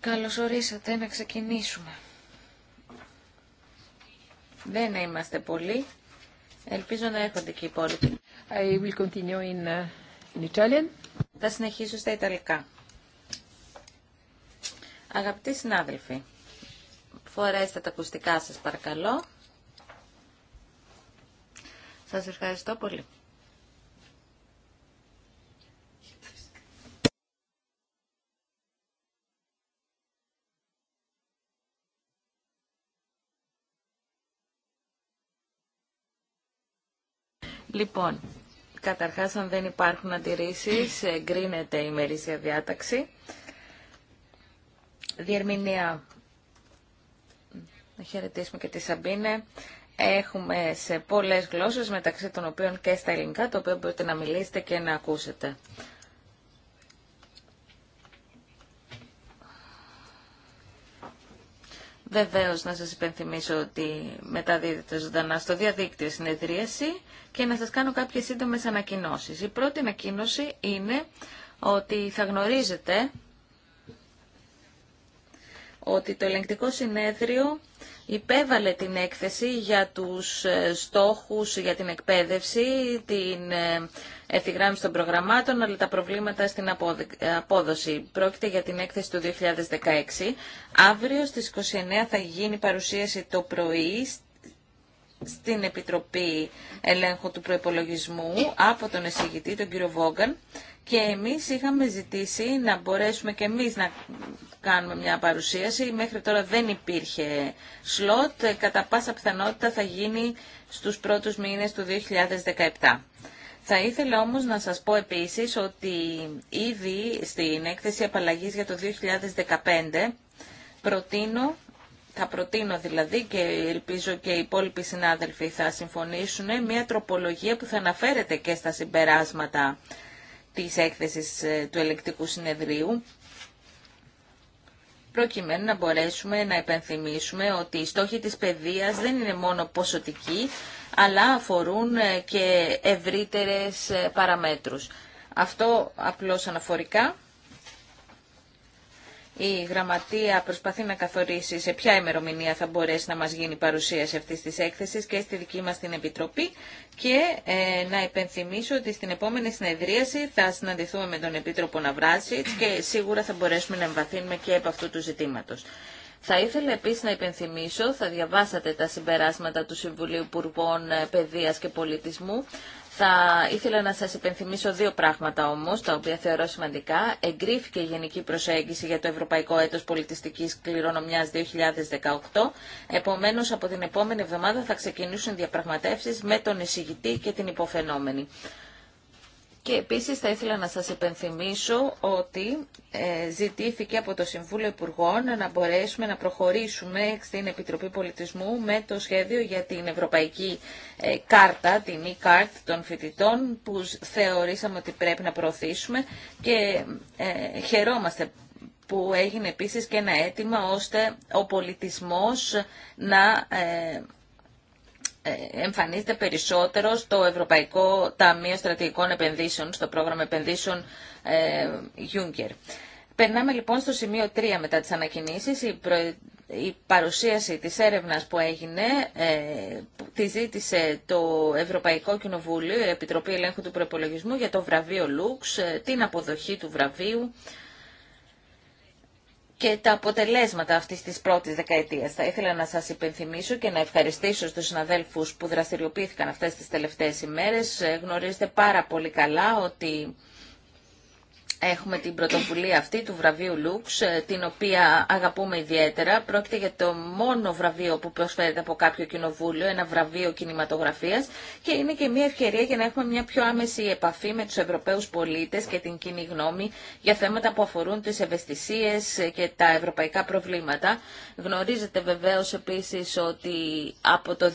Καλώς ορίσατε να ξεκινήσουμε. Δεν είμαστε πολλοί. Ελπίζω να έχονται και οι υπόλοιποι. Uh, Θα συνεχίσω στα Ιταλικά. Αγαπητοί συνάδελφοι, φορέστε τα ακουστικά σας παρακαλώ. Σας ευχαριστώ πολύ. Λοιπόν, καταρχάς αν δεν υπάρχουν αντιρρήσεις, εγκρίνεται η μερίσια διάταξη. Διερμηνία, να χαιρετήσουμε και τη Σαμπίνε. Έχουμε σε πολλές γλώσσες, μεταξύ των οποίων και στα ελληνικά, το οποίο μπορείτε να μιλήσετε και να ακούσετε. Βεβαίω να σας υπενθυμίσω ότι μεταδίδεται ζωντανά στο διαδίκτυο συνεδρίαση και να σας κάνω κάποιες σύντομες ανακοινώσεις. Η πρώτη ανακοίνωση είναι ότι θα γνωρίζετε ότι το ελεγκτικό συνέδριο υπέβαλε την έκθεση για τους ε, στόχους για την εκπαίδευση, την ε, ευθυγράμμιση των προγραμμάτων, αλλά τα προβλήματα στην απόδοση. Πρόκειται για την έκθεση του 2016. Αύριο στις 29 θα γίνει παρουσίαση το πρωί στην Επιτροπή Ελέγχου του Προϋπολογισμού από τον εισηγητή, τον κύριο Βόγκαν, και εμείς είχαμε ζητήσει να μπορέσουμε και εμείς να κάνουμε μια παρουσίαση. Μέχρι τώρα δεν υπήρχε σλότ. Κατά πάσα πιθανότητα θα γίνει στους πρώτους μήνες του 2017. Θα ήθελα όμως να σας πω επίσης ότι ήδη στην έκθεση απαλλαγής για το 2015 προτείνω θα προτείνω δηλαδή και ελπίζω και οι υπόλοιποι συνάδελφοι θα συμφωνήσουν μια τροπολογία που θα αναφέρεται και στα συμπεράσματα της έκθεσης ε, του ελεκτικού συνεδρίου προκειμένου να μπορέσουμε να επενθυμίσουμε ότι οι στόχοι της παιδείας δεν είναι μόνο ποσοτικοί, αλλά αφορούν ε, και ευρύτερες ε, παραμέτρους. Αυτό απλώς αναφορικά η Γραμματεία προσπαθεί να καθορίσει σε ποια ημερομηνία θα μπορέσει να μας γίνει παρουσίαση αυτής της έκθεσης και στη δική μας την Επιτροπή και ε, να υπενθυμίσω ότι στην επόμενη συνεδρίαση θα συναντηθούμε με τον Επίτροπο Ναυράσιτς και σίγουρα θα μπορέσουμε να εμβαθύνουμε και από αυτού του ζητήματος. Θα ήθελα επίσης να υπενθυμίσω, θα διαβάσατε τα συμπεράσματα του Συμβουλίου Υπουργών ε, Παιδείας και Πολιτισμού, θα ήθελα να σας υπενθυμίσω δύο πράγματα όμως, τα οποία θεωρώ σημαντικά. Εγκρίθηκε η Γενική Προσέγγιση για το Ευρωπαϊκό Έτος Πολιτιστικής Κληρονομιάς 2018. Επομένως, από την επόμενη εβδομάδα θα ξεκινήσουν διαπραγματεύσεις με τον εισηγητή και την υποφαινόμενη. Και επίσης θα ήθελα να σας επενθυμίσω ότι ε, ζητήθηκε από το Συμβούλιο Υπουργών να μπορέσουμε να προχωρήσουμε στην Επιτροπή Πολιτισμού με το σχέδιο για την Ευρωπαϊκή ε, Κάρτα, την e-Card των φοιτητών που θεωρήσαμε ότι πρέπει να προωθήσουμε και ε, χαιρόμαστε που έγινε επίσης και ένα αίτημα ώστε ο πολιτισμός να εμφανίζεται περισσότερο στο Ευρωπαϊκό Ταμείο Στρατηγικών Επενδύσεων, στο πρόγραμμα επενδύσεων ε, Juncker. Περνάμε λοιπόν στο σημείο 3 μετά τις ανακοινήσεις. Η, παρουσίαση της έρευνας που έγινε ε, τη ζήτησε το Ευρωπαϊκό Κοινοβούλιο, η Επιτροπή Ελέγχου του Προπολογισμού για το βραβείο Λούξ, ε, την αποδοχή του βραβείου και τα αποτελέσματα αυτής της πρώτης δεκαετίας. Θα ήθελα να σας υπενθυμίσω και να ευχαριστήσω στους συναδέλφους που δραστηριοποιήθηκαν αυτές τις τελευταίες ημέρες. Ε, γνωρίζετε πάρα πολύ καλά ότι Έχουμε την πρωτοβουλία αυτή του βραβείου Λουξ, ε, την οποία αγαπούμε ιδιαίτερα. Πρόκειται για το μόνο βραβείο που προσφέρεται από κάποιο κοινοβούλιο, ένα βραβείο κινηματογραφίας και είναι και μια ευκαιρία για να έχουμε μια πιο άμεση επαφή με τους Ευρωπαίους πολίτες και την κοινή γνώμη για θέματα που αφορούν τις ευαισθησίες και τα ευρωπαϊκά προβλήματα. Γνωρίζετε βεβαίως επίσης ότι από το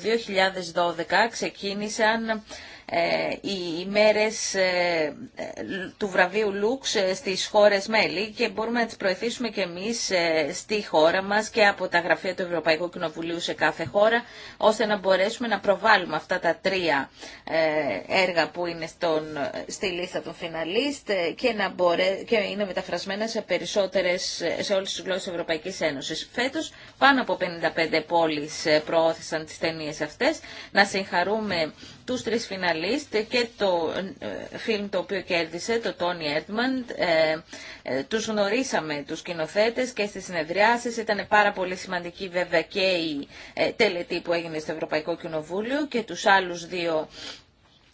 2012 ξεκίνησαν ε, οι ημέρες ε, του βραβείου Λουξ ε, στις χώρες μέλη και μπορούμε να τις προωθήσουμε και εμείς στη χώρα μας και από τα γραφεία του Ευρωπαϊκού Κοινοβουλίου σε κάθε χώρα ώστε να μπορέσουμε να προβάλλουμε αυτά τα τρία έργα που είναι στον, στη λίστα των φιναλίστ και, να μπορέ, και είναι μεταφρασμένα σε περισσότερες, σε όλες τις γλώσσες της Ευρωπαϊκής Ένωσης. Φέτος πάνω από 55 πόλεις προώθησαν τις ταινίες αυτές. Να συγχαρούμε τους τρεις φιναλίστ και το φιλμ ε, το οποίο κέρδισε, το Τόνι Edmund. Ε, ε, τους γνωρίσαμε τους σκηνοθέτε και στις συνεδριάσεις. Ήταν πάρα πολύ σημαντική βέβαια και η τελετή που έγινε στο Ευρωπαϊκό Κοινοβούλιο και τους άλλους δύο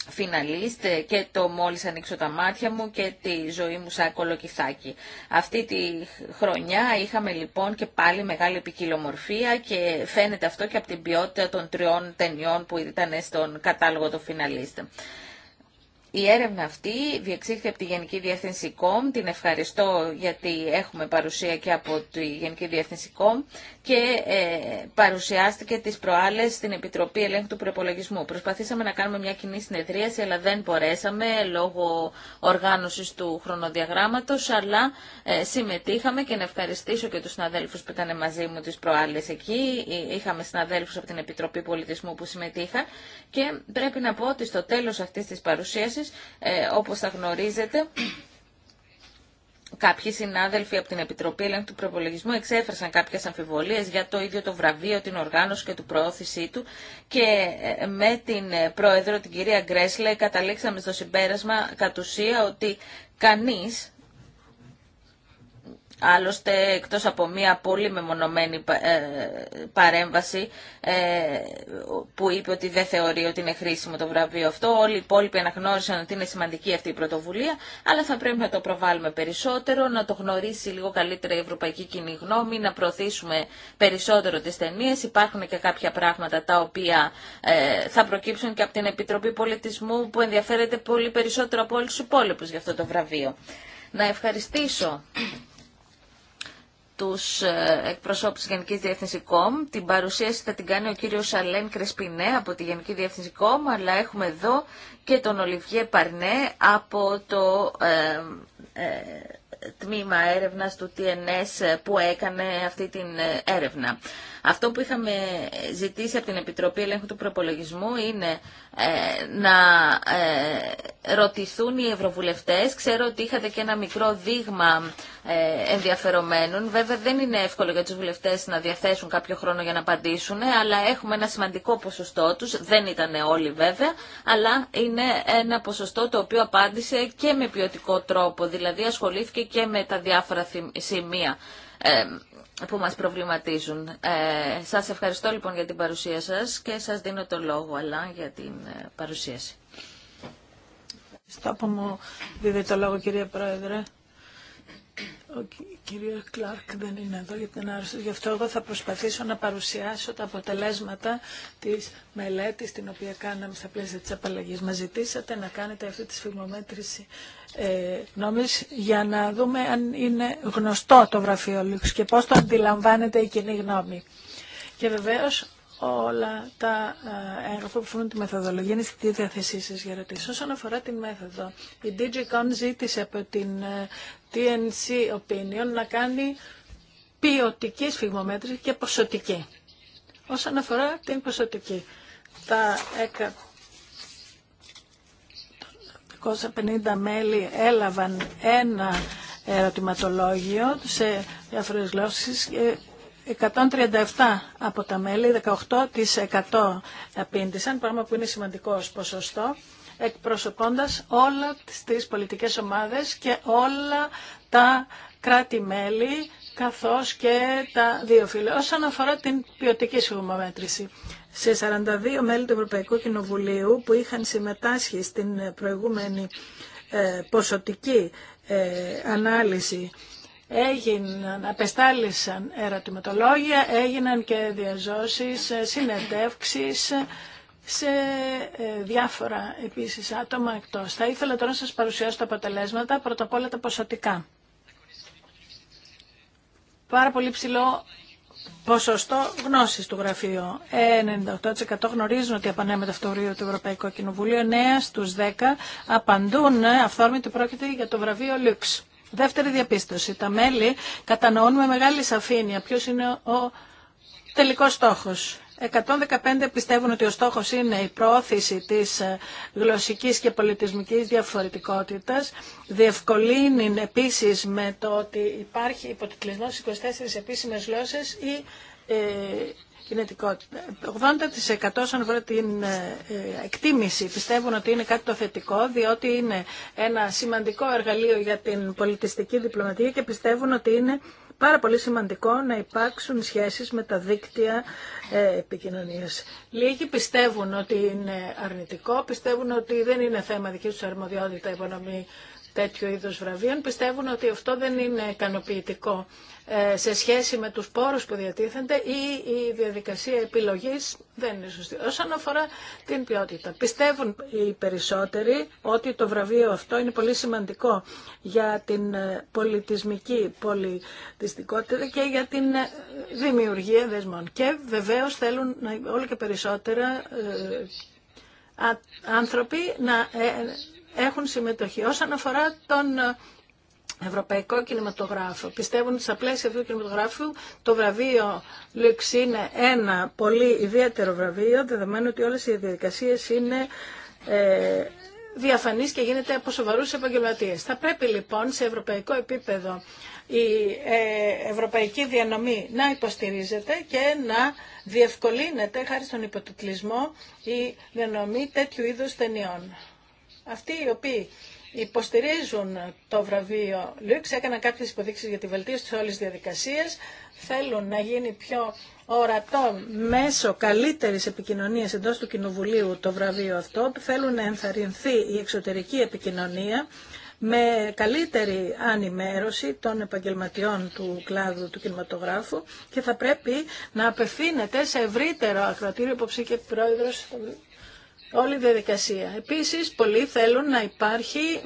Φιναλίστε και το «Μόλις ανοίξω τα μάτια μου» και τη «Ζωή μου σαν κολοκυθάκι». Αυτή τη χρονιά είχαμε λοιπόν και πάλι μεγάλη επικοινομορφία και φαίνεται αυτό και από την ποιότητα των τριών ταινιών που ήταν στον κατάλογο των «Φιναλίστε». Η έρευνα αυτή διεξήχθη από τη Γενική Διεύθυνση ΚΟΜ. Την ευχαριστώ γιατί έχουμε παρουσία και από τη Γενική Διεύθυνση ΚΟΜ και ε, παρουσιάστηκε τις προάλλες στην Επιτροπή Ελέγχου του Προπολογισμού. Προσπαθήσαμε να κάνουμε μια κοινή συνεδρίαση, αλλά δεν μπορέσαμε λόγω οργάνωσης του χρονοδιαγράμματος, αλλά ε, συμμετείχαμε και να ευχαριστήσω και τους συναδέλφους που ήταν μαζί μου τις προάλλες εκεί. Ε, είχαμε συναδέλφους από την Επιτροπή Πολιτισμού που συμμετείχαν και πρέπει να πω ότι στο τέλος αυτής της παρουσίασης ε, όπως θα γνωρίζετε, Κάποιοι συνάδελφοι από την Επιτροπή Ελέγχου του Προπολογισμού εξέφρασαν κάποιε αμφιβολίε για το ίδιο το βραβείο, την οργάνωση και την προώθησή του και ε, με την ε, πρόεδρο, την κυρία Γκρέσλε, καταλήξαμε στο συμπέρασμα κατ' ουσία ότι κανείς Άλλωστε, εκτός από μία πολύ μεμονωμένη ε, παρέμβαση ε, που είπε ότι δεν θεωρεί ότι είναι χρήσιμο το βραβείο αυτό, όλοι οι υπόλοιποι αναγνώρισαν ότι είναι σημαντική αυτή η πρωτοβουλία, αλλά θα πρέπει να το προβάλλουμε περισσότερο, να το γνωρίσει λίγο καλύτερα η ευρωπαϊκή κοινή γνώμη, να προωθήσουμε περισσότερο τις ταινίε. Υπάρχουν και κάποια πράγματα τα οποία ε, θα προκύψουν και από την Επιτροπή Πολιτισμού που ενδιαφέρεται πολύ περισσότερο από όλους τους υπόλοιπου για αυτό το βραβείο. Να ευχαριστήσω τους ε, εκπροσώπους της Γενικής Διεύθυνσης ΚΟΜ. Την παρουσίαση θα την κάνει ο κύριος Αλέν Κρεσπινέ από τη Γενική Διεύθυνση ΚΟΜ, αλλά έχουμε εδώ και τον Ολιβιέ Παρνέ από το ε, ε τμήμα έρευνας του TNS που έκανε αυτή την ε, έρευνα. Αυτό που είχαμε ζητήσει από την Επιτροπή Ελέγχου του Προπολογισμού είναι ε, να ε, ρωτηθούν οι ευρωβουλευτές. Ξέρω ότι είχατε και ένα μικρό δείγμα ε, ενδιαφερομένων. Βέβαια δεν είναι εύκολο για τους βουλευτές να διαθέσουν κάποιο χρόνο για να απαντήσουν, αλλά έχουμε ένα σημαντικό ποσοστό τους. Δεν ήταν όλοι βέβαια, αλλά είναι ένα ποσοστό το οποίο απάντησε και με ποιοτικό τρόπο, δηλαδή ασχολήθηκε και με τα διάφορα σημεία. Ε, που μας προβληματίζουν. Ε, σας ευχαριστώ λοιπόν για την παρουσία σας και σας δίνω το λόγο, αλλά για την ε, παρουσίαση. Ευχαριστώ που μου δίδει το λόγο, κυρία Πρόεδρε. Ο κύριος Κλάρκ δεν είναι εδώ για την άρρωση. Γι' αυτό εγώ θα προσπαθήσω να παρουσιάσω τα αποτελέσματα της μελέτης την οποία κάναμε στα πλαίσια της απαλλαγής. Μα ζητήσατε να κάνετε αυτή τη σφιγμομέτρηση ε, νόμις για να δούμε αν είναι γνωστό το βραφείο Λουξ και πώς το αντιλαμβάνεται η κοινή γνώμη. Και βεβαίως όλα τα ε, έγγραφα που φορούν τη μεθοδολογία είναι στη διάθεσή σα για ερωτήσει. Όσον αφορά την μέθοδο, η DigiCon ζήτησε από την ε, TNC Opinion να κάνει ποιοτική σφιγμομέτρηση και ποσοτική. Όσον αφορά την ποσοτική, τα 250 μέλη έλαβαν ένα ερωτηματολόγιο σε διάφορες γλώσσες 137 από τα μέλη, 18% απήντησαν, πράγμα που είναι σημαντικό ως ποσοστό, εκπροσωπώντας όλα τις πολιτικές ομάδες και όλα τα κράτη-μέλη καθώς και τα δύο φύλλα. Όσον αφορά την ποιοτική σφιγμομέτρηση, σε 42 μέλη του Ευρωπαϊκού Κοινοβουλίου που είχαν συμμετάσχει στην προηγούμενη ε, ποσοτική ε, ανάλυση έγιναν, απεστάλησαν ερωτηματολόγια, έγιναν και διαζώσεις, ε, συνεντεύξεις σε διάφορα επίσης άτομα εκτός. Θα ήθελα τώρα να σας παρουσιάσω τα αποτελέσματα, πρώτα απ' όλα τα ποσοτικά. Πάρα πολύ ψηλό ποσοστό γνώση του γραφείου. Ε, 98% γνωρίζουν ότι απανέμεται αυτό το βραβείο του Ευρωπαϊκού Κοινοβουλίου. 9 στου 10 απαντούν ε, αυθόρμητοι πρόκειται για το βραβείο Λουξ. Δεύτερη διαπίστωση. Τα μέλη κατανοούν με μεγάλη σαφήνεια ποιο είναι ο τελικός στόχος. 115 πιστεύουν ότι ο στόχος είναι η πρόθεση της ε, γλωσσικής και πολιτισμικής διαφορετικότητας. Διευκολύνει επίσης με το ότι υπάρχει υποτιτλισμός 24 επίσημες γλώσσες ή ε, 80% όσον αφορά την ε, ε, εκτίμηση πιστεύουν ότι είναι κάτι το θετικό, διότι είναι ένα σημαντικό εργαλείο για την πολιτιστική διπλωματία και πιστεύουν ότι είναι πάρα πολύ σημαντικό να υπάρξουν σχέσεις με τα δίκτυα ε, επικοινωνίας. Λίγοι πιστεύουν ότι είναι αρνητικό, πιστεύουν ότι δεν είναι θέμα δική του αρμοδιότητα η τέτοιου είδους βραβείων πιστεύουν ότι αυτό δεν είναι ικανοποιητικό ε, σε σχέση με τους πόρους που διατίθενται ή η διαδικασία επιλογής δεν είναι σωστή. Όσον αφορά την ποιότητα, πιστεύουν οι περισσότεροι ότι το βραβείο αυτό είναι πολύ σημαντικό για την ε, πολιτισμική πολιτιστικότητα και για την ε, δημιουργία δεσμών. Και βεβαίως θέλουν όλο και περισσότερα άνθρωποι να έχουν συμμετοχή. Όσον αφορά τον ε, ευρωπαϊκό κινηματογράφο. Πιστεύουν ότι στα πλαίσια αυτού του κινηματογράφου το βραβείο Λουξ είναι ένα πολύ ιδιαίτερο βραβείο, δεδομένου ότι όλες οι διαδικασίες είναι ε, διαφανείς και γίνεται από σοβαρούς επαγγελματίες. Θα πρέπει λοιπόν σε ευρωπαϊκό επίπεδο η ε, ευρωπαϊκή διανομή να υποστηρίζεται και να διευκολύνεται χάρη στον υποτιτλισμό η διανομή τέτοιου είδους ταινιών. Αυτοί οι οποίοι υποστηρίζουν το βραβείο Λουξ, έκαναν κάποιες υποδείξεις για τη βελτίωση της όλης διαδικασίας, θέλουν να γίνει πιο ορατό μέσω καλύτερης επικοινωνίας εντός του Κοινοβουλίου το βραβείο αυτό, θέλουν να ενθαρρυνθεί η εξωτερική επικοινωνία με καλύτερη ανημέρωση των επαγγελματιών του κλάδου του κινηματογράφου και θα πρέπει να απευθύνεται σε ευρύτερο ακροατήριο υποψή και πρόεδρος όλη η διαδικασία. Επίσης, πολλοί θέλουν να υπάρχει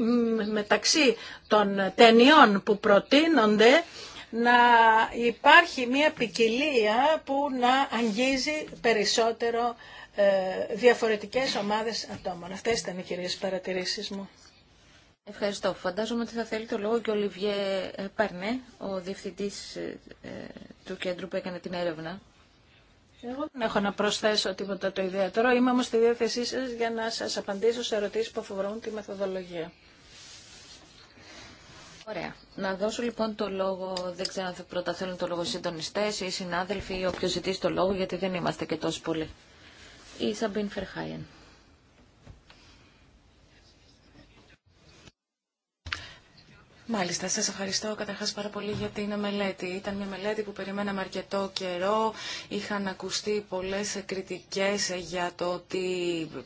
μεταξύ των ταινιών που προτείνονται να υπάρχει μια ποικιλία που να αγγίζει περισσότερο ε, διαφορετικές ομάδες ατόμων. Αυτές ήταν οι κυρίες παρατηρήσεις μου. Ευχαριστώ. Φαντάζομαι ότι θα θέλει το λόγο και ο Λιβιέ Παρνέ, ο διευθυντής ε, ε, του κέντρου που έκανε την έρευνα. Εγώ δεν έχω να προσθέσω τίποτα το ιδιαίτερο. Είμαι όμως στη διάθεσή σας για να σας απαντήσω σε ερωτήσεις που αφορούν τη μεθοδολογία. Ωραία. Να δώσω λοιπόν το λόγο, δεν ξέρω αν θα πρώτα θέλουν το λόγο οι συντονιστές ή οι συνάδελφοι ή όποιος ζητήσει το λόγο γιατί δεν είμαστε και τόσο πολλοί. Η Σαμπίν Φερχάιεν. Μάλιστα, σας ευχαριστώ καταρχάς πάρα πολύ για την μελέτη. Ήταν μια μελέτη που περιμέναμε αρκετό καιρό. Είχαν ακουστεί πολλές κριτικές για το ότι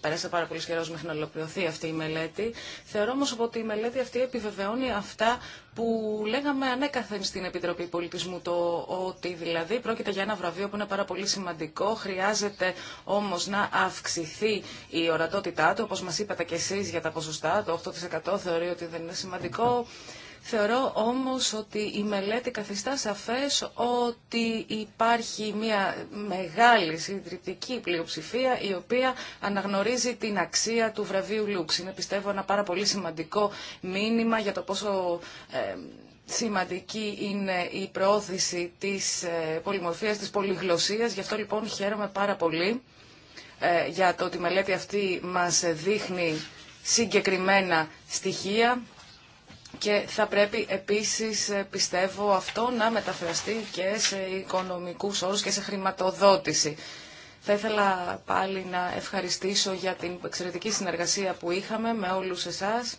πέρασε πάρα πολύ καιρός μέχρι να ολοκληρωθεί αυτή η μελέτη. Θεωρώ όμως ότι η μελέτη αυτή επιβεβαιώνει αυτά που λέγαμε ανέκαθεν στην Επιτροπή Πολιτισμού το ότι δηλαδή πρόκειται για ένα βραβείο που είναι πάρα πολύ σημαντικό, χρειάζεται όμως να αυξηθεί η ορατότητά του, όπως μας είπατε και εσείς για τα ποσοστά, το 8% θεωρεί ότι δεν είναι σημαντικό. Θεωρώ όμως ότι η μελέτη καθιστά σαφές ότι υπάρχει μια μεγάλη συντριπτική πλειοψηφία η οποία αναγνωρίζει την αξία του βραβείου Λούξ. Είναι πιστεύω ένα πάρα πολύ σημαντικό μήνυμα για το πόσο σημαντική είναι η προώθηση της ε, πολυμορφίας, της πολυγλωσσίας. Γι' αυτό λοιπόν χαίρομαι πάρα πολύ ε, για το ότι η μελέτη αυτή μας δείχνει συγκεκριμένα στοιχεία και θα πρέπει επίσης, ε, πιστεύω, αυτό να μεταφραστεί και σε οικονομικούς όρους και σε χρηματοδότηση. Θα ήθελα πάλι να ευχαριστήσω για την εξαιρετική συνεργασία που είχαμε με όλους εσάς.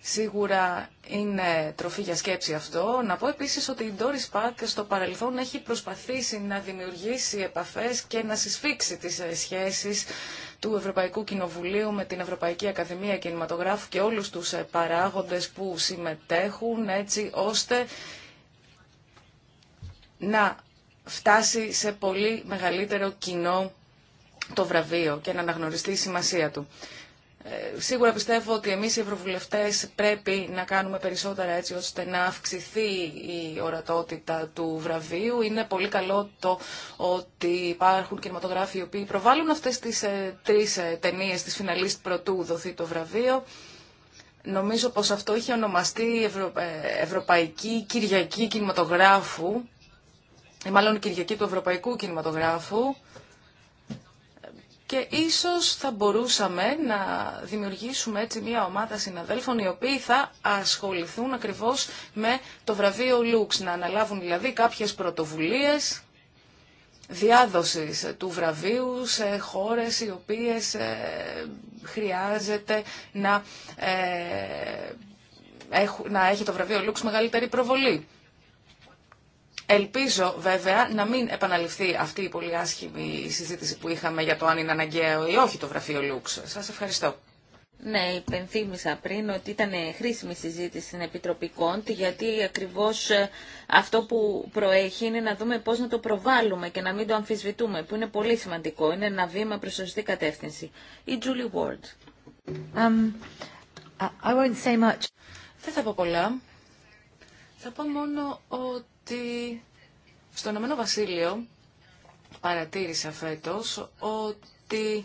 Σίγουρα είναι τροφή για σκέψη αυτό. Να πω επίσης ότι η Doris Park στο παρελθόν έχει προσπαθήσει να δημιουργήσει επαφές και να συσφίξει τις ε, σχέσεις του Ευρωπαϊκού Κοινοβουλίου με την Ευρωπαϊκή Ακαδημία Κινηματογράφου και όλους τους ε, παράγοντες που συμμετέχουν έτσι ώστε να φτάσει σε πολύ μεγαλύτερο κοινό το βραβείο και να αναγνωριστεί η σημασία του. Ε, σίγουρα πιστεύω ότι εμείς οι ευρωβουλευτές πρέπει να κάνουμε περισσότερα έτσι ώστε να αυξηθεί η ορατότητα του βραβείου. Είναι πολύ καλό το ότι υπάρχουν κινηματογράφοι οι οποίοι προβάλλουν αυτές τις ε, τρεις ε, ταινίες της φιναλίστ πρωτού δοθεί το βραβείο. Νομίζω πως αυτό είχε ονομαστεί Ευρωπαϊκή Κυριακή Κινηματογράφου ή μάλλον Κυριακή του Ευρωπαϊκού Κινηματογράφου και ίσως θα μπορούσαμε να δημιουργήσουμε έτσι μια ομάδα συναδέλφων οι οποίοι θα ασχοληθούν ακριβώς με το βραβείο Λουξ, να αναλάβουν δηλαδή κάποιες πρωτοβουλίες διάδοσης του βραβείου σε χώρες οι οποίες ε, χρειάζεται να, ε, να έχει το βραβείο Λουξ μεγαλύτερη προβολή. Ελπίζω βέβαια να μην επαναληφθεί αυτή η πολύ άσχημη συζήτηση που είχαμε για το αν είναι αναγκαίο ή όχι το γραφείο Λούξ. Σας ευχαριστώ. Ναι, υπενθύμησα πριν ότι ήταν χρήσιμη συζήτηση στην Επιτροπή Κοντ, γιατί ακριβώς ε, αυτό που προέχει είναι να δούμε πώς να το προβάλλουμε και να μην το αμφισβητούμε, που είναι πολύ σημαντικό. Είναι ένα βήμα προς σωστή κατεύθυνση. Η Julie Ward. Um, I won't say much. Δεν θα πω πολλά. Θα πω μόνο ότι ότι στο Ηνωμένο Βασίλειο παρατήρησα φέτος ότι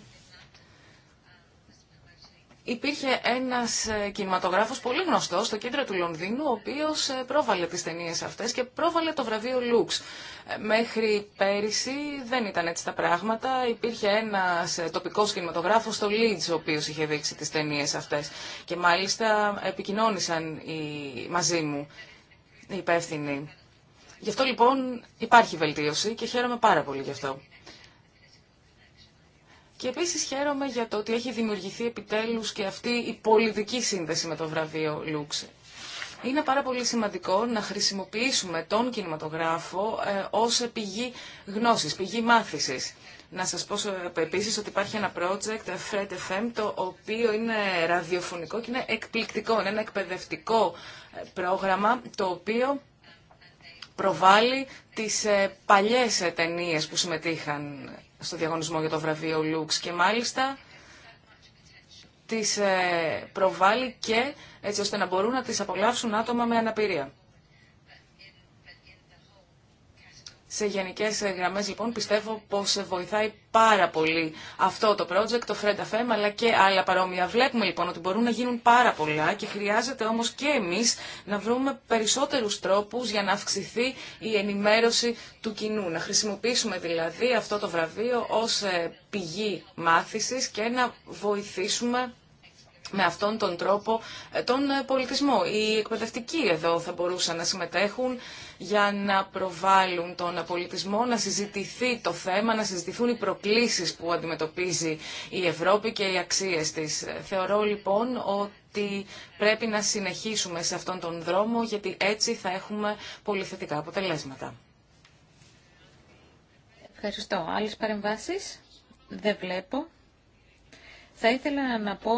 υπήρχε ένας κινηματογράφος πολύ γνωστός στο κέντρο του Λονδίνου, ο οποίος ε, πρόβαλε τις ταινίες αυτές και πρόβαλε το βραβείο Λουξ. Ε, μέχρι πέρυσι δεν ήταν έτσι τα πράγματα. Υπήρχε ένας ε, τοπικός κινηματογράφος στο Leeds, ο οποίος είχε δείξει τις ταινίες αυτές. Και μάλιστα επικοινώνησαν μαζί μου οι υπεύθυνοι Γι' αυτό λοιπόν υπάρχει βελτίωση και χαίρομαι πάρα πολύ γι' αυτό. Και επίση χαίρομαι για το ότι έχει δημιουργηθεί επιτέλου και αυτή η πολιτική σύνδεση με το βραβείο Λούξ. Είναι πάρα πολύ σημαντικό να χρησιμοποιήσουμε τον κινηματογράφο ε, ως πηγή γνώσης, πηγή μάθησης. Να σας πω επίσης ότι υπάρχει ένα project, Fred FM, το οποίο είναι ραδιοφωνικό και είναι εκπληκτικό. Είναι ένα εκπαιδευτικό ε, πρόγραμμα το οποίο προβάλλει τις ε, παλιές ε, ταινίε που συμμετείχαν στο διαγωνισμό για το βραβείο Λουξ και μάλιστα τις ε, προβάλλει και έτσι ώστε να μπορούν να τις απολαύσουν άτομα με αναπηρία. Σε γενικέ γραμμέ, λοιπόν πιστεύω πω βοηθάει πάρα πολύ αυτό το project, το Fred FM αλλά και άλλα παρόμοια. Βλέπουμε λοιπόν ότι μπορούν να γίνουν πάρα πολλά και χρειάζεται όμω και εμεί να βρούμε περισσότερου τρόπου για να αυξηθεί η ενημέρωση του κοινού. Να χρησιμοποιήσουμε δηλαδή αυτό το βραβείο ω ε, πηγή μάθηση και να βοηθήσουμε με αυτόν τον τρόπο ε, τον ε, πολιτισμό. Οι εκπαιδευτικοί εδώ θα μπορούσαν να συμμετέχουν για να προβάλλουν τον απολυτισμό, να συζητηθεί το θέμα, να συζητηθούν οι προκλήσεις που αντιμετωπίζει η Ευρώπη και οι αξίες της. Θεωρώ λοιπόν ότι πρέπει να συνεχίσουμε σε αυτόν τον δρόμο γιατί έτσι θα έχουμε πολυθετικά αποτελέσματα. Ευχαριστώ. Άλλες παρεμβάσεις δεν βλέπω. Θα ήθελα να πω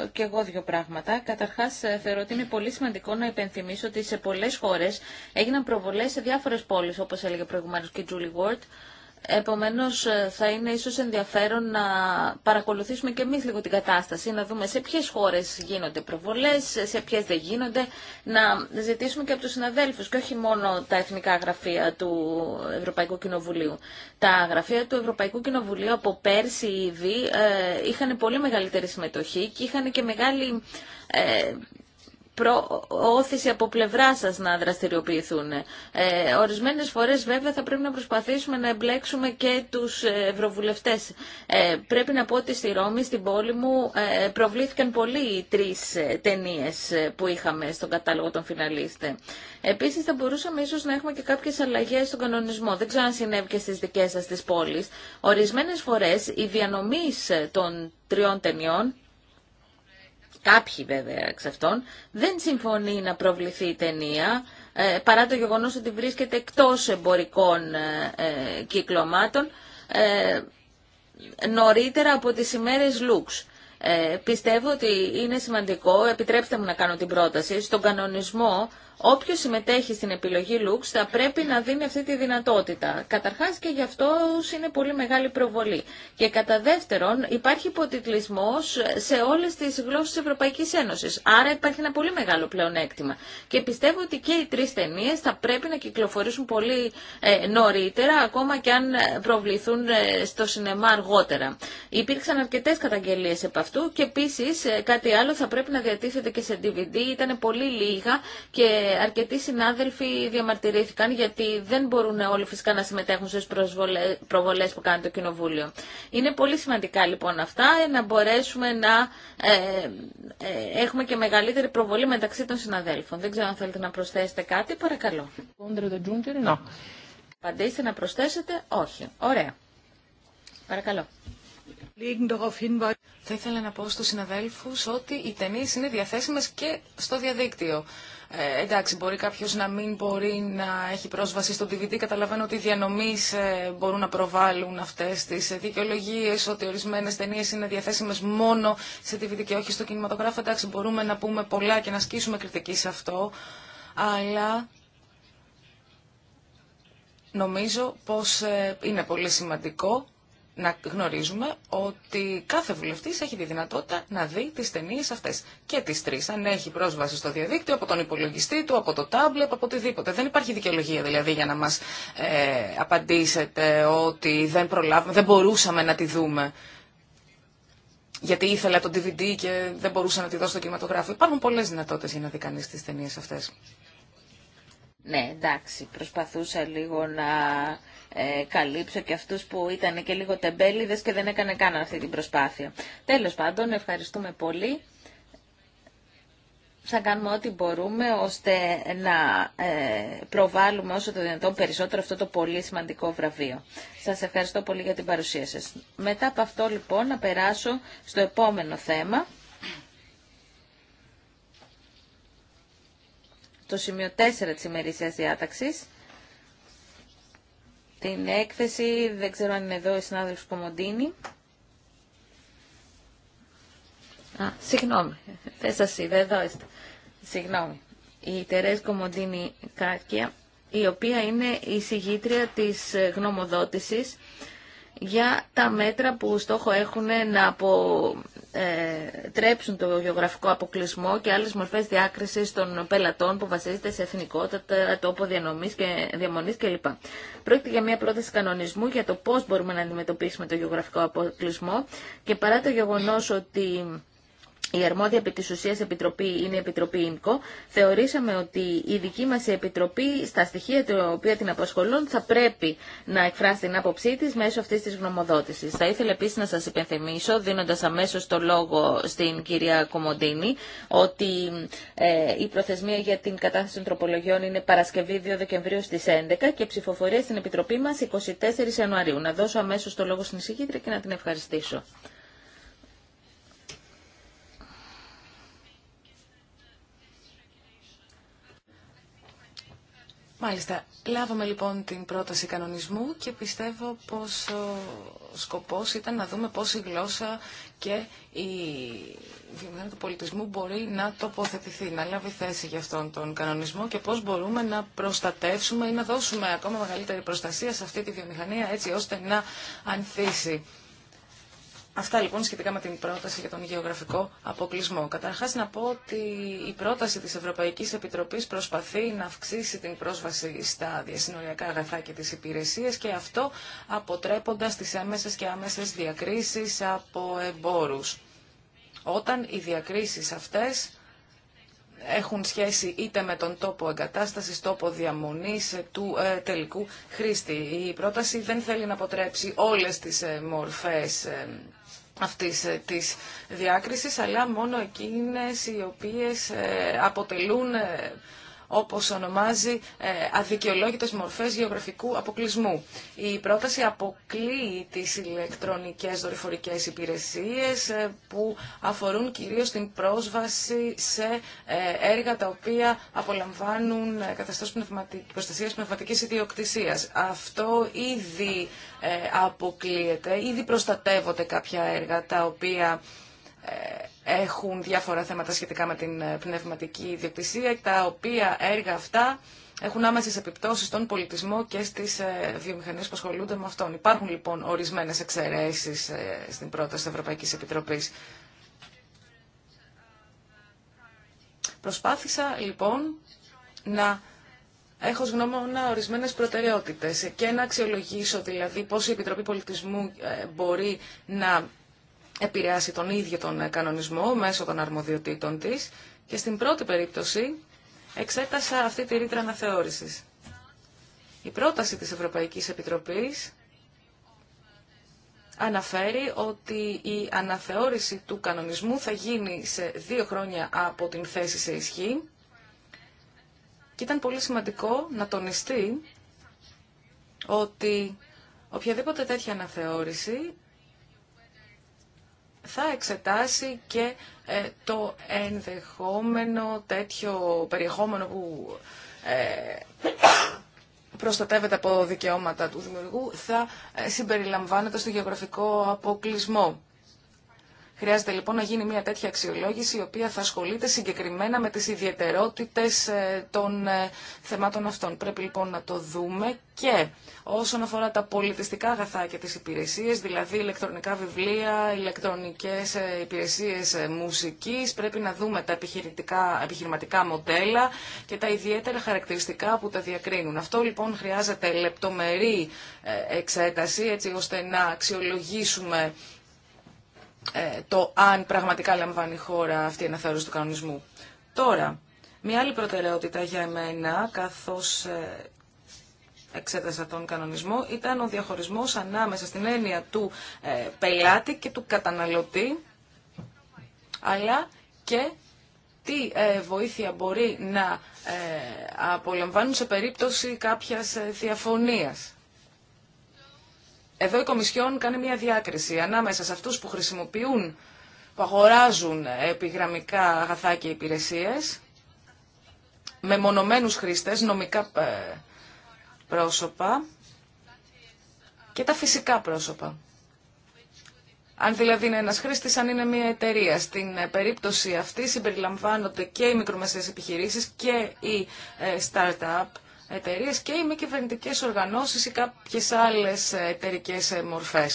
ε, και εγώ δύο πράγματα. Καταρχάς, ε, θεωρώ ότι είναι πολύ σημαντικό να υπενθυμίσω ότι σε πολλέ χώρε έγιναν προβολέ σε διάφορε πόλει, όπω έλεγε προηγουμένω και η Julie Βόρτ. Επομένως, ε, θα είναι ίσως ενδιαφέρον να παρακολουθήσουμε και εμείς λίγο την κατάσταση, να δούμε σε ποιες χώρες γίνονται προβολές, σε ποιες δεν γίνονται, να ζητήσουμε και από τους συναδέλφους και όχι μόνο τα εθνικά γραφεία του Ευρωπαϊκού Κοινοβουλίου. Τα γραφεία του Ευρωπαϊκού Κοινοβουλίου από πέρσι ήδη ε, είχαν πολύ μεγαλύτερη συμμετοχή και είχαν και μεγάλη ε, προώθηση από πλευρά σα να δραστηριοποιηθούν. Ε, ορισμένες φορές βέβαια θα πρέπει να προσπαθήσουμε να εμπλέξουμε και τους ευρωβουλευτέ. Ε, πρέπει να πω ότι στη Ρώμη, στην πόλη μου, ε, προβλήθηκαν πολύ οι τρει ε, ταινίε ε, που είχαμε στον κατάλογο των φιναλίστε. Επίσης θα μπορούσαμε ίσω να έχουμε και κάποιες αλλαγέ στον κανονισμό. Δεν ξέρω αν συνέβη και στι δικέ σα τι πόλεις. Ορισμένε φορέ, η διανομή των τριών ταινιών Κάποιοι βέβαια εξ αυτών δεν συμφωνεί να προβληθεί η ταινία ε, παρά το γεγονός ότι βρίσκεται εκτός εμπορικών ε, ε, κυκλωμάτων νωρίτερα από τις ημέρες Λουξ. πιστεύω ότι είναι σημαντικό, επιτρέψτε μου να κάνω την πρόταση, στον κανονισμό Όποιος συμμετέχει στην επιλογή Λουξ θα πρέπει να δίνει αυτή τη δυνατότητα. Καταρχάς και γι' αυτό είναι πολύ μεγάλη προβολή. Και κατά δεύτερον υπάρχει υποτιτλισμός σε όλες τις γλώσσες της Ευρωπαϊκής Ένωσης. Άρα υπάρχει ένα πολύ μεγάλο πλεονέκτημα. Και πιστεύω ότι και οι τρεις ταινίε θα πρέπει να κυκλοφορήσουν πολύ ε, νωρίτερα, ακόμα και αν ε, προβληθούν ε, στο σινεμά αργότερα. Υπήρξαν αρκετέ καταγγελίε επ' αυτού και επίση, κάτι άλλο θα πρέπει να διατίθεται και σε DVD. Ήταν πολύ λίγα και αρκετοί συνάδελφοι διαμαρτυρήθηκαν γιατί δεν μπορούν όλοι φυσικά να συμμετέχουν στις προβολές που κάνει το Κοινοβούλιο. Είναι πολύ σημαντικά λοιπόν αυτά να μπορέσουμε να ε, ε, έχουμε και μεγαλύτερη προβολή μεταξύ των συναδέλφων. Δεν ξέρω αν θέλετε να προσθέσετε κάτι, παρακαλώ. Παντήστε να προσθέσετε, όχι. Ωραία. Παρακαλώ. Θα ήθελα να πω στους συναδέλφους ότι οι ταινίες είναι διαθέσιμες και στο διαδίκτυο. Ε, εντάξει, μπορεί κάποιο να μην μπορεί να έχει πρόσβαση στο DVD. Καταλαβαίνω ότι οι διανομή ε, μπορούν να προβάλλουν αυτέ τι δικαιολογίε, ότι ορισμένε ταινίε είναι διαθέσιμε μόνο σε DVD και όχι στο κινηματογράφο. Εντάξει, μπορούμε να πούμε πολλά και να ασκήσουμε κριτική σε αυτό. Αλλά νομίζω πως ε, είναι πολύ σημαντικό να γνωρίζουμε ότι κάθε βουλευτής έχει τη δυνατότητα να δει τις ταινίε αυτές και τις τρει. αν έχει πρόσβαση στο διαδίκτυο, από τον υπολογιστή του, από το τάμπλετ, από οτιδήποτε. Δεν υπάρχει δικαιολογία δηλαδή για να μας ε, απαντήσετε ότι δεν προλάβουμε, δεν μπορούσαμε να τη δούμε. Γιατί ήθελα το DVD και δεν μπορούσα να τη δω στο κινηματογράφο. Υπάρχουν πολλέ δυνατότητε για να δει κανεί τι ταινίε αυτέ. Ναι, εντάξει, προσπαθούσα λίγο να ε, καλύψω και αυτούς που ήταν και λίγο τεμπέληδες και δεν έκανε καν αυτή την προσπάθεια. Τέλος πάντων, ευχαριστούμε πολύ. Θα κάνουμε ό,τι μπορούμε ώστε να ε, προβάλλουμε όσο το δυνατόν περισσότερο αυτό το πολύ σημαντικό βραβείο. Σας ευχαριστώ πολύ για την παρουσία σας. Μετά από αυτό λοιπόν να περάσω στο επόμενο θέμα. Το σημείο 4 της ημερησίας διάταξης την έκθεση. Δεν ξέρω αν είναι εδώ η συνάδελφος Κομοντίνη. Α, συγγνώμη. Δεν σας είδα, εδώ είστε. Συγγνώμη. Η Τερές Κομοντίνη Κάρκια, η οποία είναι η συγγήτρια της γνωμοδότησης για τα μέτρα που στόχο έχουν να απο ε, τρέψουν το γεωγραφικό αποκλεισμό και άλλε μορφές διάκριση των πελατών που βασίζεται σε εθνικότητα, τόπο διανομή και διαμονή, κλπ. Πρόκειται για μια πρόταση κανονισμού για το πώ μπορούμε να αντιμετωπίσουμε το γεωγραφικό αποκλεισμό και παρά το γεγονός ότι η αρμόδια επί της ουσίας επιτροπή είναι η Επιτροπή ΙΝΚΟ, θεωρήσαμε ότι η δική μας Επιτροπή στα στοιχεία τα οποία την απασχολούν θα πρέπει να εκφράσει την άποψή της μέσω αυτής της γνωμοδότησης. Θα ήθελα επίσης να σας υπενθυμίσω, δίνοντας αμέσως το λόγο στην κυρία Κομοντίνη, ότι ε, η προθεσμία για την κατάθεση των τροπολογιών είναι Παρασκευή 2 Δεκεμβρίου στις 11 και ψηφοφορία στην Επιτροπή μας 24 Ιανουαρίου. Να δώσω αμέσως το λόγο στην εισηγήτρια και να την ευχαριστήσω. Μάλιστα, λάβαμε λοιπόν την πρόταση κανονισμού και πιστεύω πως ο σκοπός ήταν να δούμε πώς η γλώσσα και η βιομηχανία του πολιτισμού μπορεί να τοποθετηθεί, να λάβει θέση για αυτόν τον κανονισμό και πώς μπορούμε να προστατεύσουμε ή να δώσουμε ακόμα μεγαλύτερη προστασία σε αυτή τη βιομηχανία έτσι ώστε να ανθίσει. Αυτά λοιπόν σχετικά με την πρόταση για τον γεωγραφικό αποκλεισμό. Καταρχάς να πω ότι η πρόταση της Ευρωπαϊκής Επιτροπής προσπαθεί να αυξήσει την πρόσβαση στα διασυνοριακά αγαθά και τις υπηρεσίες και αυτό αποτρέποντας τις έμεσες και άμεσες διακρίσεις από εμπόρους. Όταν οι διακρίσεις αυτές έχουν σχέση είτε με τον τόπο εγκατάστασης, τόπο διαμονής ε, του ε, τελικού χρήστη. Η πρόταση δεν θέλει να αποτρέψει όλες τις ε, μορφές ε, αυτής ε, της διάκρισης, αλλά μόνο εκείνες οι οποίες ε, αποτελούν ε, όπως ονομάζει, ε, αδικαιολόγητες μορφές γεωγραφικού αποκλεισμού. Η πρόταση αποκλείει τις ηλεκτρονικές δορυφορικές υπηρεσίες ε, που αφορούν κυρίως την πρόσβαση σε ε, έργα τα οποία απολαμβάνουν καθεστώς προστασίας πνευματικής ιδιοκτησίας. Αυτό ήδη αποκλείεται, ήδη προστατεύονται κάποια έργα τα οποία έχουν διάφορα θέματα σχετικά με την ε, πνευματική ιδιοκτησία, τα οποία έργα αυτά έχουν άμεσε επιπτώσει στον πολιτισμό και στι ε, βιομηχανίε που ασχολούνται με αυτόν. Υπάρχουν λοιπόν ορισμένε εξαιρέσει ε, στην πρόταση τη Ευρωπαϊκή Επιτροπή. Προσπάθησα λοιπόν να έχω γνώμονα ορισμένες προτεραιότητες και να αξιολογήσω δηλαδή πώς η Επιτροπή Πολιτισμού μπορεί να επηρεάσει τον ίδιο τον κανονισμό μέσω των αρμοδιοτήτων της και στην πρώτη περίπτωση εξέτασα αυτή τη ρήτρα αναθεώρησης. Η πρόταση της Ευρωπαϊκής Επιτροπής αναφέρει ότι η αναθεώρηση του κανονισμού θα γίνει σε δύο χρόνια από την θέση σε ισχύ και ήταν πολύ σημαντικό να τονιστεί ότι οποιαδήποτε τέτοια αναθεώρηση θα εξετάσει και ε, το ενδεχόμενο τέτοιο περιεχόμενο που ε, προστατεύεται από δικαιώματα του δημιουργού θα ε, συμπεριλαμβάνεται στο γεωγραφικό αποκλεισμό. Χρειάζεται λοιπόν να γίνει μια τέτοια αξιολόγηση η οποία θα ασχολείται συγκεκριμένα με τις ιδιαιτερότητες ε, των ε, θεμάτων αυτών. Πρέπει λοιπόν να το δούμε και όσον αφορά τα πολιτιστικά αγαθά και τις υπηρεσίες, δηλαδή ηλεκτρονικά βιβλία, ηλεκτρονικές ε, υπηρεσίες μουσικής, πρέπει να δούμε τα επιχειρηματικά μοντέλα και τα ιδιαίτερα χαρακτηριστικά που τα διακρίνουν. Αυτό λοιπόν χρειάζεται λεπτομερή εξέταση έτσι ώστε να αξιολογήσουμε ε, το αν πραγματικά λαμβάνει η χώρα αυτή η αναθεώρηση του κανονισμού. Τώρα, μια άλλη προτεραιότητα για εμένα, καθώς ε, εξέτασα τον κανονισμό, ήταν ο διαχωρισμός ανάμεσα στην έννοια του ε, πελάτη και του καταναλωτή, αλλά και τι βοήθεια μπορεί να απολαμβάνουν σε περίπτωση κάποιας διαφωνίας. Εδώ η Κομισιόν κάνει μια διάκριση ανάμεσα σε αυτούς που χρησιμοποιούν, που αγοράζουν ε, επιγραμμικά αγαθά και υπηρεσίες, με μονομένους χρήστες, νομικά ε, πρόσωπα και τα φυσικά πρόσωπα. Αν δηλαδή είναι ένας χρήστης, αν είναι μια εταιρεία. Στην ε, περίπτωση αυτή συμπεριλαμβάνονται και οι μικρομεσαίες επιχειρήσεις και οι startup εταιρείε και οι μη κυβερνητικέ οργανώσει ή κάποιε άλλε εταιρικέ μορφέ.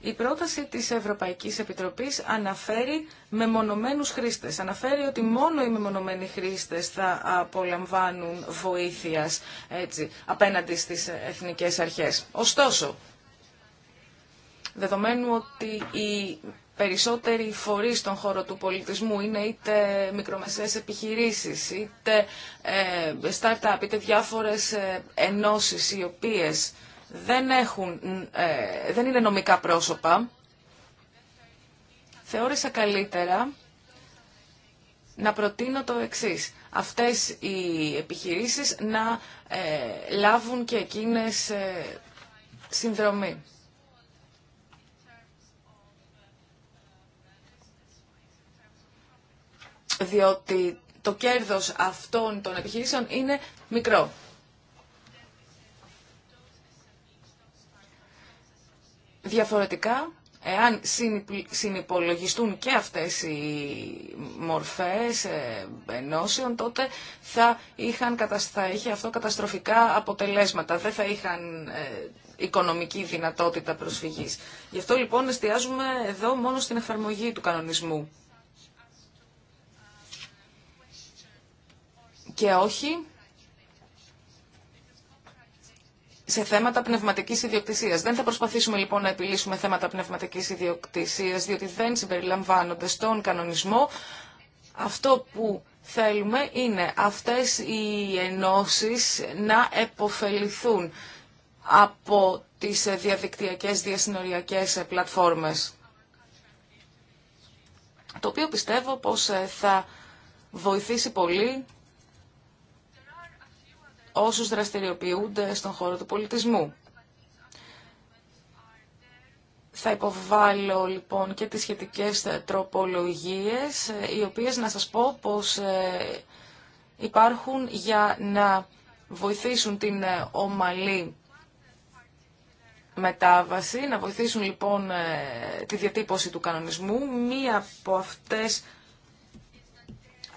Η πρόταση της Ευρωπαϊκής Επιτροπής αναφέρει μεμονωμένους χρήστες. Αναφέρει ότι μόνο οι μεμονωμένοι χρήστες θα απολαμβάνουν βοήθειας απέναντι στις εθνικές αρχές. Ωστόσο, δεδομένου ότι οι περισσότεροι φορείς στον χώρο του πολιτισμού είναι είτε μικρομεσαίες επιχειρήσεις, είτε ε, startup, είτε διάφορες ε, ενώσεις οι οποίες δεν, ε, δεν είναι νομικά πρόσωπα, θεώρησα καλύτερα να προτείνω το εξής. Αυτές οι επιχειρήσεις να λάβουν και εκείνες συνδρομή. διότι το κέρδος αυτών των επιχειρήσεων είναι μικρό. Διαφορετικά, εάν συνυπολογιστούν και αυτές οι μορφές ε, ενώσεων, τότε θα, είχαν, είχε αυτό καταστροφικά αποτελέσματα. Δεν θα είχαν ε, οικονομική δυνατότητα προσφυγής. Γι' αυτό λοιπόν εστιάζουμε εδώ μόνο στην εφαρμογή του κανονισμού. και όχι σε θέματα πνευματική ιδιοκτησία. Δεν θα προσπαθήσουμε λοιπόν να επιλύσουμε θέματα πνευματική ιδιοκτησία, διότι δεν συμπεριλαμβάνονται στον κανονισμό. Αυτό που θέλουμε είναι αυτές οι ενώσεις να επωφεληθούν από τις διαδικτυακές διασυνοριακές πλατφόρμες. Το οποίο πιστεύω πως θα βοηθήσει πολύ όσους δραστηριοποιούνται στον χώρο του πολιτισμού. Θα υποβάλω λοιπόν και τις σχετικές τροπολογίες, οι οποίες να σας πω πως ε, υπάρχουν για να βοηθήσουν την ε, ομαλή μετάβαση, να βοηθήσουν λοιπόν ε, τη διατύπωση του κανονισμού. Μία από αυτές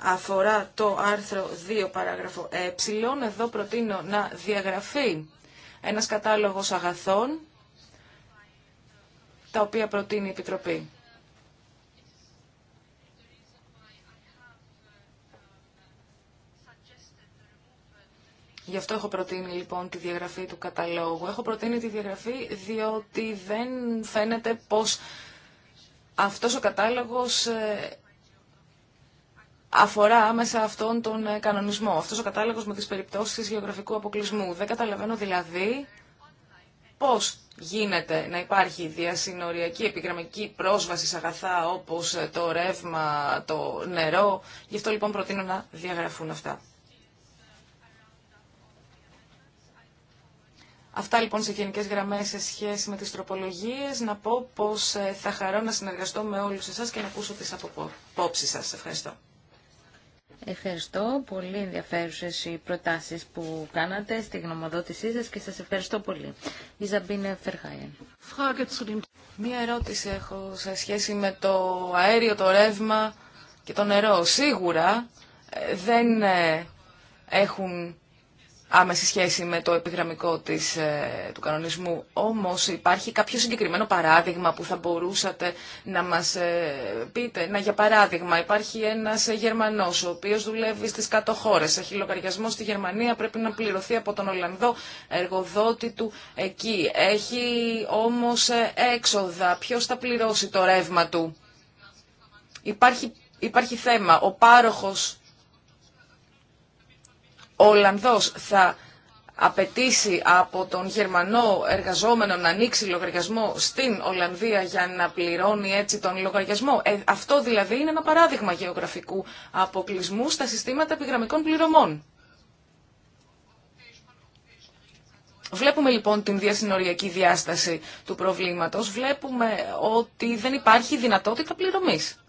αφορά το άρθρο 2 παράγραφο ε. Εδώ προτείνω να διαγραφεί ένας κατάλογος αγαθών τα οποία προτείνει η Επιτροπή. Γι' αυτό έχω προτείνει λοιπόν τη διαγραφή του καταλόγου. Έχω προτείνει τη διαγραφή διότι δεν φαίνεται πως αυτός ο κατάλογος ε, αφορά άμεσα αυτόν τον ε, κανονισμό, αυτός ο κατάλογος με τις περιπτώσεις γεωγραφικού αποκλεισμού. Δεν καταλαβαίνω δηλαδή πώς γίνεται να υπάρχει διασυνοριακή επιγραμμική πρόσβαση σε αγαθά όπως ε, το ρεύμα, το νερό. Γι' αυτό λοιπόν προτείνω να διαγραφούν αυτά. Αυτά λοιπόν σε γενικές γραμμές σε σχέση με τις τροπολογίες. Να πω πως ε, θα χαρώ να συνεργαστώ με όλους εσάς και να ακούσω τις απόψεις σας. Ευχαριστώ. Ευχαριστώ. Πολύ ενδιαφέρουσε οι προτάσει που κάνατε στη γνωμοδότησή σας και σα ευχαριστώ πολύ. Η Ζαμπίνε Φερχάιεν. Μία ερώτηση έχω σε σχέση με το αέριο, το ρεύμα και το νερό. Σίγουρα ε, δεν ε, έχουν άμεση σχέση με το επιγραμμικό της, ε, του κανονισμού. Όμως υπάρχει κάποιο συγκεκριμένο παράδειγμα που θα μπορούσατε να μας ε, πείτε. Να, για παράδειγμα υπάρχει ένας Γερμανός ο οποίος δουλεύει στις κάτω χώρες. Έχει λογαριασμό στη Γερμανία, πρέπει να πληρωθεί από τον Ολλανδό εργοδότη του εκεί. Έχει όμως ε, έξοδα. Ποιος θα πληρώσει το ρεύμα του. Υπάρχει, υπάρχει θέμα. Ο πάροχος ο Ολλανδός θα απαιτήσει από τον Γερμανό εργαζόμενο να ανοίξει λογαριασμό στην Ολλανδία για να πληρώνει έτσι τον λογαριασμό. Ε, αυτό δηλαδή είναι ένα παράδειγμα γεωγραφικού αποκλεισμού στα συστήματα επιγραμμικών πληρωμών. Βλέπουμε λοιπόν την διασυνοριακή διάσταση του προβλήματος. Βλέπουμε ότι δεν υπάρχει δυνατότητα πληρωμής.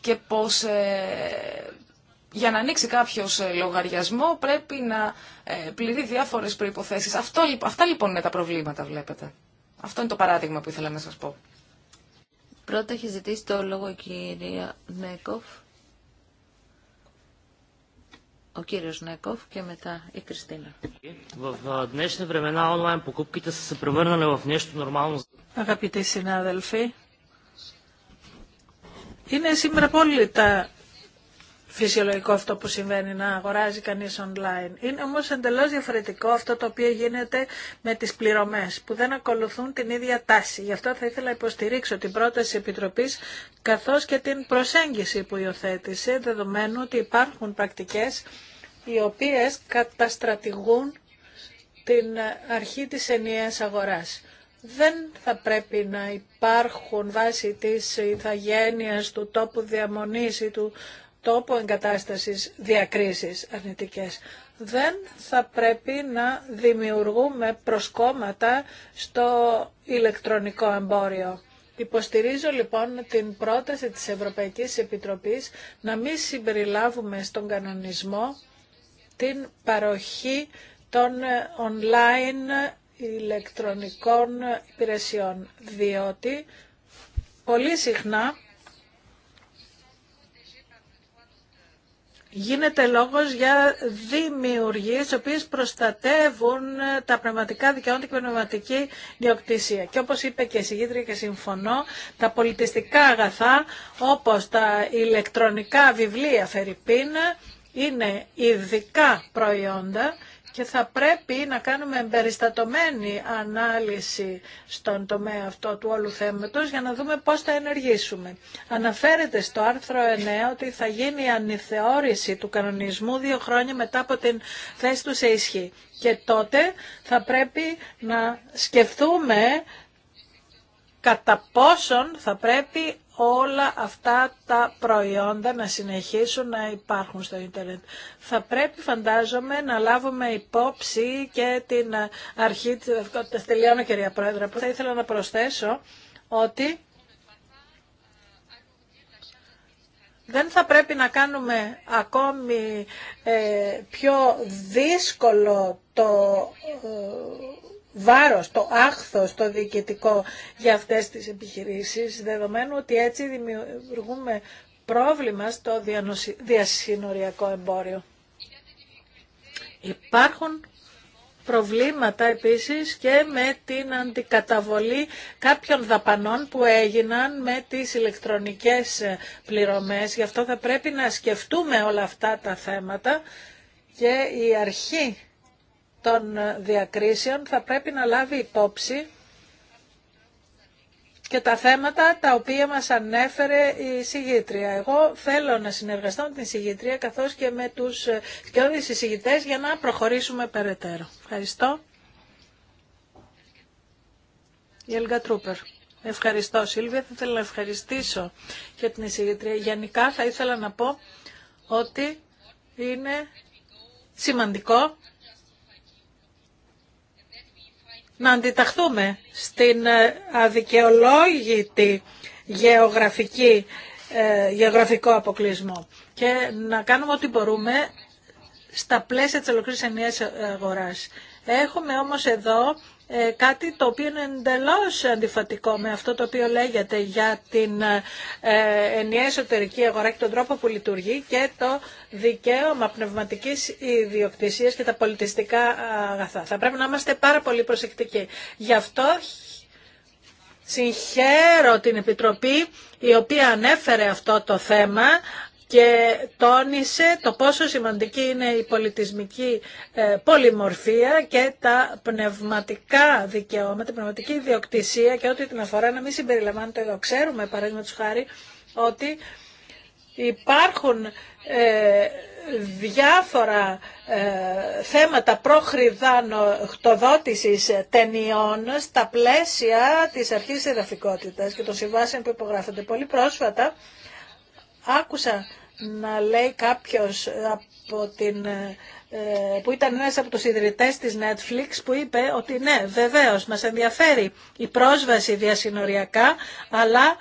Και πως ε, για να ανοίξει κάποιο ε, λογαριασμό πρέπει να ε, πληρεί διάφορε προποθέσει. Αυτά λοιπόν είναι τα προβλήματα, βλέπετε. Αυτό είναι το παράδειγμα που ήθελα να σα πω. Πρώτα έχει ζητήσει το λόγο η κυρία Νέκοφ. Ο κύριος Νέκοφ και μετά η Κριστίνα. Αγαπητοί συνάδελφοι, είναι σήμερα τα φυσιολογικό αυτό που συμβαίνει να αγοράζει κανείς online. Είναι όμως εντελώς διαφορετικό αυτό το οποίο γίνεται με τις πληρωμές που δεν ακολουθούν την ίδια τάση. Γι' αυτό θα ήθελα να υποστηρίξω την πρόταση Επιτροπής καθώς και την προσέγγιση που υιοθέτησε δεδομένου ότι υπάρχουν πρακτικές οι οποίες καταστρατηγούν την αρχή της ενιαίας αγοράς. Δεν θα πρέπει να υπάρχουν βάσει της ηθαγένειας του τόπου διαμονής ή του τόπο εγκατάστασης διακρίσεις αρνητικές. Δεν θα πρέπει να δημιουργούμε προσκόμματα στο ηλεκτρονικό εμπόριο. Υποστηρίζω λοιπόν την πρόταση της Ευρωπαϊκής Επιτροπής να μην συμπεριλάβουμε στον κανονισμό την παροχή των online ηλεκτρονικών υπηρεσιών, διότι πολύ συχνά γίνεται λόγος για δημιουργίες οι οποίες προστατεύουν ε, τα πνευματικά δικαιώματα και πνευματική διοκτησία. Και όπως είπε και η συγκίτρια και συμφωνώ, τα πολιτιστικά αγαθά όπως τα ηλεκτρονικά βιβλία φεριπίνα είναι ειδικά προϊόντα και θα πρέπει να κάνουμε εμπεριστατωμένη ανάλυση στον τομέα αυτό του όλου θέματος για να δούμε πώς θα ενεργήσουμε. Αναφέρεται στο άρθρο 9 ότι θα γίνει η ανηθεώρηση του κανονισμού δύο χρόνια μετά από την θέση του σε ισχύ. Και τότε θα πρέπει να σκεφτούμε κατά πόσον θα πρέπει όλα αυτά τα προϊόντα να συνεχίσουν να υπάρχουν στο ίντερνετ. Θα πρέπει φαντάζομαι να λάβουμε υπόψη και την αρχή της δευκότητας. Τελειώνω κυρία Πρόεδρε, που θα ήθελα να προσθέσω ότι δεν θα πρέπει να κάνουμε ακόμη ε, πιο δύσκολο το ε, βάρος, το άχθος, το διοικητικό για αυτές τις επιχειρήσεις, δεδομένου ότι έτσι δημιουργούμε πρόβλημα στο διασυνοριακό εμπόριο. Υπάρχουν προβλήματα επίσης και με την αντικαταβολή κάποιων δαπανών που έγιναν με τις ηλεκτρονικές πληρωμές. Γι' αυτό θα πρέπει να σκεφτούμε όλα αυτά τα θέματα και η αρχή των διακρίσεων θα πρέπει να λάβει υπόψη και τα θέματα τα οποία μας ανέφερε η συγγήτρια. Εγώ θέλω να συνεργαστώ με την συγγήτρια καθώς και με τους σκιώδεις συγγητές για να προχωρήσουμε περαιτέρω. Ευχαριστώ. Η Ελγα Τρούπερ. Ευχαριστώ Σίλβια. Θα ήθελα να ευχαριστήσω για την συγγήτρια. Γενικά θα ήθελα να πω ότι είναι σημαντικό να αντιταχθούμε στην ε, αδικαιολόγητη γεωγραφική, ε, γεωγραφικό αποκλεισμό και να κάνουμε ό,τι μπορούμε στα πλαίσια της ολοκληρής ενιαίας αγοράς. Έχουμε όμως εδώ ε, κάτι το οποίο είναι εντελώς αντιφατικό με αυτό το οποίο λέγεται για την ε, ενιαία εσωτερική αγορά και τον τρόπο που λειτουργεί και το δικαίωμα πνευματικής ιδιοκτησίας και τα πολιτιστικά αγαθά. Θα πρέπει να είμαστε πάρα πολύ προσεκτικοί. Γι' αυτό Συγχαίρω την Επιτροπή η οποία ανέφερε αυτό το θέμα και τόνισε το πόσο σημαντική είναι η πολιτισμική ε, πολυμορφία και τα πνευματικά δικαιώματα, την πνευματική ιδιοκτησία και ό,τι την αφορά να μην συμπεριλαμβάνεται εδώ. Ξέρουμε, παράδειγμα τους χάρη, ότι υπάρχουν ε, διάφορα ε, θέματα προχρηδανοχτοδότησης ταινιών στα πλαίσια της αρχής εδαφικότητας και των συμβάσεων που υπογράφονται. Πολύ πρόσφατα άκουσα να λέει κάποιος από την, ε, που ήταν ένας από τους ιδρυτές της Netflix που είπε ότι ναι βεβαίως μας ενδιαφέρει η πρόσβαση διασυνοριακά αλλά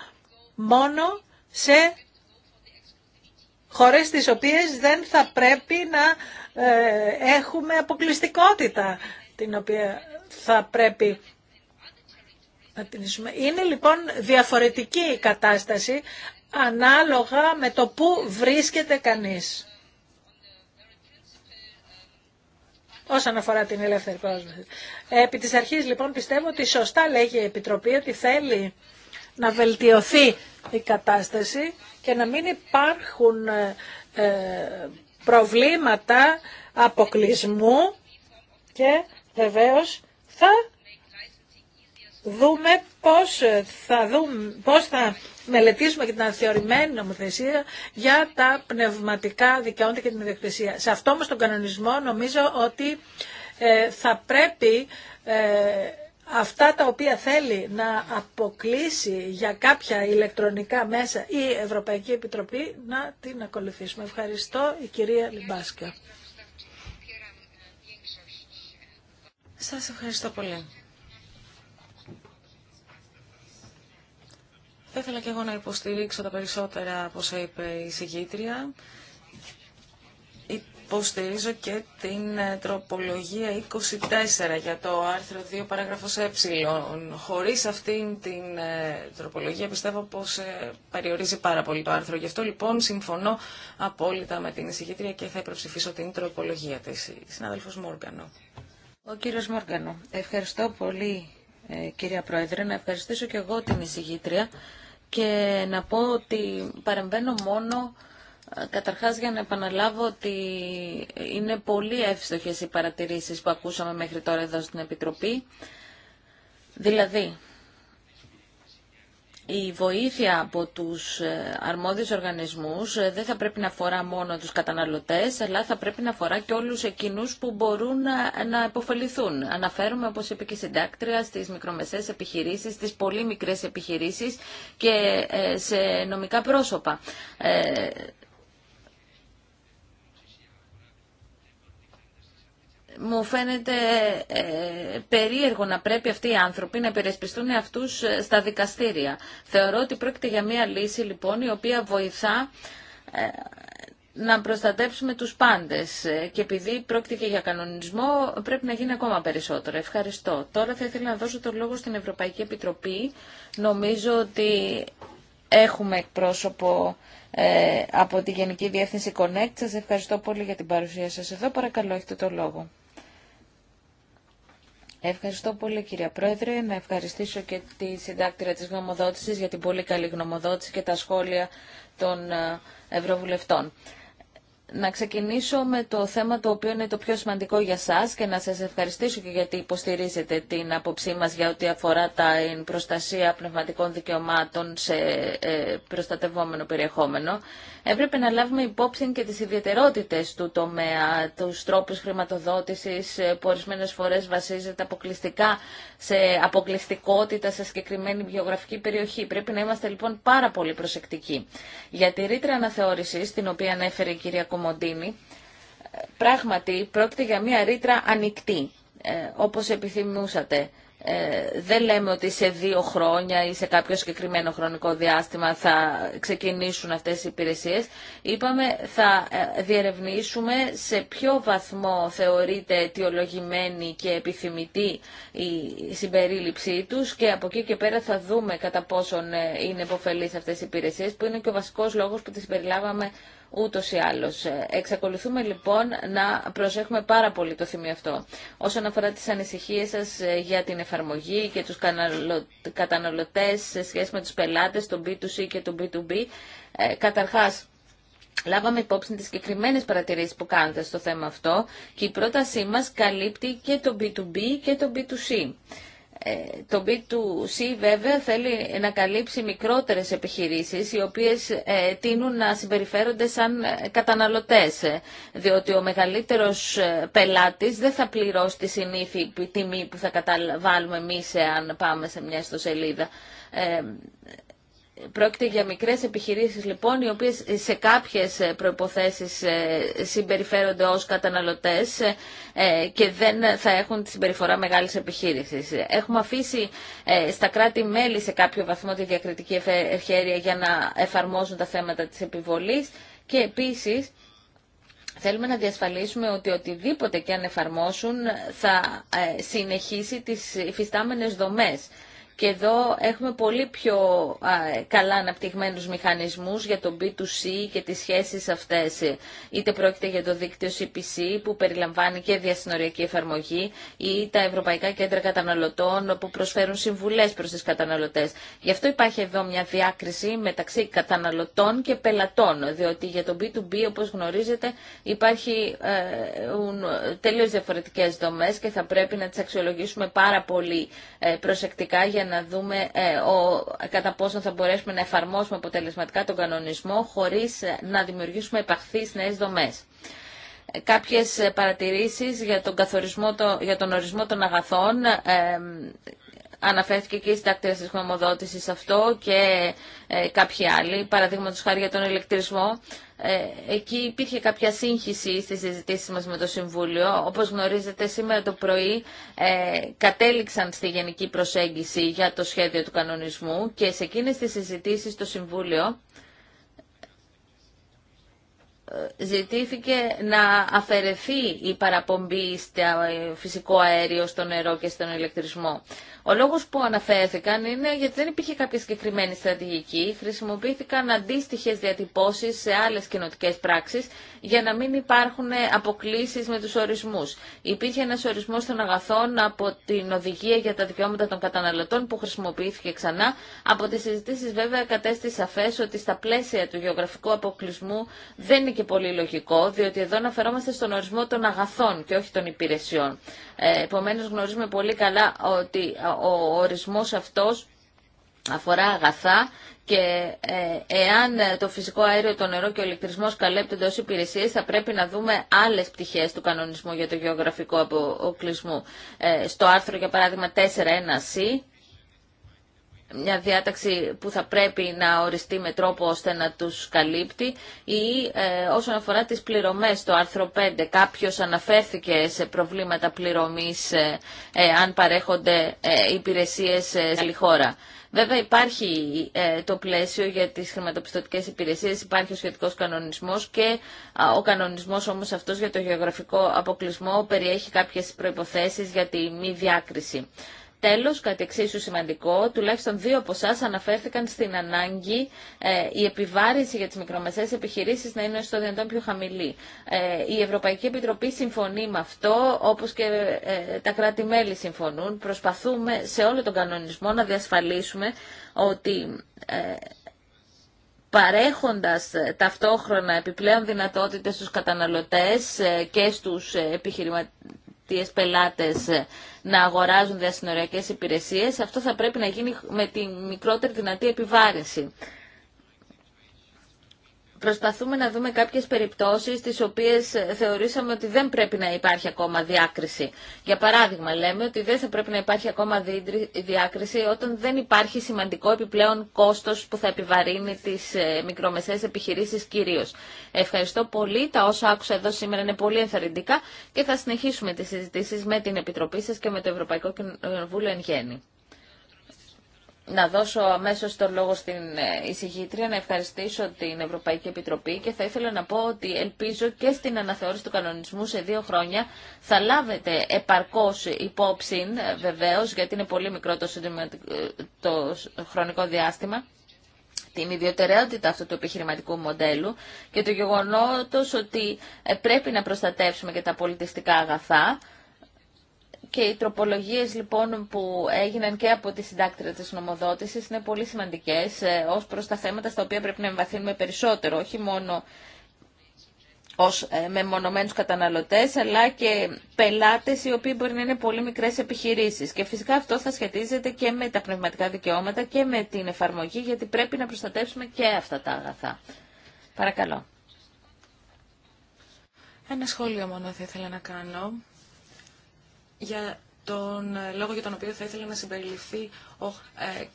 μόνο σε χώρες τις οποίες δεν θα πρέπει να ε, έχουμε αποκλειστικότητα την οποία θα πρέπει να την Είναι λοιπόν διαφορετική η κατάσταση ανάλογα με το που βρίσκεται κανείς. όσον αφορά την ελεύθερη πρόσβαση. Επί της αρχής λοιπόν πιστεύω ότι σωστά λέγει η Επιτροπή ότι θέλει να βελτιωθεί η κατάσταση και να μην υπάρχουν ε, ε, προβλήματα αποκλεισμού και βεβαίως θα δούμε πώς θα, δούμε, πώς θα μελετήσουμε και την αναθεωρημένη νομοθεσία για τα πνευματικά δικαιώματα και την ιδιοκτησία. Σε αυτό όμως τον κανονισμό νομίζω ότι ε, θα πρέπει ε, αυτά τα οποία θέλει να αποκλείσει για κάποια ηλεκτρονικά μέσα η Ευρωπαϊκή Επιτροπή να την ακολουθήσουμε. Ευχαριστώ η κυρία Λιμπάσκα. Σας ευχαριστώ πολύ. Θα ήθελα και εγώ να υποστηρίξω τα περισσότερα από είπε η συγκήτρια. Υποστηρίζω και την ε, τροπολογία 24 για το άρθρο 2 παράγραφος ε. Χωρίς αυτήν την ε, τροπολογία πιστεύω πως ε, περιορίζει πάρα πολύ το άρθρο. Γι' αυτό λοιπόν συμφωνώ απόλυτα με την εισηγήτρια και θα υπερψηφίσω την τροπολογία της. Συνάδελφος Μόργανο. Ο κύριος Μόργανο, ευχαριστώ πολύ κυρία Πρόεδρε. Να ευχαριστήσω και εγώ την εισηγήτρια και να πω ότι παρεμβαίνω μόνο ε, Καταρχάς για να επαναλάβω ότι είναι πολύ εύστοχες οι παρατηρήσεις που ακούσαμε μέχρι τώρα εδώ στην Επιτροπή. Δηλαδή, η βοήθεια από τους ε, αρμόδιους οργανισμούς ε, δεν θα πρέπει να αφορά μόνο τους καταναλωτές, αλλά θα πρέπει να αφορά και όλους εκείνους που μπορούν να, υποφεληθούν. Αναφέρομαι, όπως είπε και η συντάκτρια, στις μικρομεσαίες επιχειρήσεις, στις πολύ μικρές επιχειρήσεις και ε, σε νομικά πρόσωπα. μου φαίνεται ε, περίεργο να πρέπει αυτοί οι άνθρωποι να υπερασπιστούν αυτούς ε, στα δικαστήρια. Θεωρώ ότι πρόκειται για μια λύση λοιπόν η οποία βοηθά ε, να προστατέψουμε τους πάντες και επειδή πρόκειται και για κανονισμό πρέπει να γίνει ακόμα περισσότερο. Ευχαριστώ. Τώρα θα ήθελα να δώσω το λόγο στην Ευρωπαϊκή Επιτροπή. Νομίζω ότι έχουμε εκπρόσωπο από τη Γενική Διεύθυνση Connect. Σας ευχαριστώ πολύ για την παρουσία σας εδώ. Παρακαλώ, έχετε το λόγο. Ευχαριστώ πολύ κυρία Πρόεδρε. Να ευχαριστήσω και τη συντάκτηρα της γνωμοδότησης για την πολύ καλή γνωμοδότηση και τα σχόλια των ε, Ευρωβουλευτών να ξεκινήσω με το θέμα το οποίο είναι το πιο σημαντικό για σας και να σας ευχαριστήσω και γιατί υποστηρίζετε την άποψή μας για ό,τι αφορά την προστασία πνευματικών δικαιωμάτων σε ε, προστατευόμενο περιεχόμενο. Έπρεπε να λάβουμε υπόψη και τις ιδιαιτερότητες του τομέα, τους τρόπους χρηματοδότησης ε, που ορισμένε φορές βασίζεται αποκλειστικά σε αποκλειστικότητα σε συγκεκριμένη βιογραφική περιοχή. Πρέπει να είμαστε λοιπόν πάρα πολύ προσεκτικοί. Για τη ρήτρα αναθεώρησης, την οποία ανέφερε η κυρία Μοντίνη, πράγματι πρόκειται για μια ρήτρα ανοιχτή, ε, όπως επιθυμούσατε. Ε, δεν λέμε ότι σε δύο χρόνια ή σε κάποιο συγκεκριμένο χρονικό διάστημα θα ξεκινήσουν αυτές οι υπηρεσίες. Είπαμε θα ε, διερευνήσουμε σε ποιο βαθμό θεωρείται αιτιολογημένη και επιθυμητή η συμπερίληψή τους και από εκεί και πέρα θα δούμε κατά πόσον είναι υποφελείς αυτές οι υπηρεσίες που είναι και ο βασικός λόγος που τις περιλάβαμε ούτως ή άλλως. Ε, εξακολουθούμε λοιπόν να προσέχουμε πάρα πολύ το θυμίο αυτό. Όσον αφορά τις ανησυχίες σας ε, για την εφαρμογή και τους καταναλωτές σε σχέση με τους πελάτες, τον B2C και τον B2B, ε, καταρχάς Λάβαμε υπόψη τις συγκεκριμένε παρατηρήσεις που κάνετε στο θέμα αυτό και η πρότασή μας καλύπτει και το B2B και το B2C. Ε, το B2C βέβαια θέλει να καλύψει μικρότερες επιχειρήσεις οι οποίες ε, τείνουν να συμπεριφέρονται σαν ε, καταναλωτές διότι ο μεγαλύτερος πελάτης δεν θα πληρώσει τη συνήθη τιμή που θα καταβάλουμε εμείς αν πάμε σε μια ιστοσελίδα. Πρόκειται για μικρές επιχειρήσεις λοιπόν, οι οποίες σε κάποιες ε, προϋποθέσεις ε, συμπεριφέρονται ως καταναλωτές ε, και δεν θα έχουν τη συμπεριφορά μεγάλης επιχείρησης. Έχουμε αφήσει στα κράτη-μέλη σε κάποιο βαθμό τη διακριτική ευχέρεια για να εφαρμόζουν τα θέματα της επιβολής και επίσης Θέλουμε να διασφαλίσουμε ότι οτιδήποτε και αν εφαρμόσουν θα συνεχίσει τις υφιστάμενες δομές και εδώ έχουμε πολύ πιο καλά αναπτυγμένους μηχανισμούς για το B2C και τις σχέσεις αυτές. Είτε πρόκειται για το δίκτυο CPC που περιλαμβάνει και διασυνοριακή εφαρμογή ή τα Ευρωπαϊκά Κέντρα Καταναλωτών που προσφέρουν συμβουλές προς τις καταναλωτές. Γι' αυτό υπάρχει εδώ μια διάκριση μεταξύ καταναλωτών και πελατών, διότι για το B2B όπως γνωρίζετε υπάρχει ε, τελείως διαφορετικές δομές και θα πρέπει να τις αξιολογήσουμε πάρα πολύ ε, προσεκτικά για να δούμε ε, ο, κατά πόσο θα μπορέσουμε να εφαρμόσουμε αποτελεσματικά τον κανονισμό χωρίς ε, να δημιουργήσουμε επαχθείς νέες δομές. Ε, κάποιες ε, παρατηρήσεις για τον, καθορισμό, το, για τον ορισμό των αγαθών. Ε, Αναφέρθηκε και η συντάκτρια τη γνωμοδότηση αυτό και ε, κάποιοι άλλοι, παραδείγματο χάρη για τον ηλεκτρισμό. Ε, εκεί υπήρχε κάποια σύγχυση στις συζητήσει μας με το Συμβούλιο. Όπως γνωρίζετε, σήμερα το πρωί ε, κατέληξαν στη γενική προσέγγιση για το σχέδιο του κανονισμού και σε εκείνες τις συζητήσεις το Συμβούλιο ε, ζητήθηκε να αφαιρεθεί η παραπομπή στο φυσικό αέριο, στο νερό και στον ηλεκτρισμό. Ο λόγο που αναφέρθηκαν είναι γιατί δεν υπήρχε κάποια συγκεκριμένη στρατηγική, χρησιμοποιήθηκαν αντίστοιχε διατυπώσει σε άλλε κοινοτικέ πράξει για να μην υπάρχουν αποκλήσει με του ορισμού. Υπήρχε ένα ορισμό των αγαθών από την Οδηγία για τα Δικαιώματα των Καταναλωτών που χρησιμοποιήθηκε ξανά. Από τι συζητήσει, βέβαια κατέστη σαφέ ότι στα πλαίσια του γεωγραφικού αποκλεισμού δεν είναι και πολύ λογικό, διότι εδώ αναφερόμαστε στον ορισμό των αγαθών και όχι των υπηρεσιών. Ε, γνωρίζουμε πολύ καλά ότι ο ορισμός αυτός αφορά αγαθά και ε, εάν το φυσικό αέριο, το νερό και ο ηλεκτρισμός καλέπτονται ως υπηρεσίες θα πρέπει να δούμε άλλες πτυχές του κανονισμού για το γεωγραφικό αποκλεισμό. Ε, στο άρθρο για παράδειγμα 4.1c μια διάταξη που θα πρέπει να οριστεί με τρόπο ώστε να τους καλύπτει ή ε, όσον αφορά τις πληρωμές, το άρθρο 5, κάποιος αναφέρθηκε σε προβλήματα πληρωμής ε, ε, αν παρέχονται υπηρεσίες σε άλλη χώρα. Βέβαια υπάρχει το πλαίσιο για τις χρηματοπιστωτικές υπηρεσίες, υπάρχει ο σχετικός κανονισμός και ο κανονισμός όμως αυτός για το γεωγραφικό αποκλεισμό περιέχει κάποιες προϋποθέσεις για τη μη διάκριση. Τέλος, κάτι εξίσου σημαντικό, τουλάχιστον δύο από εσά αναφέρθηκαν στην ανάγκη ε, η επιβάρηση για τις μικρομεσαίες επιχειρήσεις να είναι στο δυνατόν πιο χαμηλή. Ε, η Ευρωπαϊκή Επιτροπή συμφωνεί με αυτό, όπως και ε, τα κράτη-μέλη συμφωνούν. Προσπαθούμε σε όλο τον κανονισμό να διασφαλίσουμε ότι παρέχοντας ταυτόχρονα επιπλέον δυνατότητες στους καταναλωτές και στους επιχειρηματίες επιχειρηματίες πελάτες ε, να αγοράζουν διασυνοριακές υπηρεσίες. Αυτό θα πρέπει να γίνει με τη μικρότερη δυνατή επιβάρηση προσπαθούμε να δούμε κάποιες περιπτώσεις τις οποίες θεωρήσαμε ότι δεν πρέπει να υπάρχει ακόμα διάκριση. Για παράδειγμα, λέμε ότι δεν θα πρέπει να υπάρχει ακόμα διάκριση όταν δεν υπάρχει σημαντικό επιπλέον κόστος που θα επιβαρύνει τις ε, μικρομεσαίες επιχειρήσεις κυρίως. Ευχαριστώ πολύ. Τα όσα άκουσα εδώ σήμερα είναι πολύ ενθαρρυντικά και θα συνεχίσουμε τις συζητήσεις με την Επιτροπή σας και με το Ευρωπαϊκό Κοινοβούλιο εν γέννη να δώσω αμέσως τον λόγο στην ε, εισηγήτρια, να ευχαριστήσω την Ευρωπαϊκή Επιτροπή και θα ήθελα να πω ότι ελπίζω και στην αναθεώρηση του κανονισμού σε δύο χρόνια θα λάβετε επαρκώς υπόψη ε, βεβαίως, γιατί είναι πολύ μικρό το, το χρονικό διάστημα, την ιδιωτερότητα αυτού του επιχειρηματικού μοντέλου και το γεγονότος ότι ε, πρέπει να προστατεύσουμε και τα πολιτιστικά αγαθά, και οι τροπολογίε λοιπόν που έγιναν και από τη συντάκτρια τη νομοδότηση είναι πολύ σημαντικέ ε, ω προ τα θέματα στα οποία πρέπει να εμβαθύνουμε περισσότερο, όχι μόνο ως ε, μεμονωμένους καταναλωτέ, αλλά και πελάτε οι οποίοι μπορεί να είναι πολύ μικρέ επιχειρήσει. Και φυσικά αυτό θα σχετίζεται και με τα πνευματικά δικαιώματα και με την εφαρμογή, γιατί πρέπει να προστατεύσουμε και αυτά τα αγαθά. Παρακαλώ. Ένα σχόλιο μόνο θα ήθελα να κάνω για τον ε, λόγο για τον οποίο θα ήθελα να συμπεριληφθεί ο ε,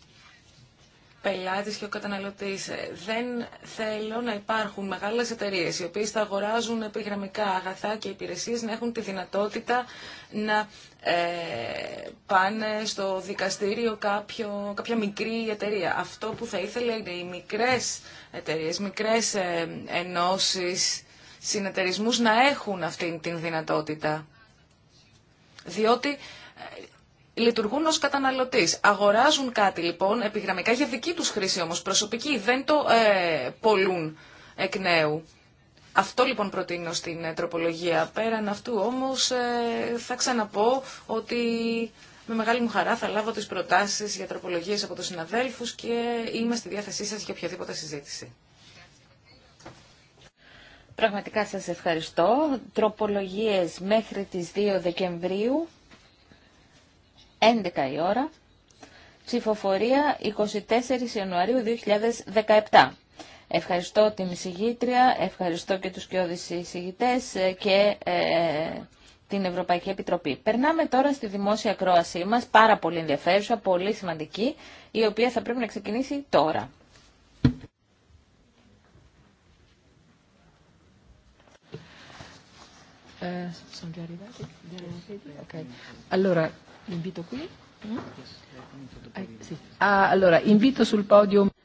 πελάτης και ο καταναλωτής. Ε, δεν θέλω να υπάρχουν μεγάλες εταιρείες οι οποίες θα αγοράζουν επιγραμμικά αγαθά και υπηρεσίες να έχουν τη δυνατότητα να ε, πάνε στο δικαστήριο κάποιο, κάποια μικρή εταιρεία. Αυτό που θα ήθελα είναι οι μικρές εταιρείες, μικρές ε, ενώσεις, συνεταιρισμούς να έχουν αυτή την δυνατότητα διότι ε, λειτουργούν ως καταναλωτής. Αγοράζουν κάτι λοιπόν επιγραμμικά για δική τους χρήση όμως προσωπική, δεν το ε, πολλούν εκ νέου. Αυτό λοιπόν προτείνω στην ε, τροπολογία. Πέραν αυτού όμως ε, θα ξαναπώ ότι με μεγάλη μου χαρά θα λάβω τις προτάσεις για τροπολογίες από τους συναδέλφους και είμαι στη διάθεσή σας για οποιαδήποτε συζήτηση. Πραγματικά σας ευχαριστώ. Τροπολογίες μέχρι τις 2 Δεκεμβρίου, 11 η ώρα. Ψηφοφορία 24 Ιανουαρίου 2017. Ευχαριστώ την εισηγήτρια, ευχαριστώ και τους κοιόδης εισηγητές και ε, την Ευρωπαϊκή Επιτροπή. Περνάμε τώρα στη δημόσια κρόασή μας, πάρα πολύ ενδιαφέρουσα, πολύ σημαντική, η οποία θα πρέπει να ξεκινήσει τώρα. Eh, sono già arrivati? Allora,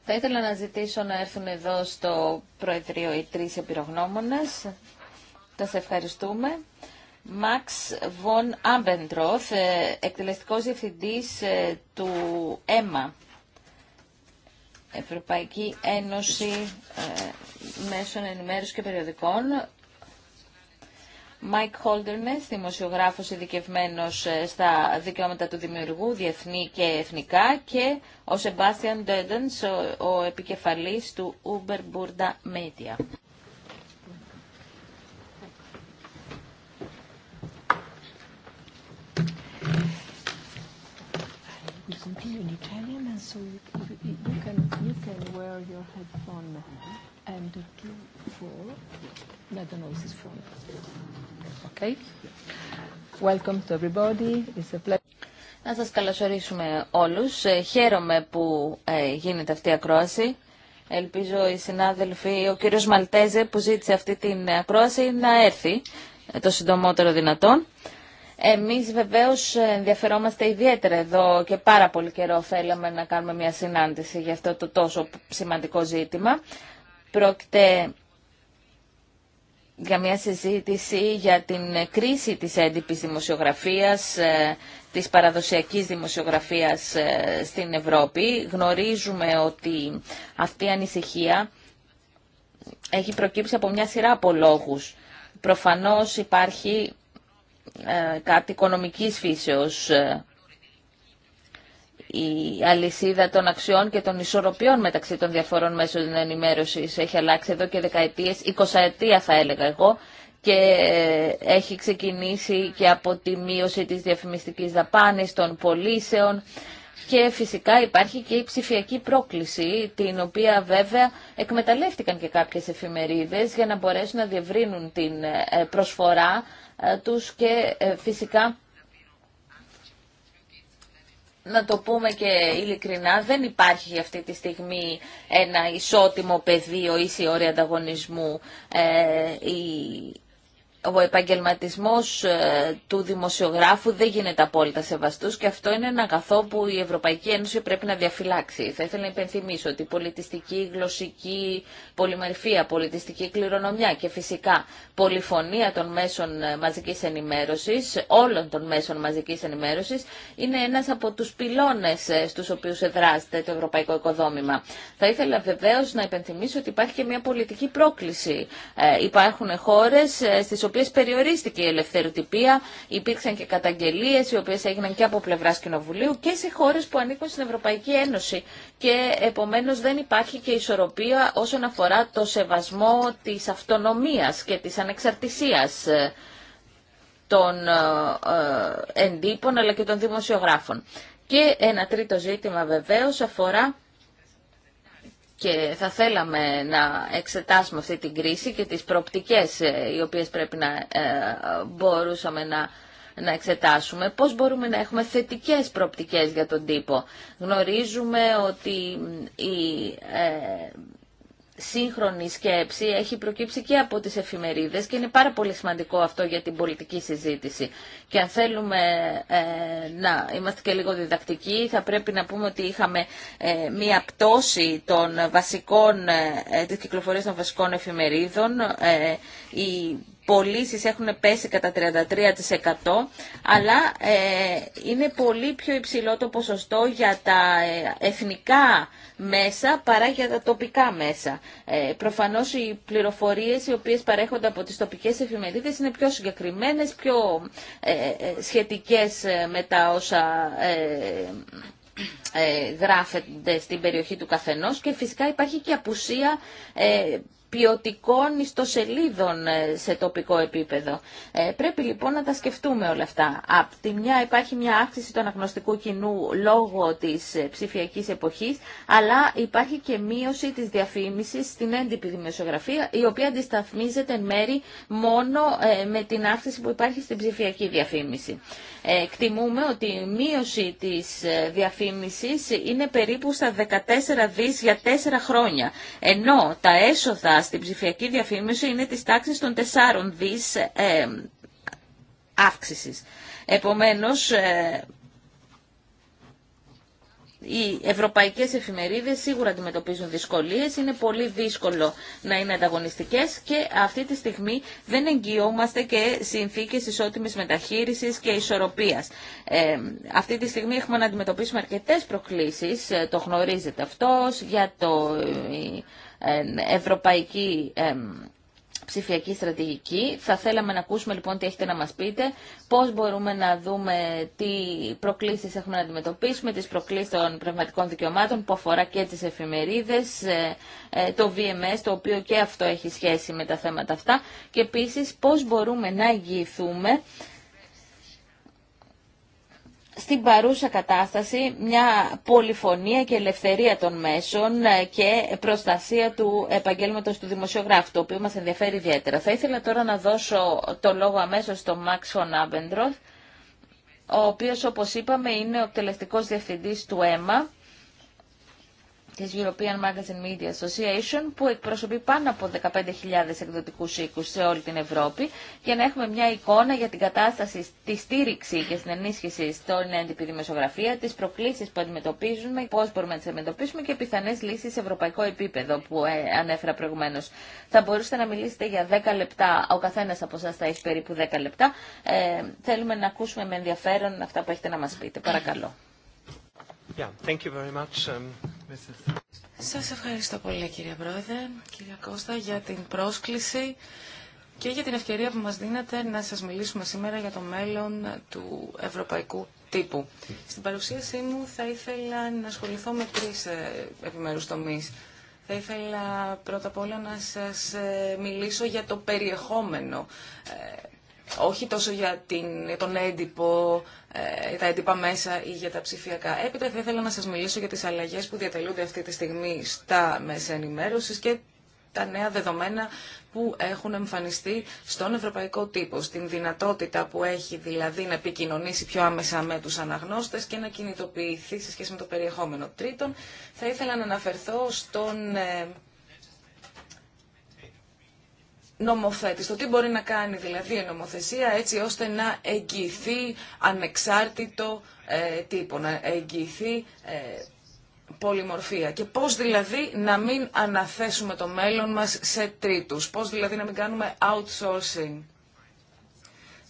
Θα ήθελα να ζητήσω να έρθουν εδώ στο Προεδρείο οι τρει επιρογνώμονες. Τα ευχαριστούμε. Μαξ Βον Άμπεντροθ, εκτελεστικός διευθυντή ε, του ΕΜΑ, Ευρωπαϊκή Ένωση ε, Μέσων ενημέρωση και Περιοδικών, Μάικ Χόλτερνες, δημοσιογράφος ειδικευμένος ε, στα δικαιώματα του δημιουργού, διεθνή και εθνικά, και ο Σεμπάστιαν Ντέντενς, ο, ο επικεφαλής του Uber Burda Media. Να σας καλωσορίσουμε όλους. Ε, χαίρομαι που ε, γίνεται αυτή η ακρόαση. Ελπίζω οι συνάδελφοι, ο κύριος Μαλτέζε που ζήτησε αυτή την ακρόαση να έρθει ε, το συντομότερο δυνατόν. Εμείς βεβαίως ενδιαφερόμαστε ιδιαίτερα εδώ και πάρα πολύ καιρό θέλαμε να κάνουμε μια συνάντηση για αυτό το τόσο σημαντικό ζήτημα. Πρόκειται για μια συζήτηση για την κρίση της έντυπης δημοσιογραφίας, ε, της παραδοσιακής δημοσιογραφίας ε, στην Ευρώπη. Γνωρίζουμε ότι αυτή η ανησυχία έχει προκύψει από μια σειρά από λόγους. Προφανώς υπάρχει ε, κάτι οικονομικής φύσεως η αλυσίδα των αξιών και των ισορροπιών μεταξύ των διαφορών μέσων ενημέρωσης έχει αλλάξει εδώ και δεκαετίες, 20 ετία θα έλεγα εγώ, και έχει ξεκινήσει και από τη μείωση της διαφημιστικής δαπάνης των πωλήσεων και φυσικά υπάρχει και η ψηφιακή πρόκληση, την οποία βέβαια εκμεταλλεύτηκαν και κάποιες εφημερίδες για να μπορέσουν να διευρύνουν την ε, προσφορά ε, τους και ε, φυσικά να το πούμε και ειλικρινά, δεν υπάρχει αυτή τη στιγμή ένα ισότιμο πεδίο ίση όρια ανταγωνισμού. Ε, η ο επαγγελματισμός ε, του δημοσιογράφου δεν γίνεται απόλυτα σεβαστούς και αυτό είναι ένα αγαθό που η Ευρωπαϊκή Ένωση πρέπει να διαφυλάξει. Θα ήθελα να υπενθυμίσω ότι η πολιτιστική, γλωσσική πολυμερφία, πολιτιστική κληρονομιά και φυσικά πολυφωνία των μέσων ε, μαζικής ενημέρωσης, όλων των μέσων μαζικής ενημέρωσης, είναι ένας από τους πυλώνες ε, στους οποίους εδράζεται το ευρωπαϊκό οικοδόμημα. Θα ήθελα βεβαίω να υπενθυμίσω ότι υπάρχει και μια πολιτική πρόκληση. Υπάρχουν χώρες στις οποίε περιορίστηκε η ελευθεροτυπία, υπήρξαν και καταγγελίες οι οποίες έγιναν και από πλευρά Κοινοβουλίου και σε χώρε που ανήκουν στην Ευρωπαϊκή Ένωση και επομένως δεν υπάρχει και ισορροπία όσον αφορά το σεβασμό της αυτονομίας και της ανεξαρτησίας ε, των ε, ε, εντύπων αλλά και των δημοσιογράφων. Και ένα τρίτο ζήτημα βεβαίως αφορά και θα θέλαμε να εξετάσουμε αυτή την κρίση και τις προοπτικές ε, οι οποίες πρέπει να ε, μπορούσαμε να, να εξετάσουμε, πώς μπορούμε να έχουμε θετικές προοπτικές για τον τύπο. Γνωρίζουμε ότι η ε, σύγχρονη σκέψη έχει προκύψει και από τις εφημερίδες και είναι πάρα πολύ σημαντικό αυτό για την πολιτική συζήτηση. Και αν θέλουμε ε, να είμαστε και λίγο διδακτικοί, θα πρέπει να πούμε ότι είχαμε ε, μία πτώση των βασικών, ε, ε, της κυκλοφορίας των βασικών εφημερίδων. Ε, η πωλήσει έχουν πέσει κατά 33%, αλλά ε, είναι πολύ πιο υψηλό το ποσοστό για τα ε, εθνικά μέσα παρά για τα τοπικά μέσα. Ε, προφανώς οι πληροφορίες οι οποίες παρέχονται από τις τοπικές εφημερίδες είναι πιο συγκεκριμένες, πιο ε, ε σχετικές ε, με τα όσα γράφεται στην περιοχή του καθενός και φυσικά υπάρχει και απουσία ποιοτικών ιστοσελίδων ε, σε τοπικό επίπεδο. Ε, πρέπει λοιπόν να τα σκεφτούμε όλα αυτά. Απ' τη μια υπάρχει μια αύξηση του αναγνωστικού κοινού λόγω της ε, ψηφιακής εποχής, αλλά υπάρχει και μείωση της διαφήμισης στην έντυπη δημοσιογραφία, η οποία αντισταθμίζεται εν μέρη μόνο ε, με την αύξηση που υπάρχει στην ψηφιακή διαφήμιση. Εκτιμούμε ότι η μείωση της διαφήμισης είναι περίπου στα 14 δις για 4 χρόνια, ενώ τα έσοδα στην ψηφιακή διαφήμιση είναι της τάξης των τεσσάρων δις ε, αύξησης. Επομένως, ε, οι ευρωπαϊκές εφημερίδες σίγουρα αντιμετωπίζουν δυσκολίες, είναι πολύ δύσκολο να είναι ανταγωνιστικές και αυτή τη στιγμή δεν εγγυόμαστε και συνθήκες ισότιμης μεταχείρισης και ισορροπίας. Ε, αυτή τη στιγμή έχουμε να αντιμετωπίσουμε αρκετές προκλήσεις, ε, το γνωρίζετε αυτός, για το ευρωπαϊκή ψηφιακή στρατηγική. Θα θέλαμε να ακούσουμε λοιπόν τι έχετε να μας πείτε, πώς μπορούμε να δούμε τι προκλήσεις έχουμε να αντιμετωπίσουμε, τις προκλήσεις των πνευματικών δικαιωμάτων που αφορά και τις εφημερίδες, ε, ε, το VMS, το οποίο και αυτό έχει σχέση με τα θέματα αυτά και επίσης πώς μπορούμε να εγγυηθούμε στην παρούσα κατάσταση μια πολυφωνία και ελευθερία των μέσων ε, και προστασία του επαγγέλματος του δημοσιογράφου, το οποίο μας ενδιαφέρει ιδιαίτερα. Θα ήθελα τώρα να δώσω το λόγο αμέσως στον Μαξ Φον ο οποίος όπως είπαμε είναι ο εκτελεστικός διευθυντής του ΕΜΑ της European Magazine Media Association που εκπροσωπεί πάνω από 15.000 εκδοτικούς οίκους σε όλη την Ευρώπη για να έχουμε μια εικόνα για την κατάσταση τη στήριξη και την ενίσχυση στον έντυπη δημοσιογραφία, τις προκλήσεις που αντιμετωπίζουμε, πώς μπορούμε να τις αντιμετωπίσουμε και πιθανές λύσεις σε ευρωπαϊκό επίπεδο που ε, ανέφερα προηγουμένως. Θα μπορούσατε να μιλήσετε για 10 λεπτά, ο καθένας από εσάς θα έχει περίπου 10 λεπτά. Ε, θέλουμε να ακούσουμε με ενδιαφέρον αυτά που έχετε να μας πείτε. Παρακαλώ. Yeah, um, Σας ευχαριστώ πολύ κύριε Πρόεδρε, κύριε Κώστα, για την πρόσκληση και για την ευκαιρία που μας δίνετε να σας μιλήσουμε σήμερα για το μέλλον του ευρωπαϊκού τύπου. Στην παρουσίασή μου θα ήθελα να ασχοληθώ με τρεις ε, επιμέρους τομείς. Θα ήθελα πρώτα απ' όλα να σας ε, μιλήσω για το περιεχόμενο ε, όχι τόσο για την, τον έντυπο, ε, τα έντυπα μέσα ή για τα ψηφιακά. Έπειτα θα ήθελα να σας μιλήσω για τις αλλαγές που διατελούνται αυτή τη στιγμή στα μέσα ενημέρωσης και τα νέα δεδομένα που έχουν εμφανιστεί στον ευρωπαϊκό τύπο, στην δυνατότητα που έχει δηλαδή να επικοινωνήσει πιο άμεσα με τους αναγνώστες και να κινητοποιηθεί σε σχέση με το περιεχόμενο. Τρίτον, θα ήθελα να αναφερθώ στον ε, νομοθέτης, το τι μπορεί να κάνει δηλαδή η νομοθεσία έτσι ώστε να εγγυηθεί ανεξάρτητο ε, τύπο, να εγγυηθεί ε, πολυμορφία και πώς δηλαδή να μην αναθέσουμε το μέλλον μας σε τρίτους, πώς δηλαδή να μην κάνουμε outsourcing.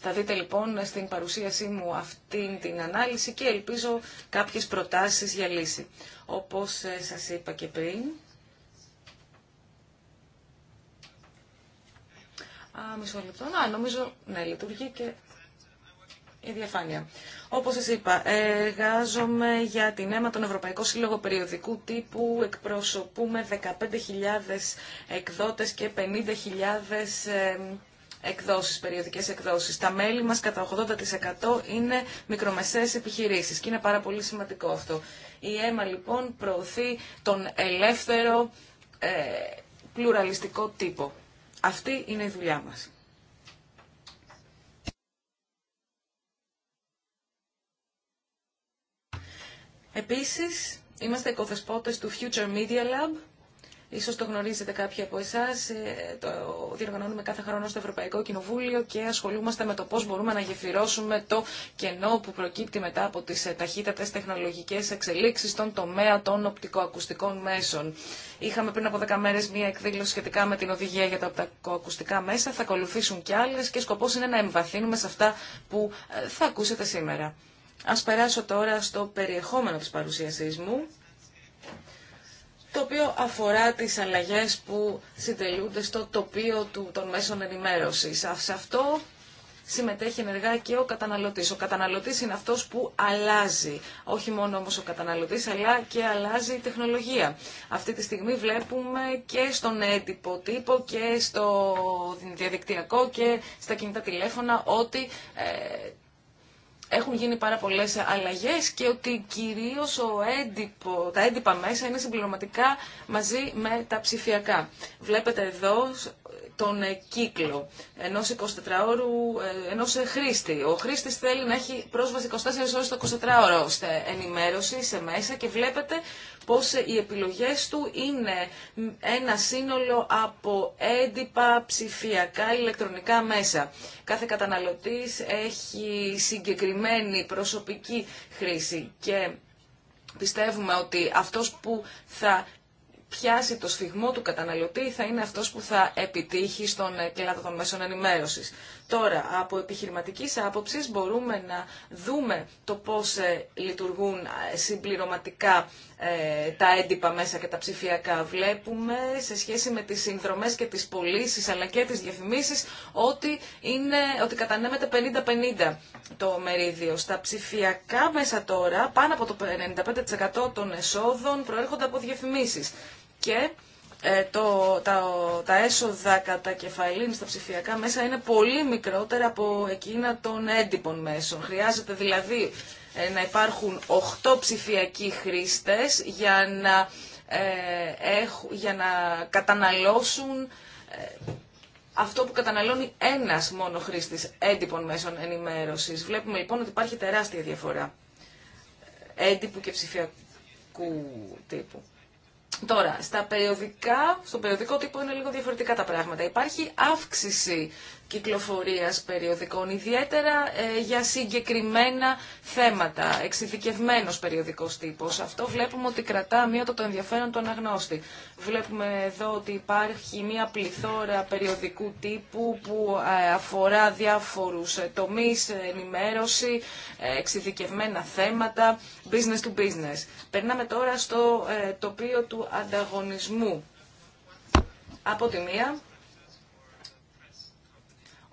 Θα δείτε λοιπόν στην παρουσίασή μου αυτήν την ανάλυση και ελπίζω κάποιες προτάσεις για λύση. Όπως ε, σας είπα και πριν, Α, μισό λεπτό. Να, νομίζω, ναι, λειτουργεί και η διαφάνεια. Όπως σας είπα, εργάζομαι για την αίμα τον Ευρωπαϊκό Σύλλογο Περιοδικού Τύπου, εκπροσωπούμε 15.000 εκδότες και 50.000 εκδόσεις, περιοδικές εκδόσεις. Τα μέλη μας κατά 80% είναι μικρομεσαίες επιχειρήσεις και είναι πάρα πολύ σημαντικό αυτό. Η αίμα λοιπόν προωθεί τον ελεύθερο ε, πλουραλιστικό τύπο. Αυτή είναι η δουλειά μας. Επίσης, είμαστε οικοδεσπότες του Future Media Lab, Ίσως το γνωρίζετε κάποιοι από εσάς, ε, το διοργανώνουμε κάθε χρόνο στο Ευρωπαϊκό Κοινοβούλιο και ασχολούμαστε με το πώς μπορούμε να γεφυρώσουμε το κενό που προκύπτει μετά από τις ε, ταχύτατες τεχνολογικές εξελίξεις στον τομέα των οπτικοακουστικών μέσων. Είχαμε πριν από δέκα μέρες μία εκδήλωση σχετικά με την οδηγία για τα οπτικοακουστικά μέσα, θα ακολουθήσουν και άλλες και σκοπός είναι να εμβαθύνουμε σε αυτά που ε, θα ακούσετε σήμερα. Ας περάσω τώρα στο περιεχόμενο της παρουσίασής μου το οποίο αφορά τις αλλαγές που συντελούνται στο τοπίο του, των μέσων ενημέρωσης. Σε αυτό συμμετέχει ενεργά και ο καταναλωτής. Ο καταναλωτής είναι αυτός που αλλάζει. Όχι μόνο όμως ο καταναλωτής, αλλά και αλλάζει η τεχνολογία. Αυτή τη στιγμή βλέπουμε και στον έντυπο τύπο και στο διαδικτυακό και στα κινητά τηλέφωνα ότι ε, έχουν γίνει πάρα πολλέ αλλαγέ και ότι κυρίως τα έντυπα μέσα είναι συμπληρωματικά μαζί με τα ψηφιακά. Βλέπετε εδώ τον ε, κύκλο ενός 24ωρου, ε, ενός ε, χρήστη. Ο χρήστης θέλει να έχει πρόσβαση 24 ώρες το 24ωρο σε ενημέρωση, σε μέσα και βλέπετε πως οι επιλογές του είναι ένα σύνολο από έντυπα, ψηφιακά, ηλεκτρονικά μέσα. Κάθε καταναλωτής έχει συγκεκριμένη προσωπική χρήση και πιστεύουμε ότι αυτός που θα πιάσει το σφιγμό του καταναλωτή θα είναι αυτός που θα επιτύχει στον ε, κλάδο των μέσων ενημέρωσης. Τώρα, από επιχειρηματικής άποψης μπορούμε να δούμε το πώς ε, λειτουργούν ε, συμπληρωματικά τα έντυπα μέσα και τα ψηφιακά. Βλέπουμε σε σχέση με τις συνδρομές και τις πωλήσει, αλλά και τις διαφημίσεις ότι, είναι, ότι κατανέμεται 50-50 το μερίδιο. Στα ψηφιακά μέσα τώρα πάνω από το 95% των εσόδων προέρχονται από διαφημίσεις και ε, το, τα, τα έσοδα κατά κεφαλήν στα ψηφιακά μέσα είναι πολύ μικρότερα από εκείνα των έντυπων μέσων. Χρειάζεται δηλαδή ε, να υπάρχουν 8 ψηφιακοί χρήστες για να, ε, για να καταναλώσουν αυτό που καταναλώνει ένας μόνο χρήστης έντυπων μέσων ενημέρωσης. Βλέπουμε λοιπόν ότι υπάρχει τεράστια διαφορά έντυπου και ψηφιακού τύπου. Τώρα, στα περιοδικά, στο περιοδικό τύπο είναι λίγο διαφορετικά τα πράγματα. Υπάρχει αύξηση κυκλοφορίας περιοδικών, ιδιαίτερα ε, για συγκεκριμένα θέματα, εξειδικευμένος περιοδικός τύπος. Αυτό βλέπουμε ότι κρατά μείωτο το ενδιαφέρον του αναγνώστη. Βλέπουμε εδώ ότι υπάρχει μία πληθώρα περιοδικού τύπου που ε, αφορά διάφορους ε, τομείς, ενημέρωση, εξειδικευμένα θέματα, business to business. Περνάμε τώρα στο τοπίο του ανταγωνισμού. Από τη μία,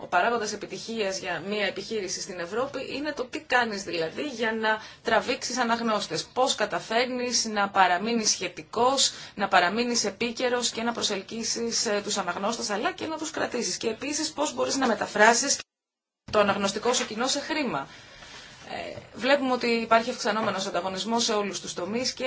ο παράγοντας επιτυχίας για μια επιχείρηση στην Ευρώπη είναι το τι κάνεις δηλαδή για να τραβήξεις αναγνώστες. Πώς καταφέρνεις να παραμείνεις σχετικός, να παραμείνεις επίκαιρο και να προσελκύσεις ε, τους αναγνώστες αλλά και να τους κρατήσεις. Και επίσης πώς μπορείς να μεταφράσεις το αναγνωστικό σου κοινό σε χρήμα. Βλέπουμε ότι υπάρχει αυξανόμενος ανταγωνισμός σε όλους τους τομείς και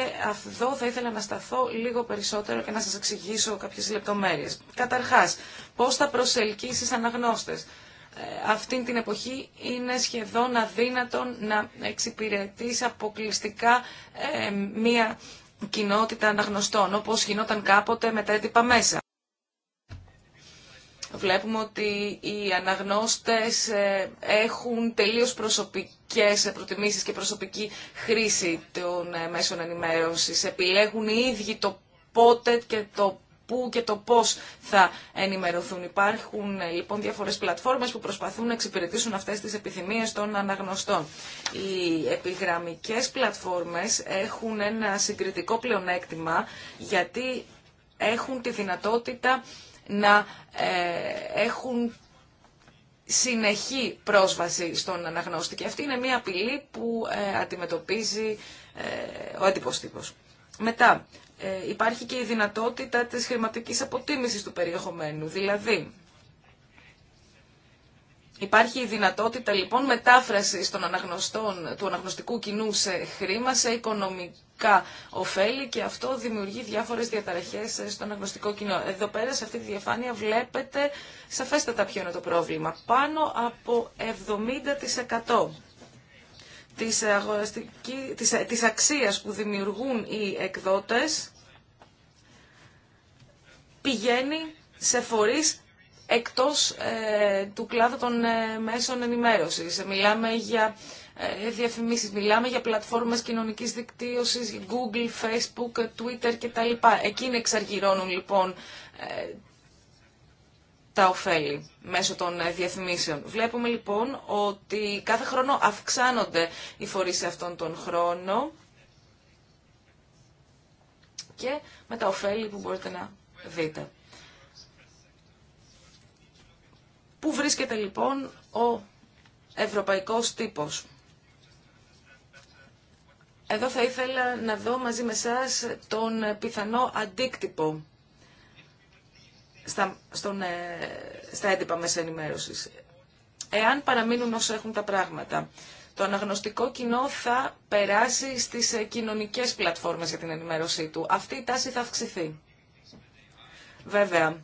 εδώ θα ήθελα να σταθώ λίγο περισσότερο και να σας εξηγήσω κάποιες λεπτομέρειες. Καταρχάς, πώς θα προσελκύσεις αναγνώστες. Ε, Αυτή την εποχή είναι σχεδόν αδύνατον να εξυπηρετείς αποκλειστικά ε, μία κοινότητα αναγνωστών, όπως γινόταν κάποτε με τα έντυπα μέσα βλέπουμε ότι οι αναγνώστες ε, έχουν τελείως προσωπικές προτιμήσεις και προσωπική χρήση των ε, μέσων ενημέρωσης. Επιλέγουν οι ίδιοι το πότε και το πού και το πώς θα ενημερωθούν. Υπάρχουν ε, λοιπόν διάφορες πλατφόρμες που προσπαθούν να εξυπηρετήσουν αυτές τις επιθυμίες των αναγνωστών. Οι επιγραμμικές πλατφόρμες έχουν ένα συγκριτικό πλεονέκτημα γιατί έχουν τη δυνατότητα να ε, έχουν συνεχή πρόσβαση στον αναγνώστη. Και αυτή είναι μια απειλή που ε, αντιμετωπίζει ε, ο έντυπος τύπος. Μετά, υπάρχει και η δυνατότητα της χρηματικής αποτίμησης του περιεχομένου. Δηλαδή, Υπάρχει η δυνατότητα λοιπόν μετάφρασης των αναγνωστών, του αναγνωστικού κοινού σε χρήμα, σε οικονομικά ωφέλη και αυτό δημιουργεί διάφορες διαταραχές στο αναγνωστικό κοινό. Εδώ πέρα σε αυτή τη διαφάνεια βλέπετε σαφέστατα ποιο είναι το πρόβλημα. Πάνω από 70% της, αγοραστική, της, της αξίας που δημιουργούν οι εκδότες πηγαίνει σε φορείς εκτός ε, του κλάδου των ε, μέσων ενημέρωσης. Μιλάμε για ε, διαφημίσεις, μιλάμε για πλατφόρμες κοινωνικής δικτύωσης, Google, Facebook, Twitter κτλ. Εκείνοι εξαργυρώνουν λοιπόν ε, τα ωφέλη μέσω των διαφημίσεων. Βλέπουμε λοιπόν ότι κάθε χρόνο αυξάνονται οι φορείς σε αυτόν τον χρόνο και με τα ωφέλη που μπορείτε να δείτε. βρίσκεται λοιπόν ο ευρωπαϊκός τύπος. Εδώ θα ήθελα να δω μαζί με σας τον πιθανό αντίκτυπο στα, στον, ε, στα έντυπα μέσα ενημέρωσης. Εάν παραμείνουν όσο έχουν τα πράγματα, το αναγνωστικό κοινό θα περάσει στις ε, κοινωνικές πλατφόρμες για την ενημέρωσή του. Αυτή η τάση θα αυξηθεί. Βέβαια,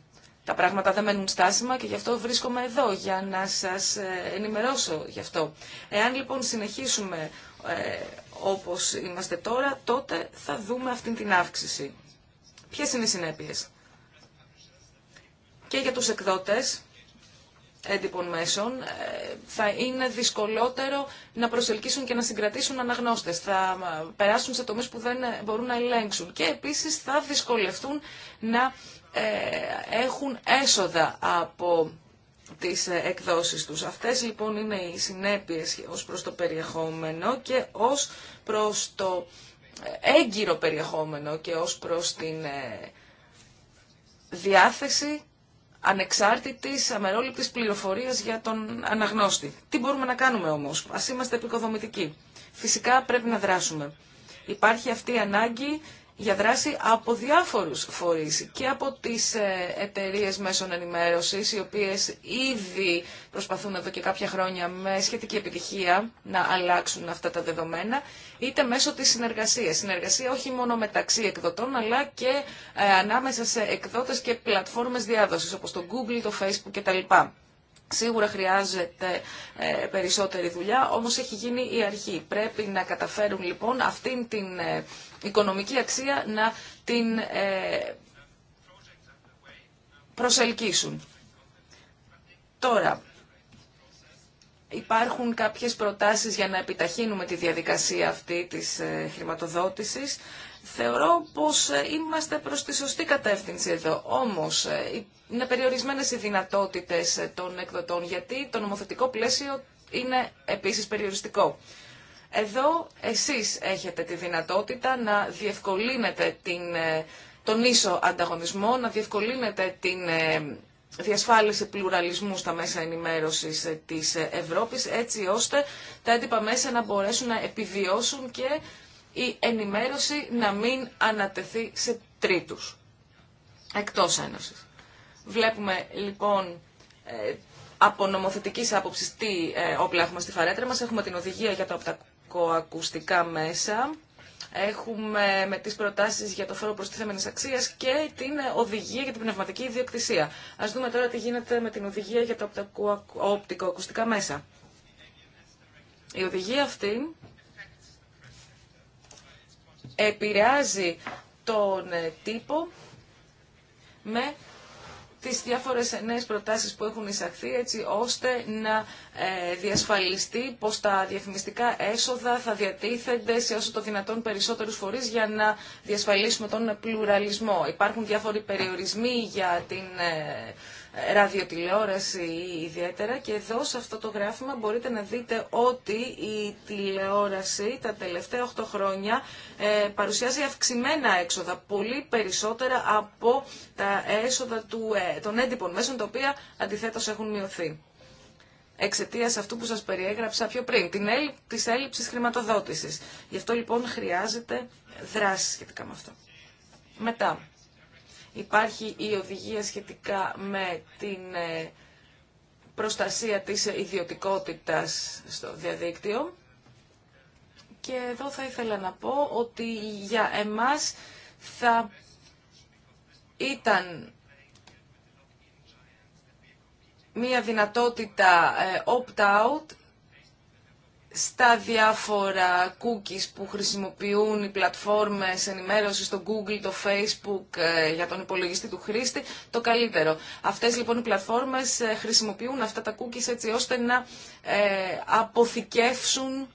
τα πράγματα δεν μένουν στάσιμα και γι' αυτό βρίσκομαι εδώ, για να σας ε, ενημερώσω γι' αυτό. Εάν λοιπόν συνεχίσουμε ε, όπως είμαστε τώρα, τότε θα δούμε αυτή την αύξηση. Ποιες είναι οι συνέπειες. Και για τους εκδότες έντυπων μέσων ε, θα είναι δυσκολότερο να προσελκύσουν και να συγκρατήσουν αναγνώστες. Θα ε, περάσουν σε τομείς που δεν μπορούν να ελέγξουν και επίσης θα δυσκολευτούν να ε, έχουν έσοδα από τις ε, εκδόσεις τους. Αυτές λοιπόν είναι οι συνέπειες ως προς το περιεχόμενο και ως προς το έγκυρο περιεχόμενο και ως προς την ε, διάθεση ανεξάρτητης, αμερόληπτης πληροφορίας για τον αναγνώστη. Τι μπορούμε να κάνουμε όμως, ας είμαστε επικοδομητικοί. Φυσικά πρέπει να δράσουμε. Υπάρχει αυτή η ανάγκη για δράση από διάφορους φορείς και από τις ε, εταιρείες μέσων ενημέρωσης, οι οποίες ήδη προσπαθούν εδώ και κάποια χρόνια με σχετική επιτυχία να αλλάξουν αυτά τα δεδομένα, είτε μέσω της συνεργασίας. Συνεργασία όχι μόνο μεταξύ εκδοτών, αλλά και ε, ανάμεσα σε εκδότες και πλατφόρμες διάδοσης, όπως το Google, το Facebook κτλ. Σίγουρα χρειάζεται ε, περισσότερη δουλειά, όμως έχει γίνει η αρχή. Πρέπει να καταφέρουν λοιπόν αυτήν την οικονομική αξία να την ε, προσελκύσουν. Τώρα, υπάρχουν κάποιες προτάσεις για να επιταχύνουμε τη διαδικασία αυτή της ε, χρηματοδότησης. Θεωρώ πως ε, είμαστε προς τη σωστή κατεύθυνση εδώ. Όμως, είναι περιορισμένες οι δυνατότητες των εκδοτών, γιατί το νομοθετικό πλαίσιο είναι επίσης περιοριστικό. Εδώ εσείς έχετε τη δυνατότητα να διευκολύνετε την, ε, τον ίσο ανταγωνισμό, να διευκολύνετε την ε, διασφάλιση πλουραλισμού στα μέσα ενημέρωσης ε, της Ευρώπης, έτσι ώστε τα έντυπα μέσα να μπορέσουν να επιβιώσουν και η ενημέρωση να μην ανατεθεί σε τρίτους, εκτός Ένωσης. Βλέπουμε λοιπόν από νομοθετική άποψη τι όπλα έχουμε στη φαρέτρα μας, Έχουμε την οδηγία για το οπτικοακουστικά μέσα. Έχουμε με τις προτάσεις για το φόρο προστιθέμενης αξίας και την οδηγία για την πνευματική ιδιοκτησία. Ας δούμε τώρα τι γίνεται με την οδηγία για τα οπτικοακουστικά μέσα. Η οδηγία αυτή επηρεάζει τον τύπο με τις διάφορες νέες προτάσεις που έχουν εισαχθεί έτσι ώστε να ε, διασφαλιστεί πως τα διαφημιστικά έσοδα θα διατίθενται σε όσο το δυνατόν περισσότερους φορείς για να διασφαλίσουμε τον πλουραλισμό. Υπάρχουν διάφοροι περιορισμοί για την... Ε, ραδιοτηλεόραση ιδιαίτερα και εδώ σε αυτό το γράφημα μπορείτε να δείτε ότι η τηλεόραση τα τελευταία 8 χρόνια ε, παρουσιάζει αυξημένα έξοδα, πολύ περισσότερα από τα έσοδα του, ε, των έντυπων μέσων, τα οποία αντιθέτως έχουν μειωθεί εξαιτία αυτού που σα περιέγραψα πιο πριν, την έλλει τη έλλειψη χρηματοδότηση. Γι' αυτό λοιπόν χρειάζεται δράση σχετικά με αυτό. Μετά, Υπάρχει η οδηγία σχετικά με την ε, προστασία της ιδιωτικότητας στο διαδίκτυο. Και εδώ θα ήθελα να πω ότι για εμάς θα ήταν μία δυνατότητα ε, opt-out στα διάφορα cookies που χρησιμοποιούν οι πλατφόρμες ενημέρωσης στο Google, το Facebook ε, για τον υπολογιστή του χρήστη, το καλύτερο. Αυτές λοιπόν οι πλατφόρμες ε, χρησιμοποιούν αυτά τα cookies έτσι ώστε να ε, αποθηκεύσουν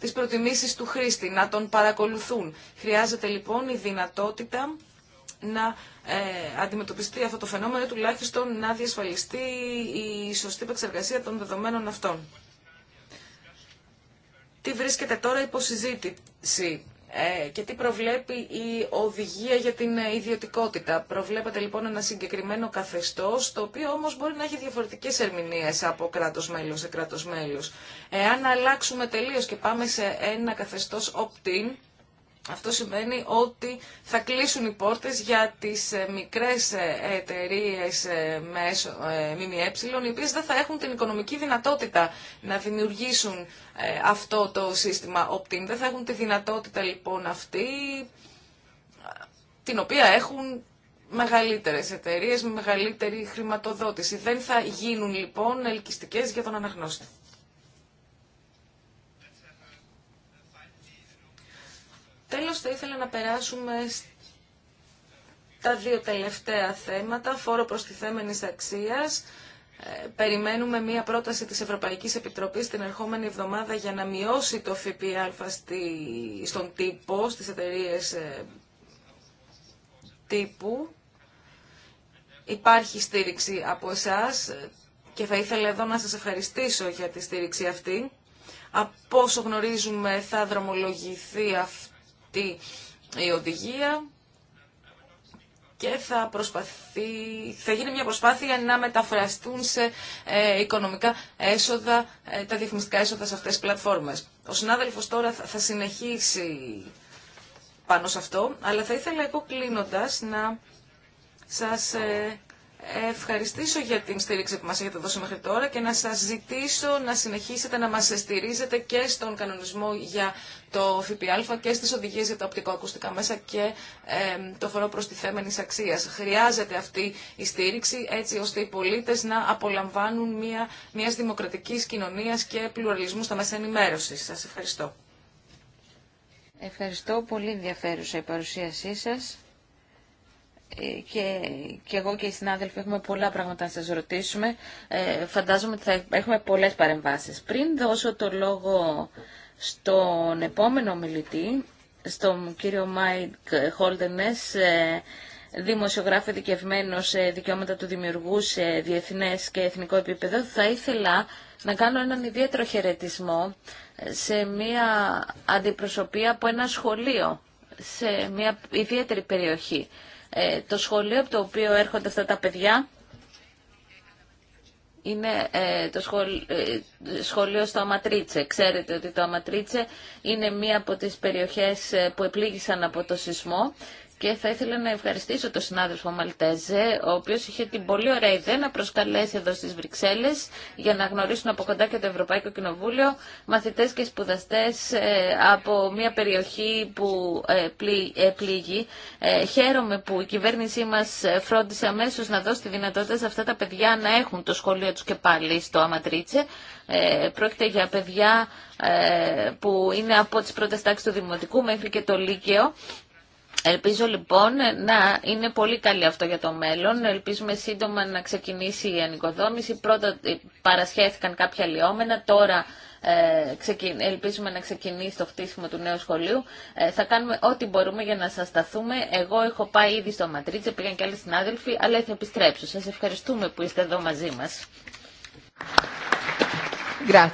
τις προτιμήσεις του χρήστη, να τον παρακολουθούν. Χρειάζεται λοιπόν η δυνατότητα να αντιμετωπιστεί αυτό το φαινόμενο, τουλάχιστον να διασφαλιστεί η σωστή επεξεργασία των δεδομένων αυτών τι βρίσκεται τώρα υποσυζήτηση ε, και τι προβλέπει η οδηγία για την ε, ιδιωτικότητα. Προβλέπεται λοιπόν ένα συγκεκριμένο καθεστώς, το οποίο όμως μπορεί να έχει διαφορετικές ερμηνείες από κράτος μέλος σε κράτος μέλος. Εάν αλλάξουμε τελείως και πάμε σε ένα καθεστώς opt-in, αυτό σημαίνει ότι θα κλείσουν οι πόρτες για τις ε, μικρές ε, εταιρείε ε, με ΜΜΕ, οι οποίες δεν θα έχουν την οικονομική δυνατότητα να δημιουργήσουν αυτό το σύστημα Δεν θα έχουν τη δυνατότητα λοιπόν αυτή, την οποία έχουν μεγαλύτερες εταιρείε με μεγαλύτερη χρηματοδότηση. Δεν θα γίνουν λοιπόν ελκυστικές για τον αναγνώστη. Τέλος, θα ήθελα να περάσουμε τα δύο τελευταία θέματα, φόρο προστιθέμενης αξίας. Ε, περιμένουμε μία πρόταση της Ευρωπαϊκής Επιτροπής την ερχόμενη εβδομάδα για να μειώσει το ΦΠΑ στον τύπο, στις εταιρείες ε, τύπου. Υπάρχει στήριξη από εσάς και θα ήθελα εδώ να σας ευχαριστήσω για τη στήριξη αυτή. Από όσο γνωρίζουμε θα δρομολογηθεί αυτό η οδηγία και θα, προσπαθεί, θα γίνει μια προσπάθεια να μεταφραστούν σε ε, οικονομικά έσοδα, ε, τα διαφημιστικά έσοδα σε αυτές τις πλατφόρμες. Ο συνάδελφος τώρα θα, συνεχίσει πάνω σε αυτό, αλλά θα ήθελα εγώ κλείνοντας να σας ε, ευχαριστήσω για την στήριξη που μας έχετε δώσει μέχρι τώρα και να σας ζητήσω να συνεχίσετε να μας στηρίζετε και στον κανονισμό για το ΦΠΑ και στις οδηγίες για τα οπτικοακουστικά μέσα και το φορό προστιθέμενης αξίας. Χρειάζεται αυτή η στήριξη έτσι ώστε οι πολίτες να απολαμβάνουν μια, μιας δημοκρατικής κοινωνίας και πλουραλισμού στα μέσα ενημέρωσης. Σας ευχαριστώ. Ευχαριστώ. Πολύ ενδιαφέρουσα η παρουσίασή σας. Ε, και, και εγώ και οι συνάδελφοι έχουμε πολλά πράγματα να σας ρωτήσουμε. Ε, φαντάζομαι ότι θα έχουμε πολλές παρεμβάσεις. Πριν δώσω το λόγο στον επόμενο μιλητή, στον κύριο Μάικ Χόλτενες, ε, δημοσιογράφο ειδικευμένο σε δικαιώματα του δημιουργού σε διεθνές και εθνικό επίπεδο, θα ήθελα να κάνω έναν ιδιαίτερο χαιρετισμό σε μια αντιπροσωπεία από ένα σχολείο, σε μια ιδιαίτερη περιοχή. Ε, το σχολείο από το οποίο έρχονται αυτά τα παιδιά είναι ε, το ε, σχολείο στο Αματρίτσε. Ξέρετε ότι το Αματρίτσε είναι μία από τις περιοχές που επλήγησαν από το σεισμό και θα ήθελα να ευχαριστήσω τον συνάδελφο Μαλτέζε, ο οποίος είχε την πολύ ωραία ιδέα να προσκαλέσει εδώ στις Βρυξέλλες για να γνωρίσουν από κοντά και το Ευρωπαϊκό Κοινοβούλιο μαθητές και σπουδαστές ε, από μια περιοχή που ε, πλήγει. Ε, χαίρομαι που η κυβέρνησή μας φρόντισε αμέσω να δώσει τη δυνατότητα σε αυτά τα παιδιά να έχουν το σχολείο τους και πάλι στο Αματρίτσε. Πρόκειται για παιδιά που είναι από τις πρώτες τάξεις του Δημοτικού μέχρι και το Λύκειο Ελπίζω λοιπόν να είναι πολύ καλή αυτό για το μέλλον. Ελπίζουμε σύντομα να ξεκινήσει η ανοικοδόμηση. Πρώτα ε, παρασχέθηκαν κάποια λιόμενα, τώρα ε, ελπίζουμε να ξεκινήσει το χτίσιμο του νέου σχολείου. Ε, θα κάνουμε ό,τι μπορούμε για να σας σταθούμε. Εγώ έχω πάει ήδη στο Ματρίτσε, πήγαν και άλλοι συνάδελφοι, αλλά θα επιστρέψω. Σας ευχαριστούμε που είστε εδώ μαζί μας. E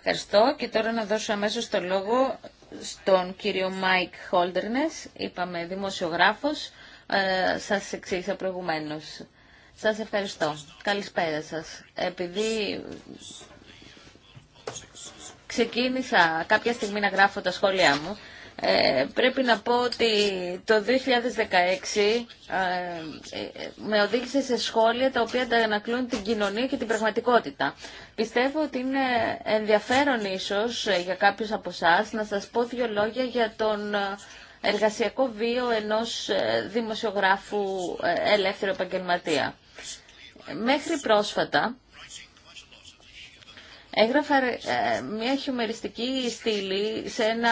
Ευχαριστώ και τώρα να δώσω αμέσως το λόγο στον κύριο Μάικ Χόλτερνες, είπαμε δημοσιογράφος, ε, σας εξήγησα προηγουμένως. Σας ευχαριστώ. Καλησπέρα σας. Επειδή ξεκίνησα κάποια στιγμή να γράφω τα σχόλιά μου, ε, πρέπει να πω ότι το 2016 ε, ε, με οδήγησε σε σχόλια τα οποία αντανακλούν την κοινωνία και την πραγματικότητα. Πιστεύω ότι είναι ενδιαφέρον ίσως ε, για κάποιους από εσά να σας πω δύο λόγια για τον εργασιακό βίο ενός δημοσιογράφου ελεύθερου επαγγελματία. Μέχρι πρόσφατα έγραφα ε, μια χιουμεριστική στήλη σε ένα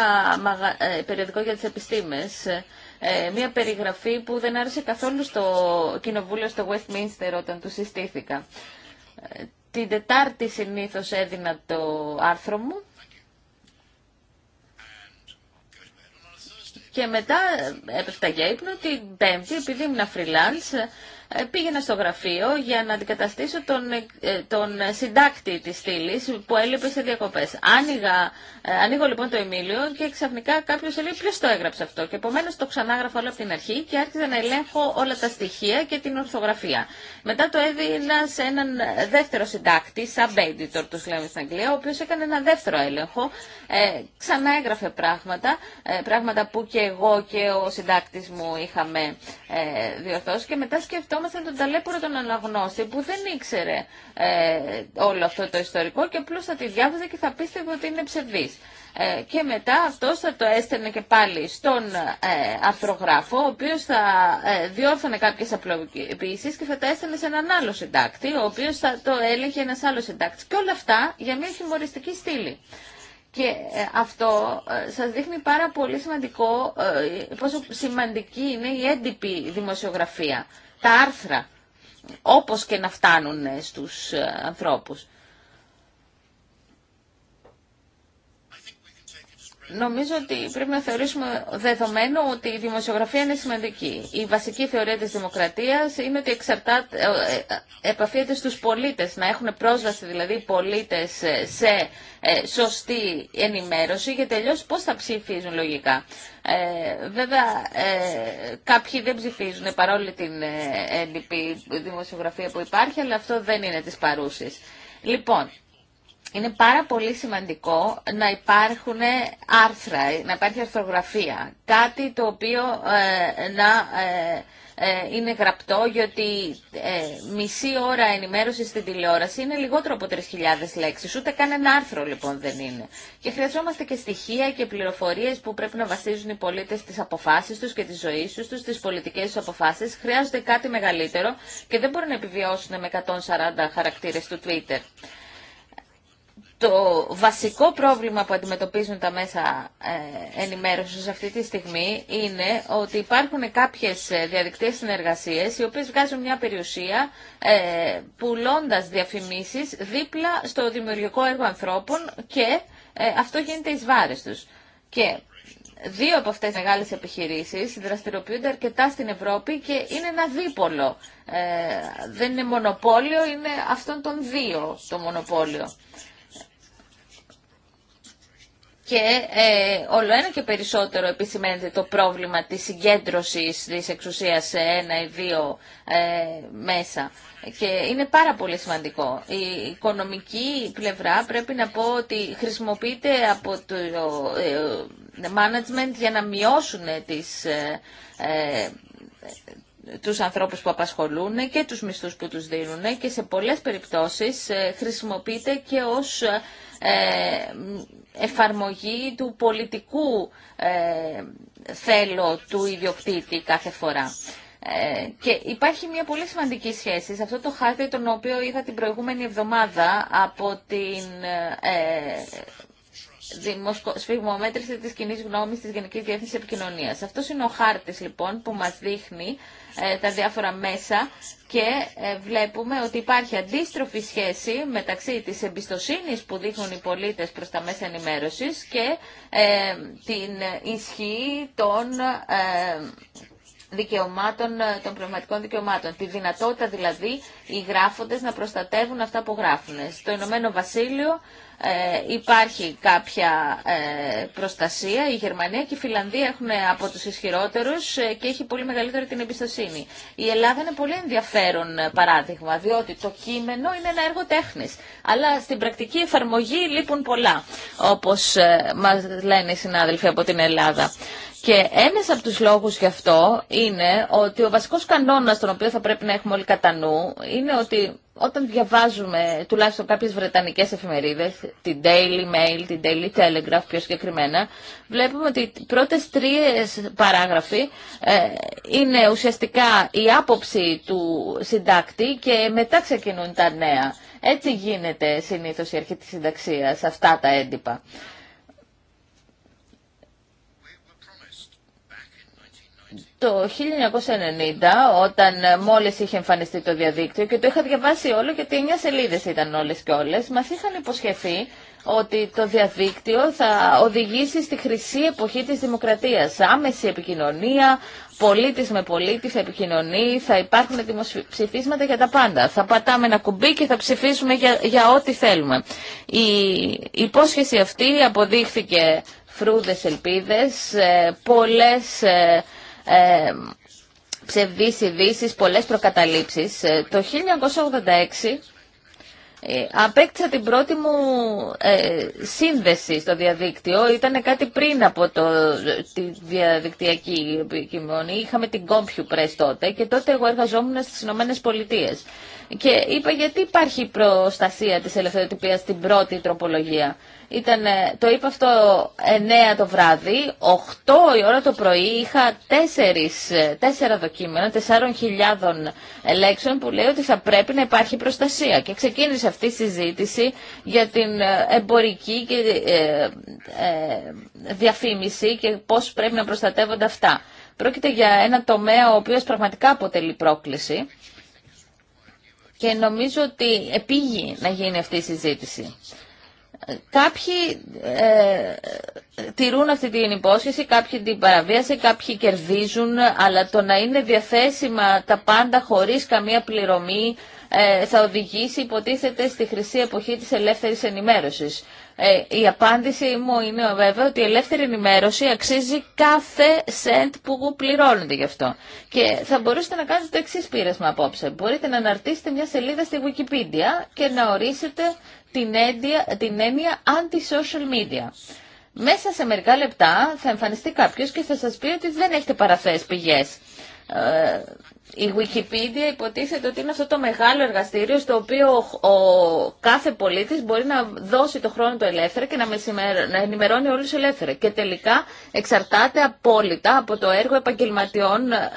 ε, περιοδικό για τις επιστήμες ε, μια περιγραφή που δεν άρεσε καθόλου στο κοινοβούλιο στο Westminster όταν του συστήθηκα. Την Τετάρτη συνήθως έδινα το άρθρο μου και μετά έπεφτα για ύπνο την Πέμπτη επειδή ήμουν freelance ε, πήγαινα στο γραφείο για να αντικαταστήσω τον, ε, τον συντάκτη της στήλη που έλειπε σε διακοπές. Άνοιγα, ε, ανοίγω λοιπόν το Εμίλιο και ξαφνικά κάποιο έλεγε ποιο το έγραψε αυτό. Και επομένω το ξανάγραφα όλο από την αρχή και άρχισα να ελέγχω όλα τα στοιχεία και την ορθογραφία. Μετά το έδινα σε έναν δεύτερο συντάκτη, sub editor του λέμε στην Αγγλία, ο οποίος έκανε ένα δεύτερο έλεγχο. Ε, ξανά έγραφε πράγματα, πράγματα που και εγώ και ο συντάκτη μου είχαμε διορθώσει και μετά σκεφτόμουν θυμόμαστε τον ταλέπορο τον αναγνώστη που δεν ήξερε ε, όλο αυτό το ιστορικό και απλώ θα τη διάβαζε και θα πίστευε ότι είναι ψευδή. Ε, και μετά αυτό θα το έστερνε και πάλι στον ε, αρθρογράφο, ο οποίο θα ε, διόρθωνε κάποιε απλοποιήσει και θα τα έστελνε σε έναν άλλο συντάκτη, ο οποίο θα το έλεγε ένα άλλο συντάκτη Και όλα αυτά για μια χιουμοριστική στήλη. Και ε, αυτό ε, σας δείχνει πάρα πολύ σημαντικό, ε, πόσο σημαντική είναι η έντυπη δημοσιογραφία τα άρθρα, όπως και να φτάνουν ε, στους ε, ανθρώπους. Νομίζω ότι πρέπει να θεωρήσουμε δεδομένο ότι η δημοσιογραφία είναι σημαντική. Η βασική θεωρία της δημοκρατίας είναι ότι εξαρτάται, ε, επαφείται στους πολίτες, να έχουν πρόσβαση δηλαδή οι πολίτες σε σωστή ενημέρωση και τελειώς πώς θα ψηφίζουν λογικά. Ε, βέβαια, ε, κάποιοι δεν ψηφίζουν παρόλη την έντυπη ε, δημοσιογραφία που υπάρχει, αλλά αυτό δεν είναι της παρούσης. Λοιπόν, είναι πάρα πολύ σημαντικό να υπάρχουν άρθρα, να υπάρχει αρθρογραφία. Κάτι το οποίο ε, να ε, είναι γραπτό, γιατί ε, μισή ώρα ενημέρωση στην τηλεόραση είναι λιγότερο από 3.000 λέξεις, ούτε καν ένα άρθρο λοιπόν δεν είναι. Και χρειαζόμαστε και στοιχεία και πληροφορίες που πρέπει να βασίζουν οι πολίτε στι αποφάσεις τους και τις ζωή τους, στις πολιτικές του αποφάσεις. Χρειάζονται κάτι μεγαλύτερο και δεν μπορούν να επιβιώσουν με 140 χαρακτήρε του Twitter το βασικό πρόβλημα που αντιμετωπίζουν τα μέσα ε, ενημέρωσης αυτή τη στιγμή είναι ότι υπάρχουν κάποιες ε, διαδικτύες συνεργασίες οι οποίες βγάζουν μια περιουσία ε, πουλώντας διαφημίσεις δίπλα στο δημιουργικό έργο ανθρώπων και ε, αυτό γίνεται εις βάρες τους. Και δύο από αυτές τις μεγάλες επιχειρήσεις δραστηριοποιούνται αρκετά στην Ευρώπη και είναι ένα δίπολο. δεν είναι μονοπόλιο, είναι αυτόν τον δύο το μονοπόλιο και ε, όλο ένα και περισσότερο επισημαίνεται το πρόβλημα της συγκέντρωσης της εξουσίας σε ένα ή δύο ε, μέσα. Και είναι πάρα πολύ σημαντικό. Η δυο μεσα και πλευρά πρέπει να πω ότι χρησιμοποιείται από το ε, management για να μειώσουν τις ε, ε, τους ανθρώπους που απασχολούν και τους μισθούς που τους δίνουν και σε πολλές περιπτώσεις ε, χρησιμοποιείται και ως ε, εφαρμογή του πολιτικού ε, θέλω του ιδιοκτήτη κάθε φορά. Και υπάρχει μια πολύ σημαντική σχέση σε αυτό το χάρτη τον οποίο είχα την προηγούμενη εβδομάδα από την σφιγμομέτρηση της κοινή γνώμης της Γενικής Διεύθυνσης Επικοινωνίας. Αυτός είναι ο χάρτης λοιπόν που μας δείχνει ε, τα διάφορα μέσα και ε, βλέπουμε ότι υπάρχει αντίστροφη σχέση μεταξύ της εμπιστοσύνης που δείχνουν οι πολίτες προς τα μέσα ενημέρωσης και ε, την ισχύ των δικαιωμάτων, των πνευματικών δικαιωμάτων. Τη δυνατότητα δηλαδή οι γράφοντες να προστατεύουν αυτά που γράφουν. Στο Ηνωμένο Βασίλειο ε, υπάρχει κάποια ε, προστασία. Η Γερμανία και η Φιλανδία έχουν από τους ισχυρότερους ε, και έχει πολύ μεγαλύτερη την εμπιστοσύνη. Η Ελλάδα είναι πολύ ενδιαφέρον παράδειγμα, διότι το κείμενο είναι ένα έργο τέχνης. Αλλά στην πρακτική εφαρμογή λείπουν πολλά, όπως ε, μας λένε οι συνάδελφοι από την Ελλάδα. Και ένας από τους λόγους γι' αυτό είναι ότι ο βασικός κανόνας τον οποίο θα πρέπει να έχουμε όλοι κατά νου είναι ότι όταν διαβάζουμε τουλάχιστον κάποιες βρετανικές εφημερίδες, την Daily Mail, την Daily Telegraph πιο συγκεκριμένα, βλέπουμε ότι οι πρώτες τρεις παράγραφοι ε, είναι ουσιαστικά η άποψη του συντάκτη και μετά ξεκινούν τα νέα. Έτσι γίνεται συνήθως η αρχή της συνταξίας, αυτά τα έντυπα. το 1990 όταν μόλις είχε εμφανιστεί το διαδίκτυο και το είχα διαβάσει όλο γιατί 9 σελίδες ήταν όλες και όλες μας είχαν υποσχεθεί ότι το διαδίκτυο θα οδηγήσει στη χρυσή εποχή της δημοκρατίας. Άμεση επικοινωνία, πολίτης με πολίτη θα επικοινωνεί, θα υπάρχουν δημοψηφίσματα για τα πάντα. Θα πατάμε ένα κουμπί και θα ψηφίσουμε για, ό,τι θέλουμε. Η υπόσχεση αυτή αποδείχθηκε φρούδες ελπίδες, ε, πολλές ε, ε, ψευδείς ειδήσει, πολλές προκαταλήψεις. Ε, το 1986 ε, απέκτησα την πρώτη μου ε, σύνδεση στο διαδίκτυο. Ήταν κάτι πριν από το, τη διαδικτυακή επικοινωνία. Είχαμε την CompuPress τότε και τότε εγώ εργαζόμουν στις Ηνωμένες Πολιτείες. Και είπα γιατί υπάρχει προστασία της ελευθεροτυπίας στην πρώτη τροπολογία. Ήταν, το είπα αυτό 9 το βράδυ, 8 η ώρα το πρωί είχα 4, 4 δοκίμενα, 4.000 λέξεων που λέει ότι θα πρέπει να υπάρχει προστασία. Και ξεκίνησε αυτή η συζήτηση για την ε, εμπορική και, ε, ε, διαφήμιση και πώς πρέπει να προστατεύονται αυτά. Πρόκειται για ένα τομέα ο οποίος πραγματικά αποτελεί πρόκληση και νομίζω ότι επήγει να γίνει αυτή η συζήτηση. Κάποιοι ε, τηρούν αυτή την υπόσχεση, κάποιοι την παραβίασαν, κάποιοι κερδίζουν, αλλά το να είναι διαθέσιμα τα πάντα χωρίς καμία πληρωμή ε, θα οδηγήσει υποτίθεται στη χρυσή εποχή της ελεύθερης ενημέρωσης. Ε, η απάντηση μου είναι βέβαια ότι η ελεύθερη ενημέρωση αξίζει κάθε σεντ που πληρώνεται γι' αυτό. Και θα μπορούσατε να κάνετε το εξή πείρασμα απόψε. Μπορείτε να αναρτήσετε μια σελίδα στη Wikipedia και να ορίσετε την, έννοια, την anti anti-social media. Μέσα σε μερικά λεπτά θα εμφανιστεί κάποιος και θα σας πει ότι δεν έχετε παραθέσει πηγές. Ε, η Wikipedia υποτίθεται ότι είναι αυτό το μεγάλο εργαστήριο στο οποίο ο κάθε πολίτης μπορεί να δώσει το χρόνο του ελεύθερα και να ενημερώνει όλους ελεύθερα. Και τελικά εξαρτάται απόλυτα από το έργο επαγγελματιών ε,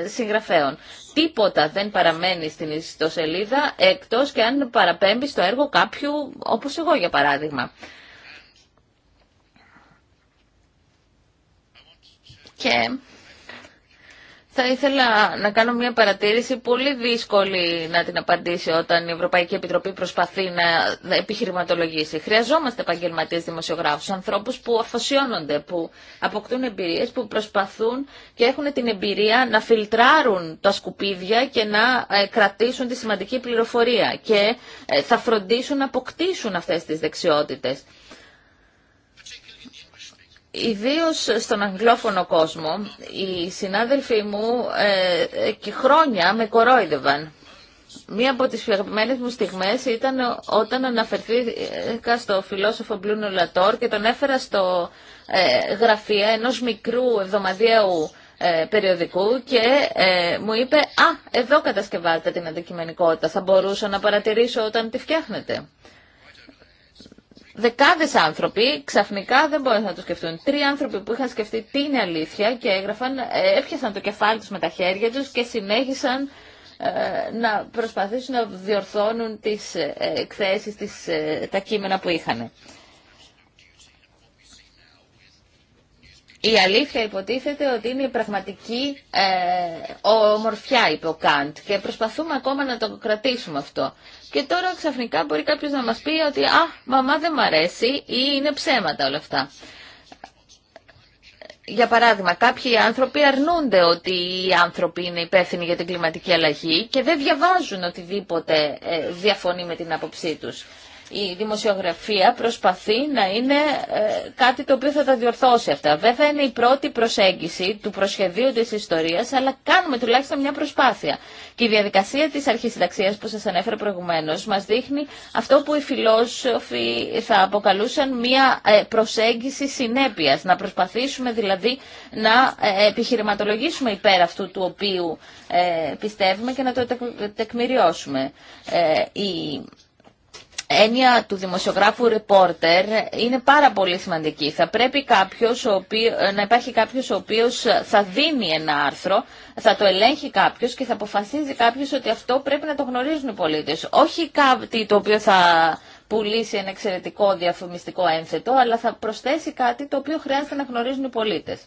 ε, συγγραφέων. Τίποτα δεν παραμένει στην ιστοσελίδα εκτός και αν παραπέμπει στο έργο κάποιου όπως εγώ για παράδειγμα. Και θα ήθελα να κάνω μια παρατήρηση πολύ δύσκολη να την απαντήσει όταν η Ευρωπαϊκή Επιτροπή προσπαθεί να επιχειρηματολογήσει. Χρειαζόμαστε επαγγελματίε δημοσιογράφου, ανθρώπου που αφοσιώνονται, που αποκτούν εμπειρίε, που προσπαθούν και έχουν την εμπειρία να φιλτράρουν τα σκουπίδια και να ε, κρατήσουν τη σημαντική πληροφορία και ε, θα φροντίσουν να αποκτήσουν αυτέ τι δεξιότητε. Ιδίω στον αγγλόφωνο κόσμο, οι συνάδελφοί μου ε, ε, και χρόνια με κορόιδευαν. Μία από τις αγαπημένες μου στιγμές ήταν όταν αναφερθήκα στο φιλόσοφο Μπλούνο Λατόρ και τον έφερα στο ε, γραφείο ενός μικρού εβδομαδιαίου ε, περιοδικού και ε, μου είπε «Α, εδώ κατασκευάζετε την αντικειμενικότητα, θα μπορούσα να παρατηρήσω όταν τη φτιάχνετε». Δεκάδε άνθρωποι ξαφνικά δεν μπορούσαν να το σκεφτούν. Τρία άνθρωποι που είχαν σκεφτεί τι είναι αλήθεια και έγραφαν, ε, έπιασαν το κεφάλι του με τα χέρια του και συνέχισαν ε, να προσπαθήσουν να διορθώνουν τις ε, εκθέσεις, τις, τα κείμενα που είχαν. Η αλήθεια υποτίθεται ότι είναι η πραγματική ε, ομορφιά, είπε ο Καντ, και προσπαθούμε ακόμα να το κρατήσουμε αυτό. Και τώρα ξαφνικά μπορεί κάποιο να μα πει ότι Α, μαμά δεν μ' αρέσει ή είναι ψέματα όλα αυτά. Για παράδειγμα, κάποιοι άνθρωποι αρνούνται ότι οι άνθρωποι είναι υπεύθυνοι για την κλιματική αλλαγή και δεν διαβάζουν οτιδήποτε ε, διαφωνεί με την άποψή τους η δημοσιογραφία προσπαθεί να είναι ε, κάτι το οποίο θα τα διορθώσει αυτά. Βέβαια είναι η πρώτη προσέγγιση του προσχεδίου της ιστορίας, αλλά κάνουμε τουλάχιστον μια προσπάθεια. Και η διαδικασία της αρχισυνταξίας που σας ανέφερα προηγουμένως μας δείχνει αυτό που οι φιλόσοφοι θα αποκαλούσαν μια ε, προσέγγιση συνέπειας. Να προσπαθήσουμε δηλαδή να ε, επιχειρηματολογήσουμε υπέρ αυτού του οποίου πιστεύουμε και να το τεκμηριώσουμε έννοια του δημοσιογράφου ρεπόρτερ είναι πάρα πολύ σημαντική. Θα πρέπει κάποιος, ο οποίος, ε, να υπάρχει κάποιος ο οποίος θα δίνει ένα άρθρο, θα το ελέγχει κάποιος και θα αποφασίζει κάποιος ότι αυτό πρέπει να το γνωρίζουν οι πολίτες. Όχι κάτι το οποίο θα πουλήσει ένα εξαιρετικό διαφημιστικό ένθετο, αλλά θα προσθέσει κάτι το οποίο χρειάζεται να γνωρίζουν οι πολίτες.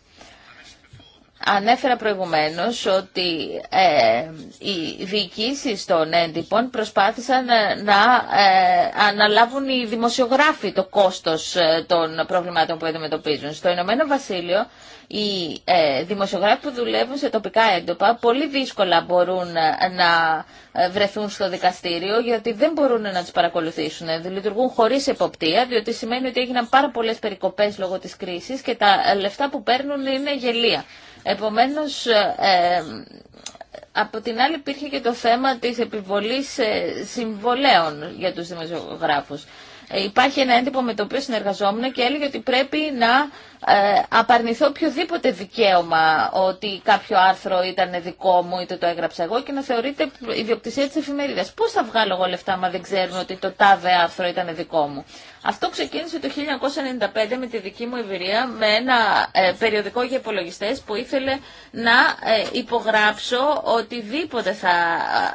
Ανέφερα προηγουμένως ότι ε, οι διοικήσεις των έντυπων προσπάθησαν ε, να ε, αναλάβουν οι δημοσιογράφοι το κόστος ε, των προβλημάτων που αντιμετωπίζουν. Στο Ηνωμένο Βασίλειο οι ε, δημοσιογράφοι που δουλεύουν σε τοπικά έντοπα πολύ δύσκολα μπορούν ε, να ε, βρεθούν στο δικαστήριο γιατί δεν μπορούν να τους παρακολουθήσουν. Λειτουργούν χωρίς εποπτεία διότι σημαίνει ότι έγιναν πάρα πολλές περικοπές λόγω της κρίσης και τα λεφτά που παίρνουν είναι γελία. Επομένως, από την άλλη υπήρχε και το θέμα της επιβολής συμβολέων για τους δημοσιογράφους. Ε, υπάρχει ένα έντυπο με το οποίο συνεργαζόμουν και έλεγε ότι πρέπει να ε, απαρνηθώ οποιοδήποτε δικαίωμα ότι κάποιο άρθρο ήταν δικό μου είτε το έγραψα εγώ και να θεωρείται ιδιοκτησία της εφημερίδας. Πώς θα βγάλω εγώ λεφτά μα δεν ξέρουν ότι το τάδε άρθρο ήταν δικό μου. Αυτό ξεκίνησε το 1995 με τη δική μου εμπειρία με ένα ε, περιοδικό για υπολογιστέ που ήθελε να ε, υπογράψω οτιδήποτε θα,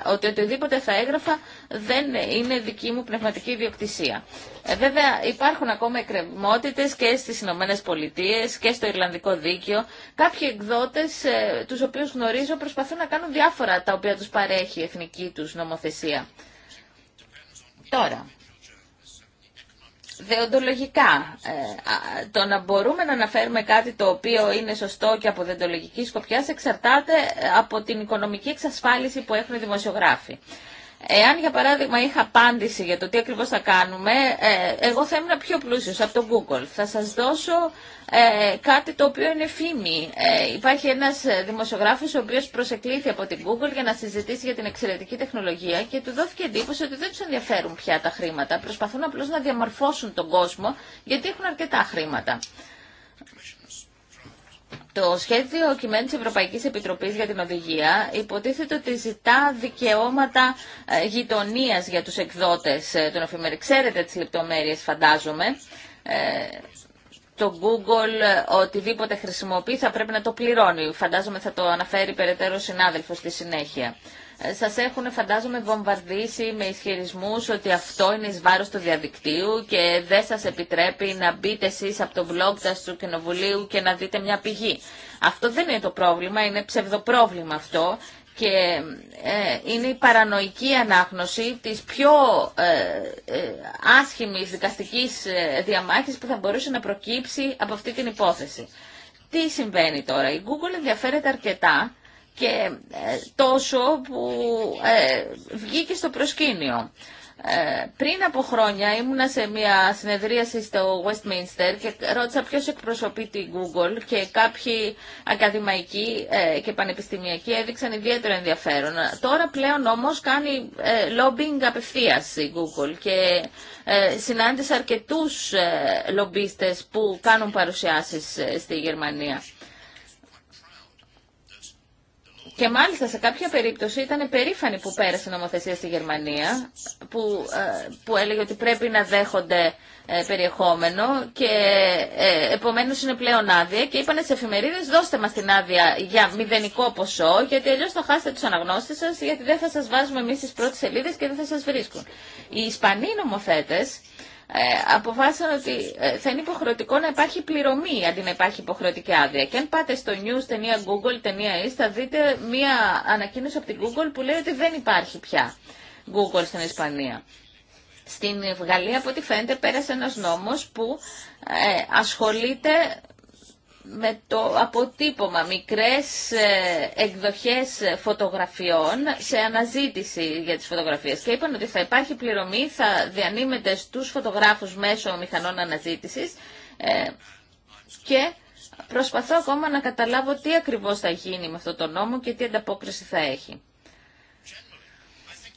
ότι οτιδήποτε θα έγραφα δεν είναι δική μου πνευματική ιδιοκτησία. Ε, βέβαια υπάρχουν ακόμα εκκρεμότητε και στι Ηνωμένε Πολιτείε και στο Ιρλανδικό Δίκαιο. Κάποιοι εκδότε ε, τους οποίους γνωρίζω προσπαθούν να κάνουν διάφορα τα οποία του παρέχει η εθνική του νομοθεσία. Τώρα, δεοντολογικά. Ε, το να μπορούμε να αναφέρουμε κάτι το οποίο είναι σωστό και από δεοντολογική σκοπιά εξαρτάται από την οικονομική εξασφάλιση που έχουν οι δημοσιογράφοι. Εάν για παράδειγμα είχα απάντηση για το τι ακριβώς θα κάνουμε, ε, εγώ θα ήμουν πιο πλούσιος από το Google. Θα σας δώσω ε, κάτι το οποίο είναι φήμη. Ε, υπάρχει ένας δημοσιογράφος ο οποίος προσεκλήθη από την Google για να συζητήσει για την εξαιρετική τεχνολογία και του δόθηκε εντύπωση ότι δεν τους ενδιαφέρουν πια τα χρήματα. Προσπαθούν απλώς να διαμορφώσουν τον κόσμο γιατί έχουν αρκετά χρήματα. Το σχέδιο κειμένου της Ευρωπαϊκής Επιτροπής για την Οδηγία υποτίθεται ότι ζητά δικαιώματα ε, γειτονίας για τους εκδότες ε, των εφημερίων. Ξέρετε τις λεπτομέρειες φαντάζομαι ε, το Google, οτιδήποτε χρησιμοποιεί θα πρέπει να το πληρώνει. Φαντάζομαι θα το αναφέρει περαιτέρω συνάδελφο συνάδελφος στη συνέχεια σας έχουν φαντάζομαι βομβαρδίσει με ισχυρισμούς ότι αυτό είναι εις βάρος του διαδικτύου και δεν σας επιτρέπει να μπείτε εσείς από το blog του Κοινοβουλίου και να δείτε μια πηγή. Αυτό δεν είναι το πρόβλημα, είναι ψευδοπρόβλημα αυτό και ε, είναι η παρανοϊκή ανάγνωση της πιο ε, ε, άσχημης δικαστικής διαμάχης που θα μπορούσε να προκύψει από αυτή την υπόθεση. Τι συμβαίνει τώρα, η Google ενδιαφέρεται αρκετά και ε, τόσο που ε, βγήκε στο προσκήνιο. Ε, πριν από χρόνια ήμουνα σε μια συνεδρίαση στο Westminster και ρώτησα ποιος εκπροσωπεί την Google και κάποιοι ακαδημαϊκοί και πανεπιστημιακοί έδειξαν ιδιαίτερο ενδιαφέρον. Τώρα πλέον όμως κάνει ε, lobbying απευθείας η Google και συνάντησα αρκετούς λομπίστες που κάνουν παρουσιάσεις στη Γερμανία. Και μάλιστα σε κάποια περίπτωση ήταν περήφανοι που πέρασε η νομοθεσία στη Γερμανία που, ε, που έλεγε ότι πρέπει να δέχονται ε, περιεχόμενο και ε, επομένως είναι πλέον άδεια και είπανε σε εφημερίδες δώστε μας την άδεια για μηδενικό ποσό γιατί αλλιώς θα χάσετε τους αναγνώστες σας γιατί δεν θα σας βάζουμε εμείς στις πρώτες σελίδες και δεν θα σας βρίσκουν. Οι Ισπανοί νομοθέτες ε, αποφάσισαν ότι ε, θα είναι υποχρεωτικό να υπάρχει πληρωμή αντί να υπάρχει υποχρεωτική άδεια. Και αν πάτε στο news.google.is θα δείτε μία ανακοίνωση από την Google που λέει ότι δεν υπάρχει πια Google στην Ισπανία. Στην Γαλλία από ό,τι φαίνεται πέρασε ένας νόμος που ε, ασχολείται με το αποτύπωμα μικρές ε, εκδοχές φωτογραφιών σε αναζήτηση για τις φωτογραφίες και είπαν ότι θα υπάρχει πληρωμή, θα διανύμεται στους φωτογράφους μέσω μηχανών αναζήτησης ε, και προσπαθώ ακόμα να καταλάβω τι ακριβώς θα γίνει με αυτό το νόμο και τι ανταπόκριση θα έχει.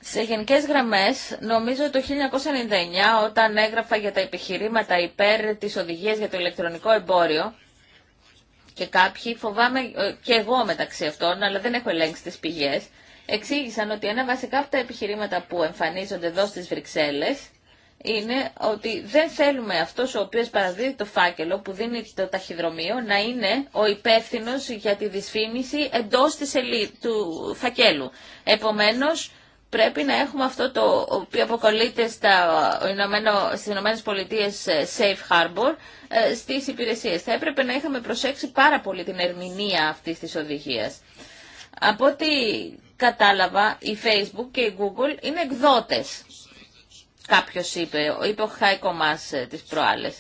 Σε γενικές γραμμές, νομίζω το 1999 όταν έγραφα για τα επιχειρήματα υπέρ της οδηγίας για το ηλεκτρονικό εμπόριο, και κάποιοι, φοβάμαι ε, και εγώ μεταξύ αυτών, αλλά δεν έχω ελέγξει τις πηγές, εξήγησαν ότι ένα βασικά από τα επιχειρήματα που εμφανίζονται εδώ στις Βρυξέλλες είναι ότι δεν θέλουμε αυτός ο οποίος παραδίδει το φάκελο που δίνει το ταχυδρομείο να είναι ο υπεύθυνο για τη δυσφήμιση εντός της του φακέλου. Επομένως, πρέπει να έχουμε αυτό το οποίο αποκαλείται στα Ηνωμένο, στις Ηνωμένες Πολιτείες ε, Safe Harbor ε, στις υπηρεσίες. Θα έπρεπε να είχαμε προσέξει πάρα πολύ την ερμηνεία αυτής της οδηγίας. Από ό,τι κατάλαβα, η Facebook και η Google είναι εκδότες. Κάποιος είπε, είπε ο Χάικο μας ε, τις προάλλες.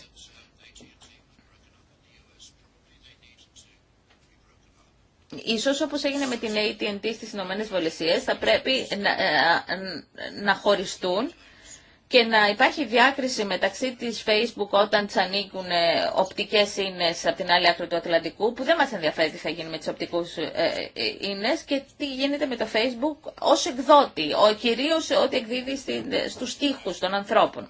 Ίσως όπως έγινε με την AT&T στις Ηνωμένες Βολεσίες θα πρέπει να, ε, ε, να χωριστούν και να υπάρχει διάκριση μεταξύ της Facebook όταν τσανίκουν ε, οπτικές ίνες από την άλλη άκρη του Ατλαντικού που δεν μας ενδιαφέρει τι θα γίνει με τις οπτικούς ίνες και τι γίνεται με το Facebook ως εκδότη, ο, κυρίως ό,τι εκδίδει στην, στους των ανθρώπων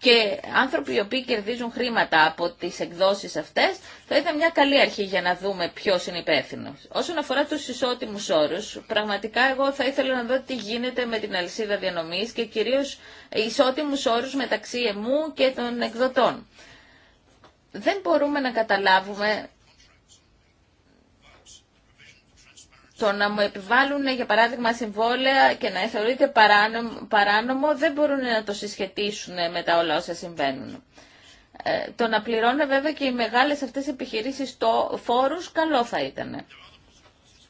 και άνθρωποι οι οποίοι κερδίζουν χρήματα από τι εκδόσει αυτέ, θα ήταν μια καλή αρχή για να δούμε ποιο είναι υπεύθυνο. Όσον αφορά του ισότιμους όρου, πραγματικά εγώ θα ήθελα να δω τι γίνεται με την αλυσίδα διανομή και κυρίω ισότιμους όρου μεταξύ εμού και των εκδοτών. Δεν μπορούμε να καταλάβουμε Το να μου επιβάλλουν, για παράδειγμα, συμβόλαια και να θεωρείται παράνομο, παράνομο δεν μπορούν να το συσχετήσουν με τα όλα όσα συμβαίνουν. Ε, το να πληρώνουν βέβαια και οι μεγάλες αυτές επιχειρήσεις το φόρους, καλό θα ήταν.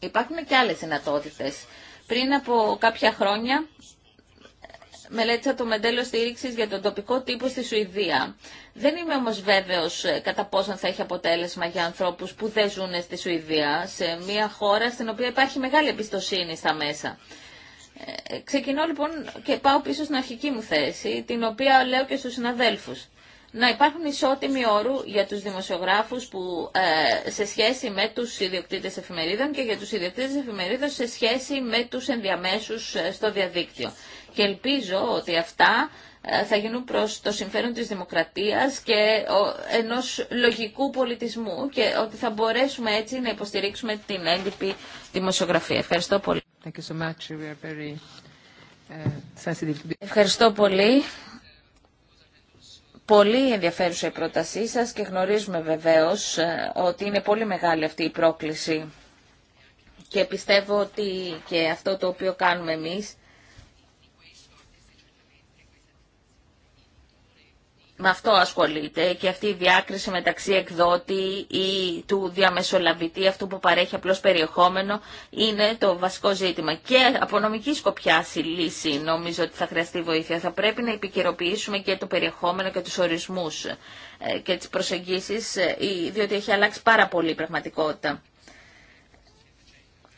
Υπάρχουν και άλλες δυνατότητε. Πριν από κάποια χρόνια μελέτησα το μοντέλο στήριξη για τον τοπικό τύπο στη Σουηδία. Δεν είμαι όμω βέβαιος ε, κατά πόσον θα έχει αποτέλεσμα για ανθρώπου που δεν ζουν στη Σουηδία, σε μια χώρα στην οποία υπάρχει μεγάλη εμπιστοσύνη στα μέσα. Ε, ξεκινώ λοιπόν και πάω πίσω στην αρχική μου θέση, την οποία λέω και στους συναδέλφους. Να υπάρχουν ισότιμοι όρου για τους δημοσιογράφους ε, σε σχέση με τους ιδιοκτήτες εφημερίδων και για τους ιδιοκτήτες εφημερίδων σε σχέση με τους ενδιαμέσους στο διαδίκτυο και ελπίζω ότι αυτά ε, θα γίνουν προς το συμφέρον της δημοκρατίας και ενός λογικού πολιτισμού και ότι θα μπορέσουμε έτσι να υποστηρίξουμε την έντυπη δημοσιογραφία. Ευχαριστώ πολύ. Thank you so much. We uh, Ευχαριστώ πολύ. Πολύ ενδιαφέρουσα η πρότασή σας και γνωρίζουμε βεβαίως ε, ότι είναι πολύ μεγάλη αυτή η πρόκληση και πιστεύω ότι και αυτό το οποίο κάνουμε εμείς με αυτό ασχολείται και αυτή η διάκριση μεταξύ εκδότη ή του διαμεσολαβητή, αυτού που παρέχει απλώς περιεχόμενο, είναι το βασικό ζήτημα. Και από νομική σκοπιά η λύση νομίζω ότι θα χρειαστεί βοήθεια. Θα πρέπει να επικαιροποιήσουμε και το περιεχόμενο και τους ορισμούς ε, και τις προσεγγίσεις, ε, διότι έχει αλλάξει πάρα πολύ η πραγματικότητα.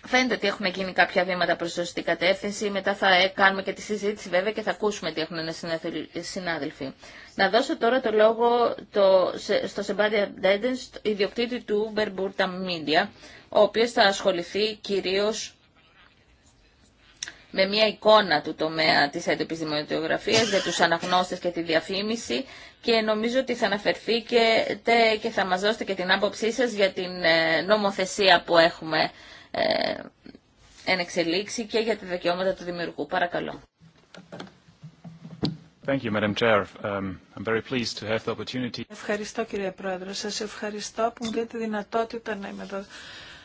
Φαίνεται ότι έχουν γίνει κάποια βήματα προς σωστή κατεύθυνση. Μετά θα ε, κάνουμε και τη συζήτηση βέβαια και θα ακούσουμε τι έχουν οι συνάδελφοι. Να δώσω τώρα το λόγο το, στο Σεμπάντια Ντέντεν, ιδιοκτήτη του Burta Media, ο οποίο θα ασχοληθεί κυρίω με μια εικόνα του τομέα της έντοπης δημοτιογραφίας για τους αναγνώστες και τη διαφήμιση και νομίζω ότι θα αναφερθεί και θα μας δώσετε και την άποψή σας για την ε, νομοθεσία που έχουμε ε, εξελίξει και για τα δικαιώματα του δημιουργού. Παρακαλώ. Thank you, Madam Chair. Um, I'm very pleased to have the opportunity. Ευχαριστώ κύριε Πρόεδρε. Σας ευχαριστώ που μου δίνετε δυνατότητα να είμαι εδώ.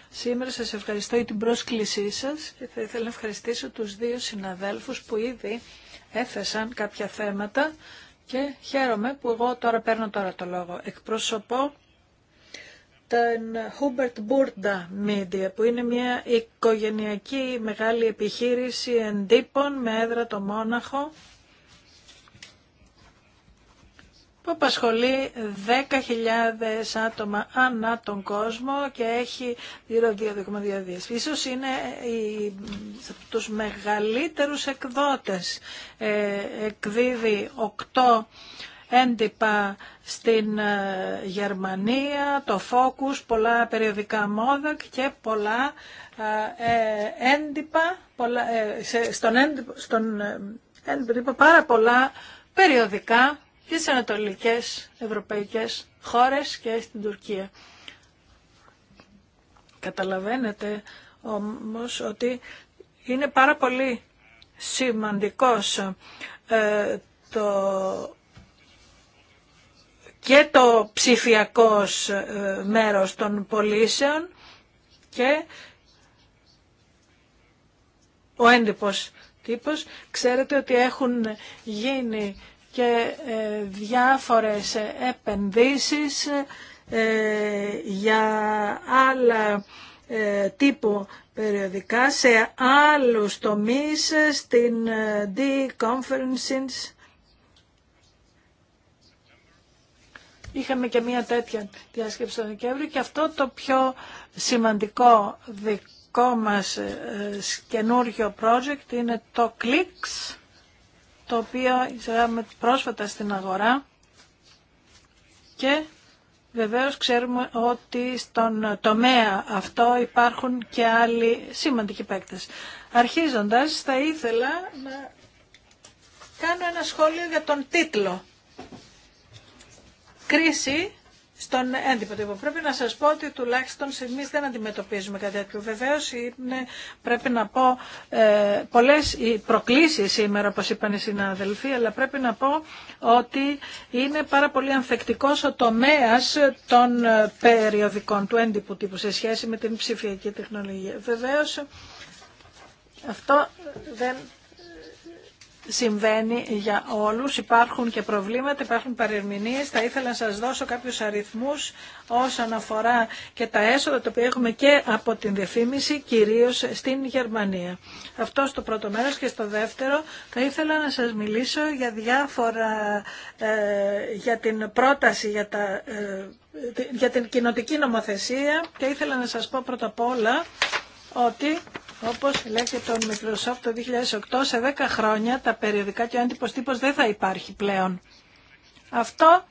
Σήμερα σας ευχαριστώ για την πρόσκλησή σας και θα ήθελα να ευχαριστήσω τους δύο συναδέλφους που ήδη έθεσαν κάποια θέματα και χαίρομαι που εγώ τώρα παίρνω τώρα το λόγο. Εκπροσωπώ ήταν Hubert Burda Media, που είναι μια οικογενειακή μεγάλη επιχείρηση εντύπων με έδρα το Μόναχο, που απασχολεί 10.000 άτομα ανά τον κόσμο και έχει γύρω διαδικομαδιαδίες. Ίσως είναι οι, τους μεγαλύτερους εκδότες. Ε, εκδίδει 8 έντυπα στην ε, Γερμανία, το Focus, πολλά περιοδικά μόδα και πολλά ε, ε, έντυπα, στον, έντυπο, πάρα πολλά περιοδικά στις ανατολικές ευρωπαϊκές χώρες και στην Τουρκία. Καταλαβαίνετε όμως ότι είναι πάρα πολύ σημαντικός το και το ψηφιακός ε, μέρος των πωλήσεων και ο έντυπος τύπος. Ξέρετε ότι έχουν γίνει και ε, διάφορες επενδύσεις ε, για άλλα τύπου περιοδικά σε άλλους τομείς στην D-Conferences Είχαμε και μία τέτοια διάσκεψη τον Δεκέμβριο και αυτό το πιο σημαντικό δικό μας ε, καινούργιο project είναι το Clicks, το οποίο εισαγάμε πρόσφατα στην αγορά και Βεβαίως ξέρουμε ότι στον τομέα αυτό υπάρχουν και άλλοι σημαντικοί παίκτες. Αρχίζοντας θα ήθελα να κάνω ένα σχόλιο για τον τίτλο κρίση στον έντυπο τύπο. Πρέπει να σας πω ότι τουλάχιστον εμείς δεν αντιμετωπίζουμε κάτι τέτοιο. Βεβαίως είναι, πρέπει να πω, ε, πολλές προκλήσεις σήμερα, όπως είπαν οι συναδελφοί, αλλά πρέπει να πω ότι είναι πάρα πολύ ανθεκτικός ο τομέας των ε, περιοδικών του έντυπου τύπου σε σχέση με την ψηφιακή τεχνολογία. Βεβαίως αυτό δεν συμβαίνει για όλους. Υπάρχουν και προβλήματα, υπάρχουν παρερμηνίες. Θα ήθελα να σας δώσω κάποιους αριθμούς όσον αφορά και τα έσοδα τα οποία έχουμε και από την διαφήμιση, κυρίως στην Γερμανία. Αυτό στο πρώτο μέρος και στο δεύτερο θα ήθελα να σας μιλήσω για διάφορα, ε, για την πρόταση για, ε, για την κοινοτική νομοθεσία και ήθελα να σας πω πρώτα απ' όλα ότι όπως λέγεται το τον Microsoft το 2008, σε 10 χρόνια τα περιοδικά και ο έντυπος τύπος δεν θα υπάρχει πλέον. Αυτό,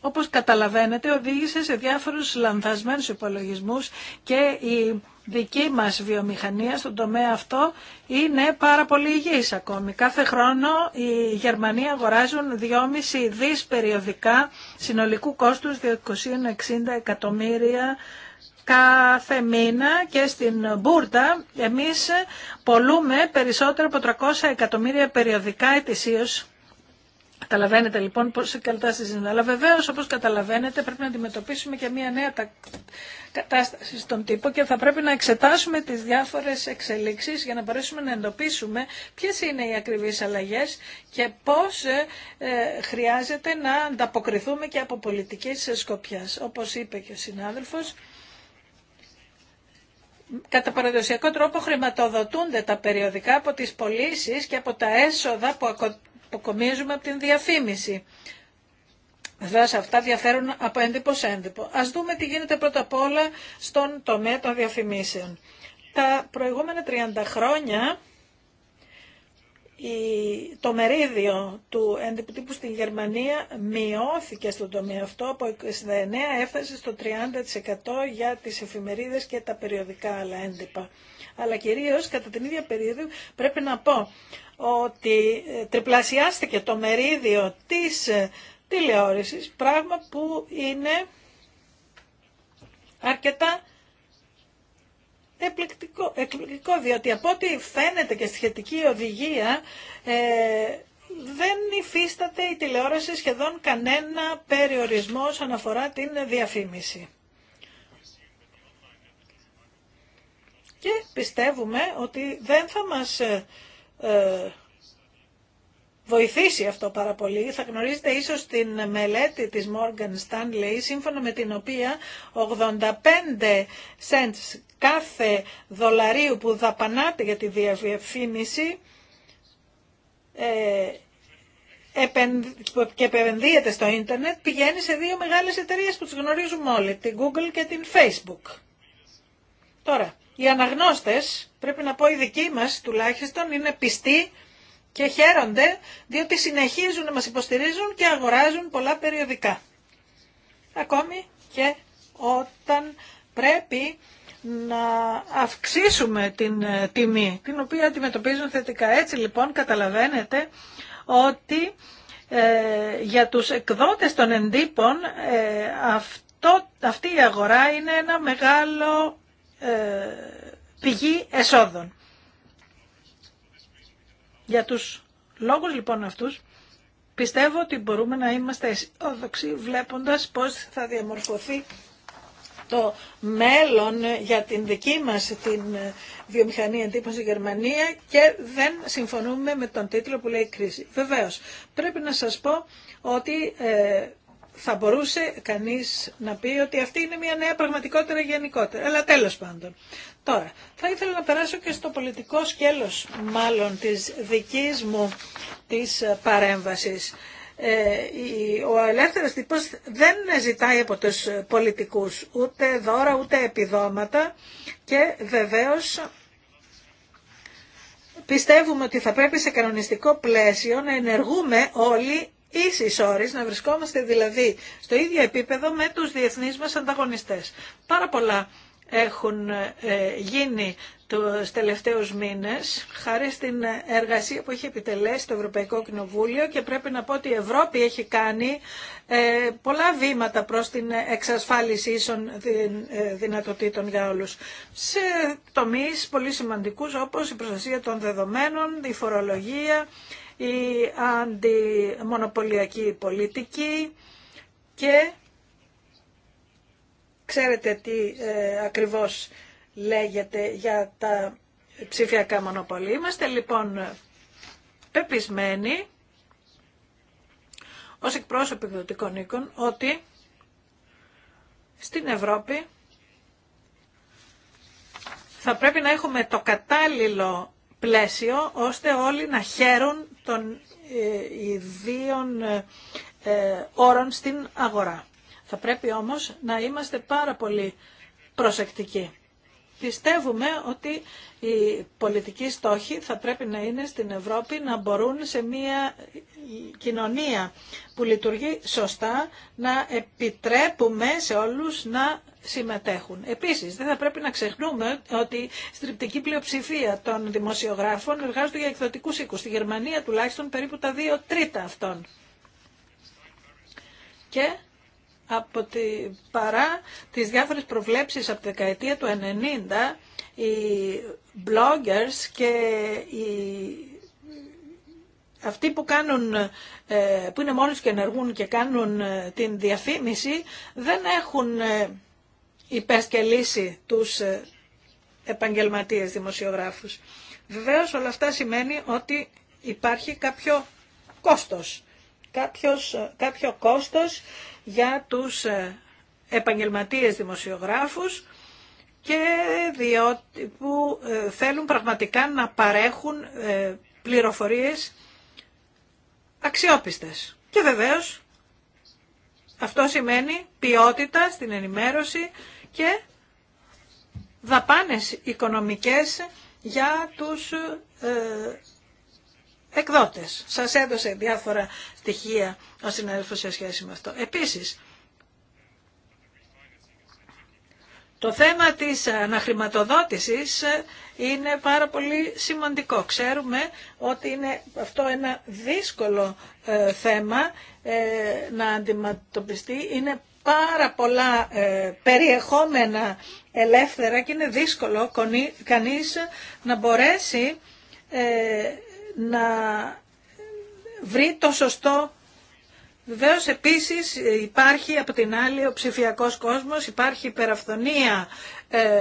όπως καταλαβαίνετε, οδήγησε σε διάφορους λανθασμένους υπολογισμούς και η δική μας βιομηχανία στον τομέα αυτό είναι πάρα πολύ υγιής ακόμη. Κάθε χρόνο οι Γερμανοί αγοράζουν 2,5 δις περιοδικά συνολικού κόστους 260 εκατομμύρια κάθε μήνα και στην Μπούρτα εμείς πολλούμε περισσότερο από 300 εκατομμύρια περιοδικά ετησίως. Καταλαβαίνετε λοιπόν πώ κατάσταση είναι. Αλλά βεβαίω, όπω καταλαβαίνετε, πρέπει να αντιμετωπίσουμε και μια νέα κατάσταση στον τύπο και θα πρέπει να εξετάσουμε τις διάφορες εξελίξεις για να μπορέσουμε να εντοπίσουμε ποιε είναι οι ακριβείς αλλαγές και πώ ε, ε, χρειάζεται να ανταποκριθούμε και από πολιτική σκοπιά. Όπω είπε και ο συνάδελφος κατά παραδοσιακό τρόπο χρηματοδοτούνται τα περιοδικά από τις πωλήσει και από τα έσοδα που αποκομίζουμε από την διαφήμιση. σε αυτά διαφέρουν από έντυπο σε έντυπο. Ας δούμε τι γίνεται πρώτα απ' όλα στον τομέα των διαφημίσεων. Τα προηγούμενα 30 χρόνια το μερίδιο του τύπου στη Γερμανία μειώθηκε στον τομέα αυτό, από 29 έφτασε στο 30% για τις εφημερίδες και τα περιοδικά άλλα έντυπα. Αλλά κυρίως κατά την ίδια περίοδο πρέπει να πω ότι ε, τριπλασιάστηκε το μερίδιο της ε, τηλεόρασης, πράγμα που είναι αρκετά εκπληκτικό, εκπληκτικό διότι από ό,τι φαίνεται και σχετική οδηγία ε, δεν υφίσταται η τηλεόραση σχεδόν κανένα περιορισμό όσον αφορά την διαφήμιση. Και πιστεύουμε ότι δεν θα μας ε, ε βοηθήσει αυτό πάρα πολύ. Θα γνωρίζετε ίσως την μελέτη της Morgan Stanley, σύμφωνα με την οποία 85 cents κάθε δολαρίου που δαπανάτε για τη διαφήμιση ε, και επενδύεται στο ίντερνετ πηγαίνει σε δύο μεγάλες εταιρείες που τις γνωρίζουμε όλοι, την Google και την Facebook. Τώρα, οι αναγνώστες, πρέπει να πω οι δικοί μας τουλάχιστον, είναι πιστοί και χαίρονται διότι συνεχίζουν να μας υποστηρίζουν και αγοράζουν πολλά περιοδικά. Ακόμη και όταν πρέπει να αυξήσουμε την ε, τιμή, την οποία αντιμετωπίζουν θετικά. Έτσι λοιπόν καταλαβαίνετε ότι ε, για τους εκδότες των εντύπων ε, αυτό, αυτή η αγορά είναι ένα μεγάλο πηγή εσόδων. Για τους λόγους λοιπόν αυτούς πιστεύω ότι μπορούμε να είμαστε αισιόδοξοι βλέποντας πώς θα διαμορφωθεί το μέλλον για την δική μας την ε, βιομηχανία εντύπωση Γερμανία και δεν συμφωνούμε με τον τίτλο που λέει κρίση. Βεβαίως, πρέπει να σας πω ότι ε, θα μπορούσε κανείς να πει ότι αυτή είναι μια νέα πραγματικότητα γενικότερα. Αλλά τέλος πάντων. Τώρα, θα ήθελα να περάσω και στο πολιτικό σκέλος μάλλον της δικής μου της ε, παρέμβασης. Ε, ο ελεύθερος τύπος δεν ζητάει από τους πολιτικούς ούτε δώρα ούτε επιδόματα και βεβαίως πιστεύουμε ότι θα πρέπει σε κανονιστικό πλαίσιο να ενεργούμε όλοι ίσης όρης, να βρισκόμαστε δηλαδή στο ίδιο επίπεδο με τους διεθνείς μας ανταγωνιστές. Πάρα πολλά έχουν ε, γίνει τους τελευταίους μήνες χάρη στην εργασία που έχει επιτελέσει το Ευρωπαϊκό Κοινοβούλιο και πρέπει να πω ότι η Ευρώπη έχει κάνει ε, πολλά βήματα προς την εξασφάλιση ίσων ε, δυνατοτήτων για όλους σε τομείς πολύ σημαντικούς όπως η προστασία των δεδομένων, η φορολογία, η αντιμονοπωλιακή πολιτική και Ξέρετε τι ε, ακριβώς λέγεται για τα ψηφιακά μονοπολία. Είμαστε λοιπόν πεπισμένοι ως εκπρόσωποι εκδοτικών οίκων ότι στην Ευρώπη θα πρέπει να έχουμε το κατάλληλο πλαίσιο ώστε όλοι να χαίρουν των ε, ιδίων ε, ε, όρων στην αγορά. Θα πρέπει όμως να είμαστε πάρα πολύ προσεκτικοί. Πιστεύουμε ότι οι πολιτικοί στόχοι θα πρέπει να είναι στην Ευρώπη να μπορούν σε μια κοινωνία που λειτουργεί σωστά να επιτρέπουμε σε όλους να συμμετέχουν. Επίσης, δεν θα πρέπει να ξεχνούμε ότι η στριπτική πλειοψηφία των δημοσιογράφων εργάζονται για εκδοτικούς οίκους. Στη Γερμανία τουλάχιστον περίπου τα δύο τρίτα αυτών. Και από παρά τις διάφορες προβλέψεις από τη δεκαετία του 90, οι bloggers και οι αυτοί που, κάνουν, ε, που είναι μόνοι και ενεργούν και κάνουν ε, την διαφήμιση δεν έχουν ε, υπεσκελίσει τους επαγγελματίες δημοσιογράφους. Βεβαίως όλα αυτά σημαίνει ότι υπάρχει κάποιο κόστος κάποιος, ε, κάποιο κόστος για τους ε, επαγγελματίες δημοσιογράφους και διότι που ε, θέλουν πραγματικά να παρέχουν πληροφορίες αξιόπιστες. Και βεβαίως αυτό σημαίνει ποιότητα στην ενημέρωση και δαπάνες οικονομικές για τους εκδότες. Σας έδωσε διάφορα στοιχεία ο συνάδελφος σε σχέση με αυτό. Επίσης, το θέμα της αναχρηματοδότησης είναι πάρα πολύ σημαντικό. Ξέρουμε ότι είναι αυτό ένα δύσκολο ε, θέμα ε, να αντιμετωπιστεί. Είναι πάρα πολλά ε, περιεχόμενα ελεύθερα και είναι δύσκολο κανείς να μπορέσει να βρει το σωστό. Βεβαίω επίσης υπάρχει από την άλλη ο ψηφιακός κόσμος, υπάρχει υπεραυθονία ε,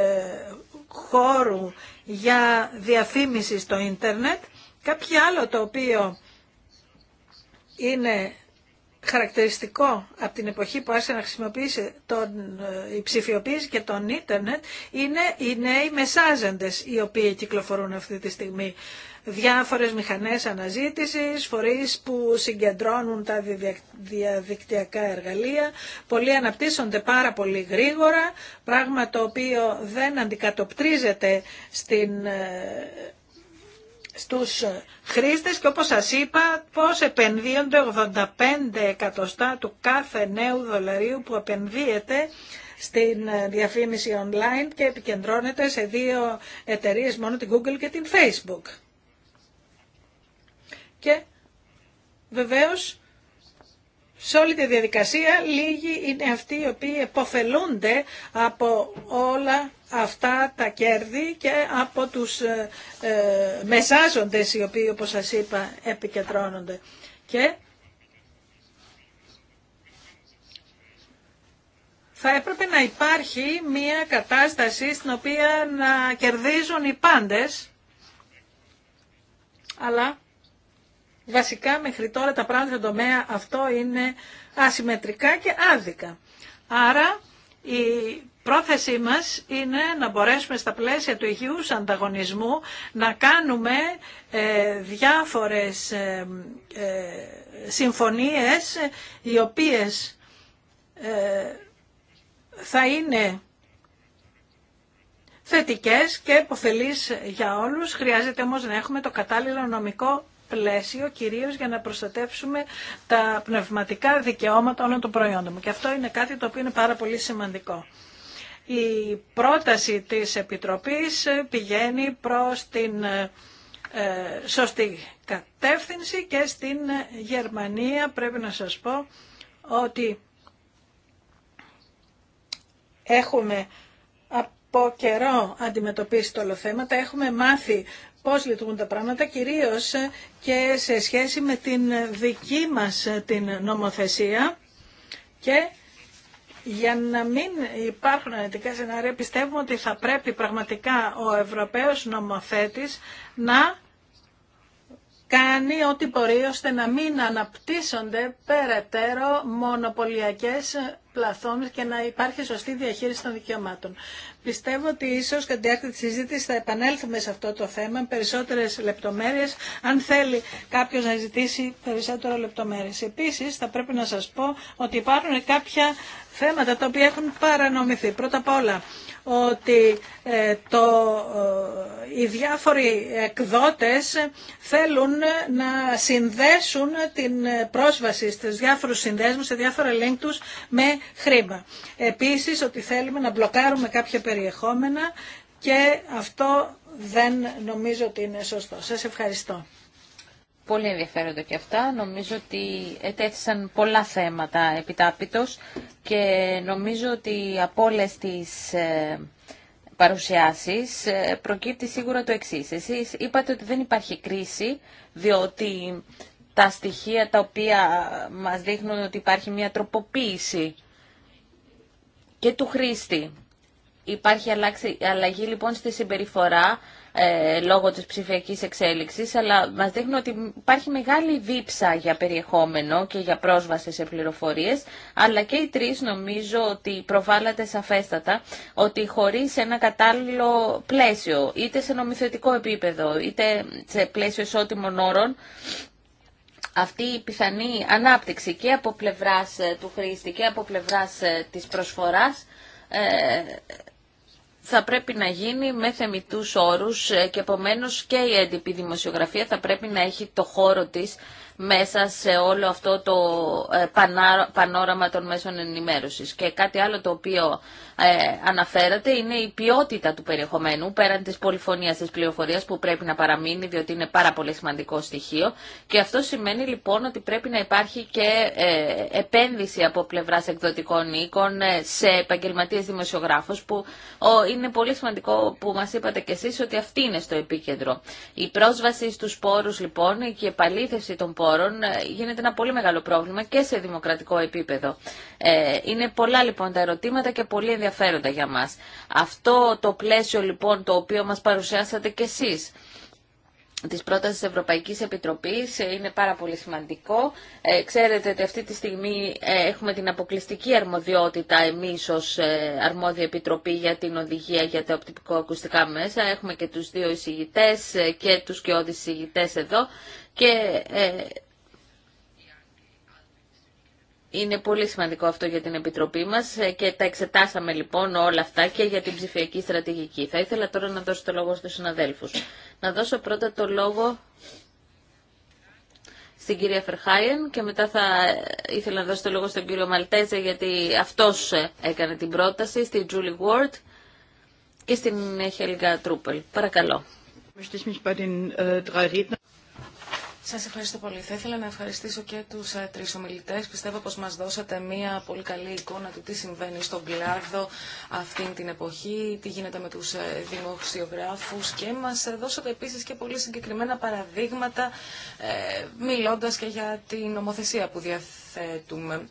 χώρου για διαφήμιση στο ίντερνετ. Κάποιο άλλο το οποίο είναι χαρακτηριστικό από την εποχή που άρχισε να χρησιμοποιήσει τον, ε, η ψηφιοποίηση και τον ίντερνετ είναι οι νέοι μεσάζοντες οι οποίοι κυκλοφορούν αυτή τη στιγμή διάφορες μηχανές αναζήτησης, φορείς που συγκεντρώνουν τα διαδικτυακά εργαλεία. Πολλοί αναπτύσσονται πάρα πολύ γρήγορα, πράγμα το οποίο δεν αντικατοπτρίζεται στην ε, στους χρήστες και όπως σας είπα πώς επενδύονται 85 εκατοστά του κάθε νέου δολαρίου που επενδύεται στην ε, διαφήμιση online και επικεντρώνεται σε δύο εταιρείες μόνο την Google και την Facebook και βεβαίως σε όλη τη διαδικασία λίγοι είναι αυτοί οι οποίοι εποφελούνται από όλα αυτά τα κέρδη και από τους ε, ε μεσάζοντες οι οποίοι όπως σας είπα επικεντρώνονται. Και θα έπρεπε να υπάρχει μια κατάσταση στην οποία να κερδίζουν οι πάντες αλλά Βασικά μέχρι τώρα τα πράγματα στον τομέα αυτό είναι ασυμμετρικά και άδικα. Άρα η πρόθεσή μας είναι να μπορέσουμε στα πλαίσια του υγιούς ανταγωνισμού να κάνουμε ε, διάφορες ε, ε, συμφωνίες οι οποίες ε, θα είναι θετικές και υποφελείς για όλους. Χρειάζεται όμως να έχουμε το κατάλληλο νομικό πλαίσιο κυρίως για να προστατεύσουμε τα πνευματικά δικαιώματα όλων των προϊόντων. Και αυτό είναι κάτι το οποίο είναι πάρα πολύ σημαντικό. Η πρόταση της Επιτροπής πηγαίνει προς την ε, σωστή κατεύθυνση και στην Γερμανία πρέπει να σας πω ότι έχουμε από καιρό αντιμετωπίσει το όλο θέμα. Τα έχουμε μάθει πώς λειτουργούν τα πράγματα, κυρίως και σε σχέση με την δική μας την νομοθεσία και για να μην υπάρχουν αρνητικά σενάρια, πιστεύουμε ότι θα πρέπει πραγματικά ο Ευρωπαίος νομοθέτης να κάνει ό,τι μπορεί ώστε να μην αναπτύσσονται περαιτέρω μονοπωλιακές πλαθόνες και να υπάρχει σωστή διαχείριση των δικαιωμάτων. Πιστεύω ότι ίσως κατά τη διάρκεια της συζήτησης θα επανέλθουμε σε αυτό το θέμα περισσότερες λεπτομέρειες, αν θέλει κάποιος να ζητήσει περισσότερο λεπτομέρειες. Επίσης θα πρέπει να σας πω ότι υπάρχουν κάποια θέματα τα οποία έχουν παρανομηθεί. Πρώτα απ' όλα, ότι ε, το, ε, οι διάφοροι εκδότες θέλουν να συνδέσουν την πρόσβαση στους διάφορους συνδέσμους, σε διάφορα link τους με χρήμα. Επίσης ότι θέλουμε να μπλοκάρουμε κάποια περιεχόμενα και αυτό δεν νομίζω ότι είναι σωστό. Σας ευχαριστώ. Πολύ ενδιαφέροντα και αυτά. Νομίζω ότι ετέθησαν πολλά θέματα επιτάπητος και νομίζω ότι από όλε τι ε, παρουσιάσεις ε, προκύπτει σίγουρα το εξή. Εσείς είπατε ότι δεν υπάρχει κρίση διότι τα στοιχεία τα οποία μας δείχνουν ότι υπάρχει μια τροποποίηση και του χρήστη. Υπάρχει αλλαγή λοιπόν στη συμπεριφορά ε, λόγω της ψηφιακής εξέλιξης, αλλά μας δείχνει ότι υπάρχει μεγάλη δίψα για περιεχόμενο και για πρόσβαση σε πληροφορίες, αλλά και οι τρεις νομίζω ότι προβάλλατε σαφέστατα ότι χωρίς ένα κατάλληλο πλαίσιο, είτε σε νομιθετικό επίπεδο, είτε σε πλαίσιο ισότιμων όρων, αυτή η πιθανή ανάπτυξη και από πλευράς ε, του χρήστη και από πλευράς ε, της προσφοράς ε, θα πρέπει να γίνει με θεμητούς όρους ε, και επομένως και η έντυπη δημοσιογραφία θα πρέπει να έχει το χώρο της μέσα σε όλο αυτό το ε, πανόραμα των μέσων ενημέρωσης. Και κάτι άλλο το οποίο ε, αναφέρατε είναι η ποιότητα του περιεχομένου πέραν της πολυφωνίας της πληροφορίας που πρέπει να παραμείνει διότι είναι πάρα πολύ σημαντικό στοιχείο και αυτό σημαίνει λοιπόν ότι πρέπει να υπάρχει και ε, επένδυση από πλευράς εκδοτικών οίκων ε, σε επαγγελματίες δημοσιογράφους που είναι πολύ σημαντικό που μας είπατε κι εσείς ότι αυτή είναι στο επίκεντρο. Η πρόσβαση στους πόρους λοιπόν και η επαλήθευση των πόρων γίνεται ένα πολύ μεγάλο πρόβλημα και σε δημοκρατικό επίπεδο. Είναι πολλά λοιπόν τα ερωτήματα και πολύ ενδιαφέροντα για μας. Αυτό το πλαίσιο λοιπόν το οποίο μας παρουσιάσατε κι εσείς της πρότασης της Ευρωπαϊκής Επιτροπής ε, είναι πάρα πολύ σημαντικό. Ε, ξέρετε ότι αυτή τη στιγμή ε, έχουμε την αποκλειστική αρμοδιότητα εμείς ως αρμόδια επιτροπή για την οδηγία για τα οπτικοακουστικά μέσα. Έχουμε και τους δύο εισηγητές και τους και όδης εδώ και είναι πολύ σημαντικό αυτό για την Επιτροπή μας ε, και τα εξετάσαμε λοιπόν όλα αυτά και για την ψηφιακή στρατηγική. Θα ήθελα τώρα να δώσω το λόγο στους συναδέλφους. Να δώσω πρώτα το λόγο στην κυρία Φερχάιεν και μετά θα ήθελα να δώσω το λόγο στον κύριο Μαλτέζε γιατί αυτός ε, έκανε την πρόταση, στην Τζούλι Γουόρτ και στην Χελγα Τρούπελ. Παρακαλώ. Σα ευχαριστώ πολύ. Θα ήθελα να ευχαριστήσω και τους ε, τρει ομιλητέ. Πιστεύω πως μας δώσατε μία πολύ καλή εικόνα του τι συμβαίνει στον κλάδο αυτήν την εποχή, τι γίνεται με τους ε, δημοσιογράφου και μας δώσατε επίσης και πολύ συγκεκριμένα παραδείγματα ε, μιλώντας και για την νομοθεσία που διαθέτει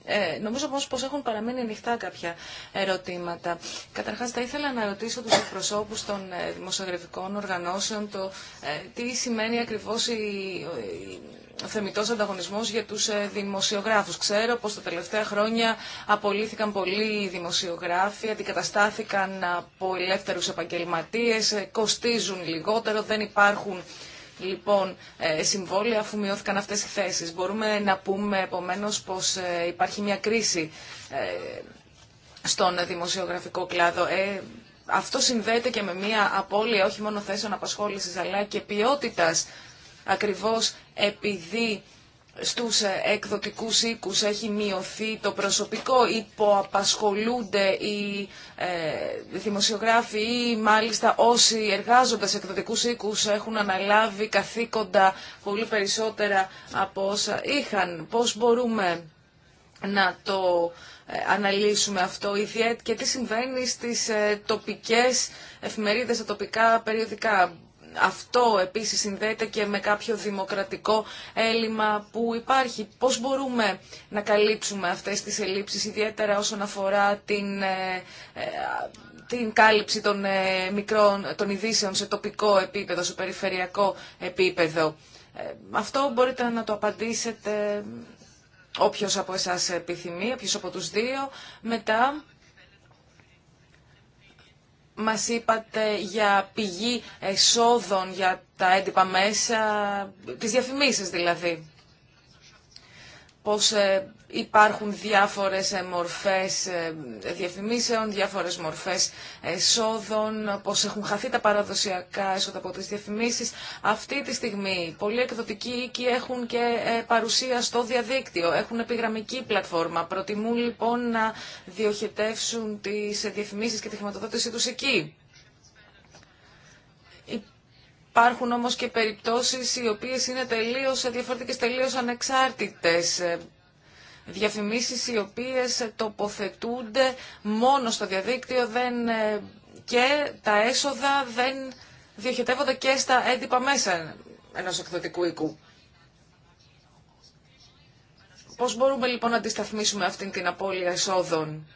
ε, νομίζω όμως πως έχουν παραμείνει ανοιχτά κάποια ερωτήματα. Καταρχάς θα ήθελα να ρωτήσω τους εκπροσώπους των ε, δημοσιογραφικών οργανώσεων το ε, τι σημαίνει ακριβώς η, η θεμητό ανταγωνισμό για του ε, δημοσιογράφου. Ξέρω πω τα τελευταία χρόνια απολύθηκαν πολλοί δημοσιογράφοι, αντικαταστάθηκαν από ελεύθερου επαγγελματίε, κοστίζουν λιγότερο, δεν υπάρχουν λοιπόν ε, συμβόλαια αφού μειώθηκαν αυτές οι θέσεις. Μπορούμε να πούμε επομένως πως ε, υπάρχει μια κρίση ε, στον δημοσιογραφικό κλάδο. Αυτό συνδέεται και με μια απώλεια όχι μόνο θέσεων απασχόλησης αλλά και ποιότητας ακριβώς επειδή στους ε, εκδοτικούς οίκους έχει μειωθεί το προσωπικό, απασχολούνται οι ε, δημοσιογράφοι ή μάλιστα όσοι εργάζονται σε εκδοτικούς οίκους έχουν αναλάβει καθήκοντα πολύ περισσότερα από όσα είχαν. Πώς μπορούμε να το ε, αναλύσουμε αυτό ιδιαίτερα και τι συμβαίνει στις ε, τοπικές εφημερίδες, τα τοπικά περιοδικά αυτό επίσης συνδέεται και με κάποιο δημοκρατικό έλλειμμα που υπάρχει. Πώς μπορούμε να καλύψουμε αυτές τις ελλείψεις, ιδιαίτερα όσον αφορά την, ε, ε, την κάλυψη των ε, μικρών των ειδήσεων σε τοπικό επίπεδο, σε περιφερειακό επίπεδο. Αυτό μπορείτε να το απαντήσετε όποιος από εσάς επιθυμεί, όποιος από τους δύο. Μετά μας είπατε για πηγή εσόδων για τα έντυπα μέσα, τις διαφημίσεις δηλαδή. Πώς ε, υπάρχουν διάφορες ε, μορφές ε, διαφημίσεων, διάφορες μορφές εσόδων, πως έχουν χαθεί τα παραδοσιακά έσοδα από τις διαφημίσεις. Αυτή τη στιγμή πολλοί εκδοτικοί οίκοι έχουν και ε, παρουσία στο διαδίκτυο, έχουν επιγραμμική πλατφόρμα, προτιμούν λοιπόν να διοχετεύσουν τις διαφημίσεις και τη χρηματοδότησή τους εκεί. Υπάρχουν όμως και περιπτώσεις οι οποίες είναι τελείως διαφορετικές, τελείως ανεξάρτητες διαφημίσεις οι οποίες τοποθετούνται μόνο στο διαδίκτυο δεν, ε, και τα έσοδα δεν διοχετεύονται και στα έντυπα μέσα ενός εκδοτικού οικού. Πώς μπορούμε λοιπόν να αντισταθμίσουμε αυτήν την απώλεια εσόδων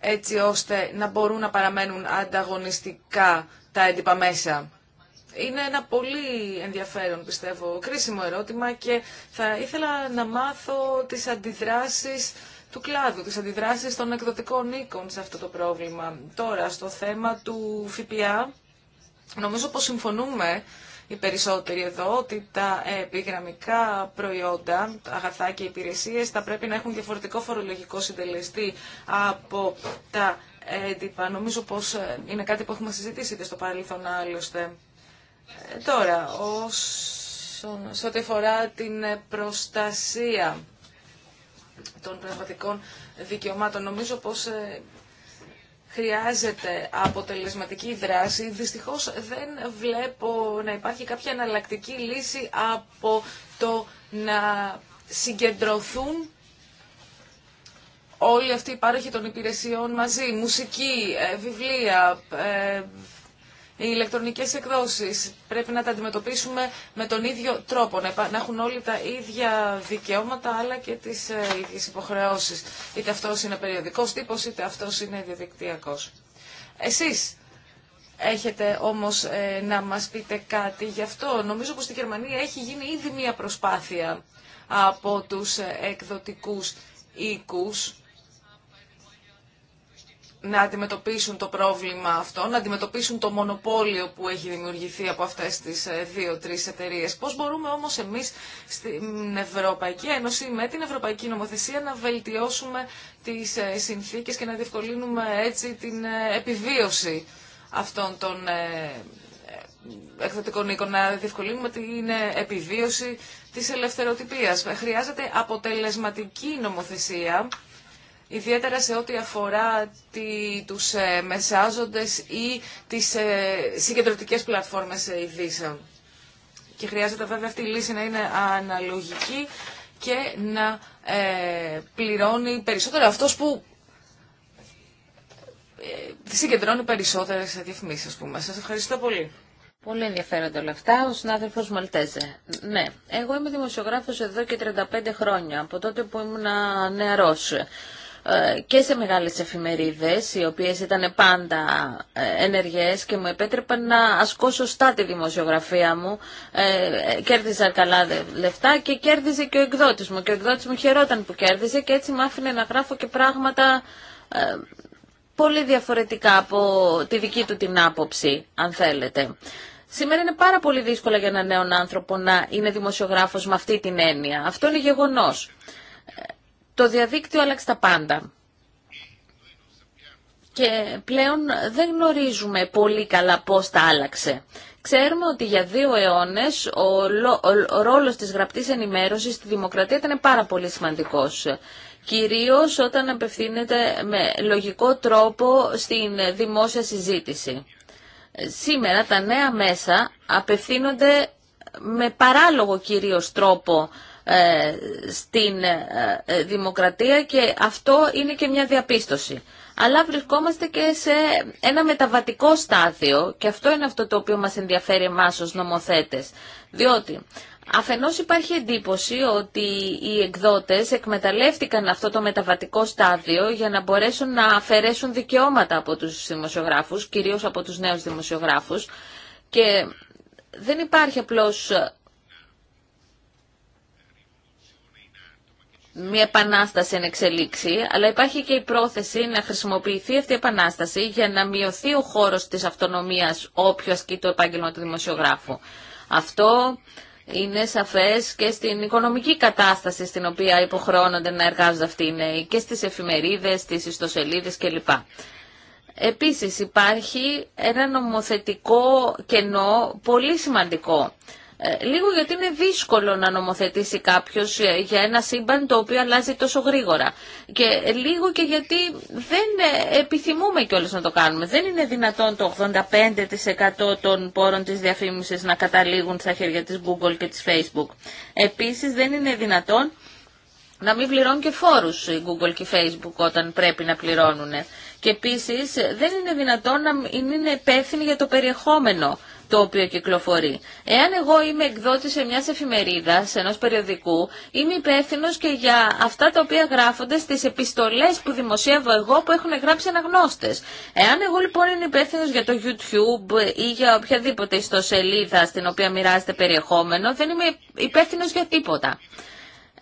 έτσι ώστε να μπορούν να παραμένουν ανταγωνιστικά τα έντυπα μέσα είναι ένα πολύ ενδιαφέρον, πιστεύω, κρίσιμο ερώτημα και θα ήθελα να μάθω τις αντιδράσεις του κλάδου, τις αντιδράσεις των εκδοτικών οίκων σε αυτό το πρόβλημα. Τώρα, στο θέμα του ΦΠΑ, νομίζω πως συμφωνούμε οι περισσότεροι εδώ ότι τα επιγραμμικά προϊόντα, τα αγαθά και υπηρεσίες θα πρέπει να έχουν διαφορετικό φορολογικό συντελεστή από τα έντυπα. Νομίζω πως είναι κάτι που έχουμε συζητήσει και στο παρελθόν άλλωστε. Ε, τώρα, όσον, σε ό,τι αφορά την ε, προστασία των πνευματικών δικαιωμάτων, νομίζω πως ε, χρειάζεται αποτελεσματική δράση. Δυστυχώς δεν βλέπω να υπάρχει κάποια εναλλακτική λύση από το να συγκεντρωθούν όλοι αυτοί οι πάροχοι των υπηρεσιών μαζί, μουσική, βιβλία, οι ηλεκτρονικές εκδόσει πρέπει να τα αντιμετωπίσουμε με τον ίδιο τρόπο, να έχουν όλοι τα ίδια δικαιώματα αλλά και τις ε, ίδιε υποχρεώσεις. Είτε αυτό είναι περιοδικό τύπος, είτε αυτό είναι διαδικτυακό. Εσείς έχετε όμως ε, να μας πείτε κάτι γι' αυτό. Νομίζω πως στη Γερμανία έχει γίνει ήδη μία προσπάθεια από τους ε, εκδοτικούς οίκους να αντιμετωπίσουν το πρόβλημα αυτό, να αντιμετωπίσουν το μονοπόλιο που έχει δημιουργηθεί από αυτές τις ε, δύο-τρεις εταιρείες. Πώς μπορούμε όμως εμείς στην Ευρωπαϊκή Ένωση με την Ευρωπαϊκή Νομοθεσία να βελτιώσουμε τις ε, συνθήκες και να διευκολύνουμε έτσι την ε, επιβίωση αυτών των εκδοτικών οίκων, να διευκολύνουμε την επιβίωση της ελευθεροτυπίας. Χρειάζεται αποτελεσματική νομοθεσία ιδιαίτερα σε ό,τι αφορά τη, τους ε, μεσάζοντες ή τις ε, συγκεντρωτικές πλατφόρμες ε, ειδήσεων. Και χρειάζεται βέβαια αυτή η λύση να είναι αναλογική και να ε, πληρώνει περισσότερο αυτός που ε, συγκεντρώνει περισσότερες διαφημίσεις, ας πούμε. Σας ευχαριστώ πολύ. Πολύ ενδιαφέροντα όλα αυτά. Ο συνάδελφο Μαλτέζε. Ναι, εγώ είμαι δημοσιογράφο εδώ και 35 χρόνια, από τότε που ήμουν νεαρό. Ε, και σε μεγάλες εφημερίδες, οι οποίες ήταν πάντα ε, ενεργές και μου επέτρεπαν να ασκώ σωστά τη δημοσιογραφία μου. Ε, κέρδιζα καλά λεφτά και κέρδιζε και ο εκδότης μου. Και ο εκδότης μου χαιρόταν που κέρδιζε και έτσι μ' άφηνε να γράφω και πράγματα πολύ διαφορετικά από τη δική του την άποψη, αν θέλετε. Σήμερα είναι πάρα πολύ δύσκολο για έναν νέο άνθρωπο να είναι δημοσιογράφος με αυτή την έννοια. Αυτό είναι γεγονός. Το διαδίκτυο άλλαξε τα πάντα. Και πλέον δεν γνωρίζουμε πολύ καλά πώς τα άλλαξε. Ξέρουμε ότι για δύο αιώνες ο ρόλος της γραπτής ενημέρωσης στη δημοκρατία ήταν πάρα πολύ σημαντικός κυρίως όταν απευθύνεται με λογικό τρόπο στην δημόσια συζήτηση. Σήμερα τα νέα μέσα απευθύνονται με παράλογο κυρίως τρόπο ε, στην ε, ε, δημοκρατία και αυτό είναι και μια διαπίστωση. Αλλά βρισκόμαστε και σε ένα μεταβατικό στάδιο και αυτό είναι αυτό το οποίο μας ενδιαφέρει εμάς ως νομοθέτες. Διότι Αφενός υπάρχει εντύπωση ότι οι εκδότες εκμεταλλεύτηκαν αυτό το μεταβατικό στάδιο για να μπορέσουν να αφαιρέσουν δικαιώματα από τους δημοσιογράφους, κυρίως από τους νέους δημοσιογράφους και δεν υπάρχει απλώς μια επανάσταση εν εξελίξη, αλλά υπάρχει και η πρόθεση να χρησιμοποιηθεί αυτή η επανάσταση για να μειωθεί ο χώρος της αυτονομίας όποιου ασκεί το επάγγελμα του δημοσιογράφου. Αυτό είναι σαφές και στην οικονομική κατάσταση στην οποία υποχρεώνονται να εργάζονται αυτοί οι νέοι και στις εφημερίδες, στις ιστοσελίδες κλπ. Επίσης υπάρχει ένα νομοθετικό κενό πολύ σημαντικό ε, λίγο γιατί είναι δύσκολο να νομοθετήσει κάποιος ε, για ένα σύμπαν το οποίο αλλάζει τόσο γρήγορα. Και λίγο και γιατί δεν ε, επιθυμούμε κιόλας να το κάνουμε. Δεν είναι δυνατόν το 85% των πόρων της διαφήμισης να καταλήγουν στα χέρια της Google και της Facebook. Επίσης δεν είναι δυνατόν να μην πληρώνουν και φόρους η Google και η Facebook όταν πρέπει να πληρώνουν. Και επίσης δεν είναι δυνατόν να είναι υπεύθυνοι για το περιεχόμενο το οποίο κυκλοφορεί. Εάν εγώ είμαι εκδότης σε μια εφημερίδα, ενό περιοδικού, είμαι υπεύθυνο και για αυτά τα οποία γράφονται στις επιστολές που δημοσιεύω εγώ που έχουν γράψει αναγνώστε. Εάν εγώ λοιπόν είμαι υπεύθυνο για το YouTube ή για οποιαδήποτε ιστοσελίδα στην οποία μοιράζεται περιεχόμενο, δεν είμαι υπεύθυνο για τίποτα.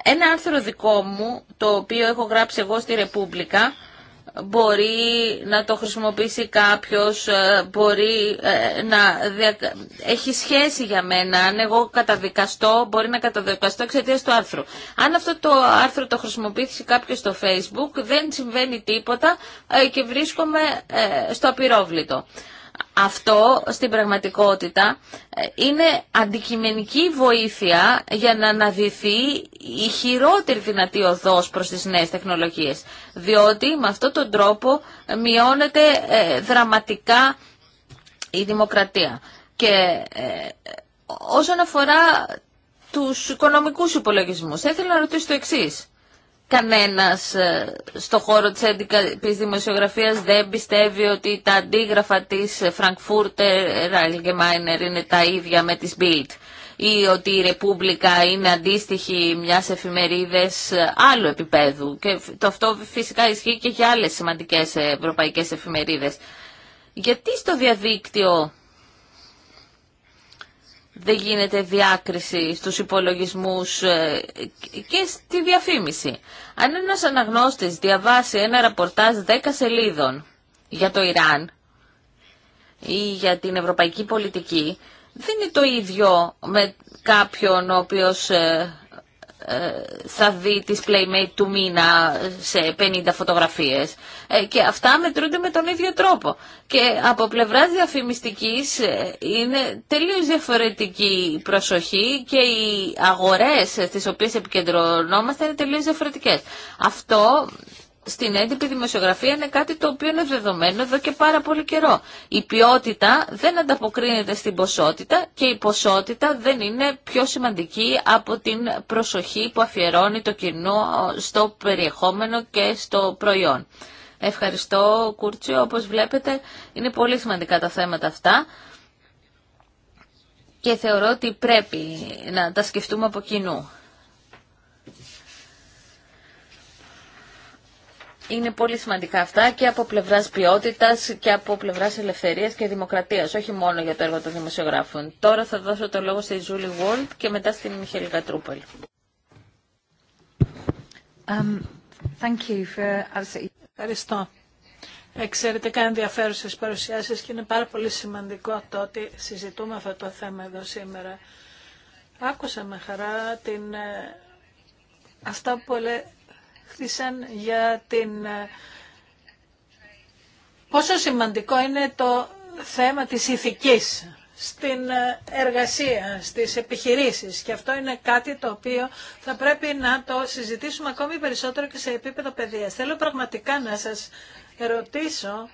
Ένα άρθρο δικό μου, το οποίο έχω γράψει εγώ στη Ρεπούμπλικα, μπορεί να το χρησιμοποιήσει κάποιος, ε, μπορεί ε, να δια... έχει σχέση για μένα, αν εγώ καταδικαστώ, μπορεί να καταδικαστώ εξαιτία του άρθρου. Αν αυτό το άρθρο το χρησιμοποιήσει κάποιος στο facebook, δεν συμβαίνει τίποτα ε, και βρίσκομαι στο απειρόβλητο. Αυτό στην πραγματικότητα ε, είναι αντικειμενική βοήθεια για να αναδυθεί η χειρότερη δυνατή οδός προς τις νέες τεχνολογίες. Διότι με αυτόν τον τρόπο μειώνεται ε, δραματικά η δημοκρατία. Και ε, όσον αφορά τους οικονομικούς υπολογισμούς, θα ήθελα να ρωτήσω το εξής. Κανένας ε, στο χώρο της έντυπης δημοσιογραφίας δεν πιστεύει ότι τα αντίγραφα της Frankfurter Allgemeiner είναι τα ίδια με τις Bild ή ότι η Ρεπούμπλικα είναι αντίστοιχη μιας εφημερίδες ε, άλλου επίπεδου. Και το αυτό φυσικά ισχύει και για άλλες σημαντικές ευρωπαϊκές εφημερίδες. Γιατί στο διαδίκτυο δεν γίνεται διάκριση στους υπολογισμούς ε, και στη διαφήμιση. Αν ένας αναγνώστης διαβάσει ένα ραπορτάζ 10 σελίδων για το Ιράν ή για την ευρωπαϊκή πολιτική, δεν είναι το ίδιο με κάποιον ο οποίος ε, ε, θα δει τις Playmate του μήνα σε 50 φωτογραφίες. Ε, και αυτά μετρούνται με τον ίδιο τρόπο. Και από πλευράς διαφημιστικής ε, είναι τελείως διαφορετική η προσοχή και οι αγορές στις οποίες επικεντρωνόμαστε είναι τελείως διαφορετικές. Αυτό στην έντυπη δημοσιογραφία είναι κάτι το οποίο είναι δεδομένο εδώ και πάρα πολύ καιρό. Η ποιότητα δεν ανταποκρίνεται στην ποσότητα και η ποσότητα δεν είναι πιο σημαντική από την προσοχή που αφιερώνει το κοινό στο περιεχόμενο και στο προϊόν. Ευχαριστώ Κούρτσιο, όπως βλέπετε είναι πολύ σημαντικά τα θέματα αυτά και θεωρώ ότι πρέπει να τα σκεφτούμε από κοινού. Είναι πολύ σημαντικά αυτά και από πλευρά ποιότητα και από πλευρά ελευθερία και δημοκρατία, όχι μόνο για το έργο των δημοσιογράφων. Τώρα θα δώσω το λόγο στη Ζούλη Γουόλτ και μετά στην Μιχαήλ Κατρούπολη. Um, thank you for... Ευχαριστώ. Εξαιρετικά ενδιαφέρουσες παρουσιάσεις και είναι πάρα πολύ σημαντικό το ότι συζητούμε αυτό το θέμα εδώ σήμερα. Άκουσα με χαρά την, ε, αυτά που για την... Πόσο σημαντικό είναι το θέμα της ηθικής στην εργασία, στις επιχειρήσεις και αυτό είναι κάτι το οποίο θα πρέπει να το συζητήσουμε ακόμη περισσότερο και σε επίπεδο παιδείας. Θέλω πραγματικά να σας ρωτήσω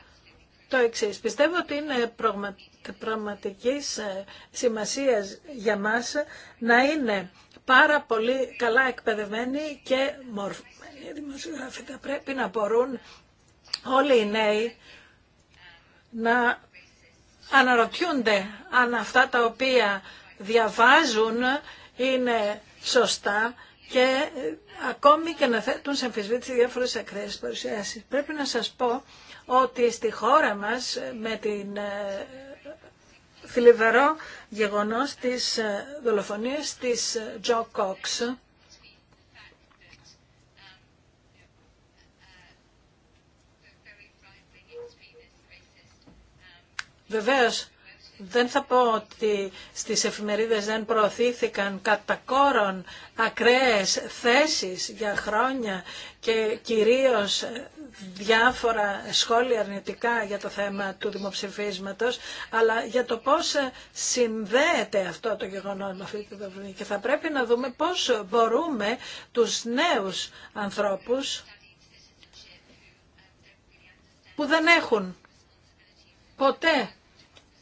το εξής. Πιστεύω ότι είναι πραγματικής ε, σημασίας για μας να είναι πάρα πολύ καλά εκπαιδευμένοι και δημοσιογράφοι θα πρέπει να μπορούν όλοι οι νέοι να αναρωτιούνται αν αυτά τα οποία διαβάζουν είναι σωστά και ε, ακόμη και να θέτουν σε αμφισβήτηση διάφορες ακραίες παρουσιάσεις. Πρέπει να σας πω ότι στη χώρα μας ε, με την ε, θλιβερό γεγονός της δολοφονίας της Τζο Κόξ Βεβαίως, δεν θα πω ότι στις εφημερίδες δεν προωθήθηκαν κατά κόρον ακραίες θέσεις για χρόνια και κυρίως διάφορα σχόλια αρνητικά για το θέμα του δημοψηφίσματος, αλλά για το πώς συνδέεται αυτό το γεγονός με αυτή τη δομή. Και θα πρέπει να δούμε πώς μπορούμε τους νέους ανθρώπους που δεν έχουν ποτέ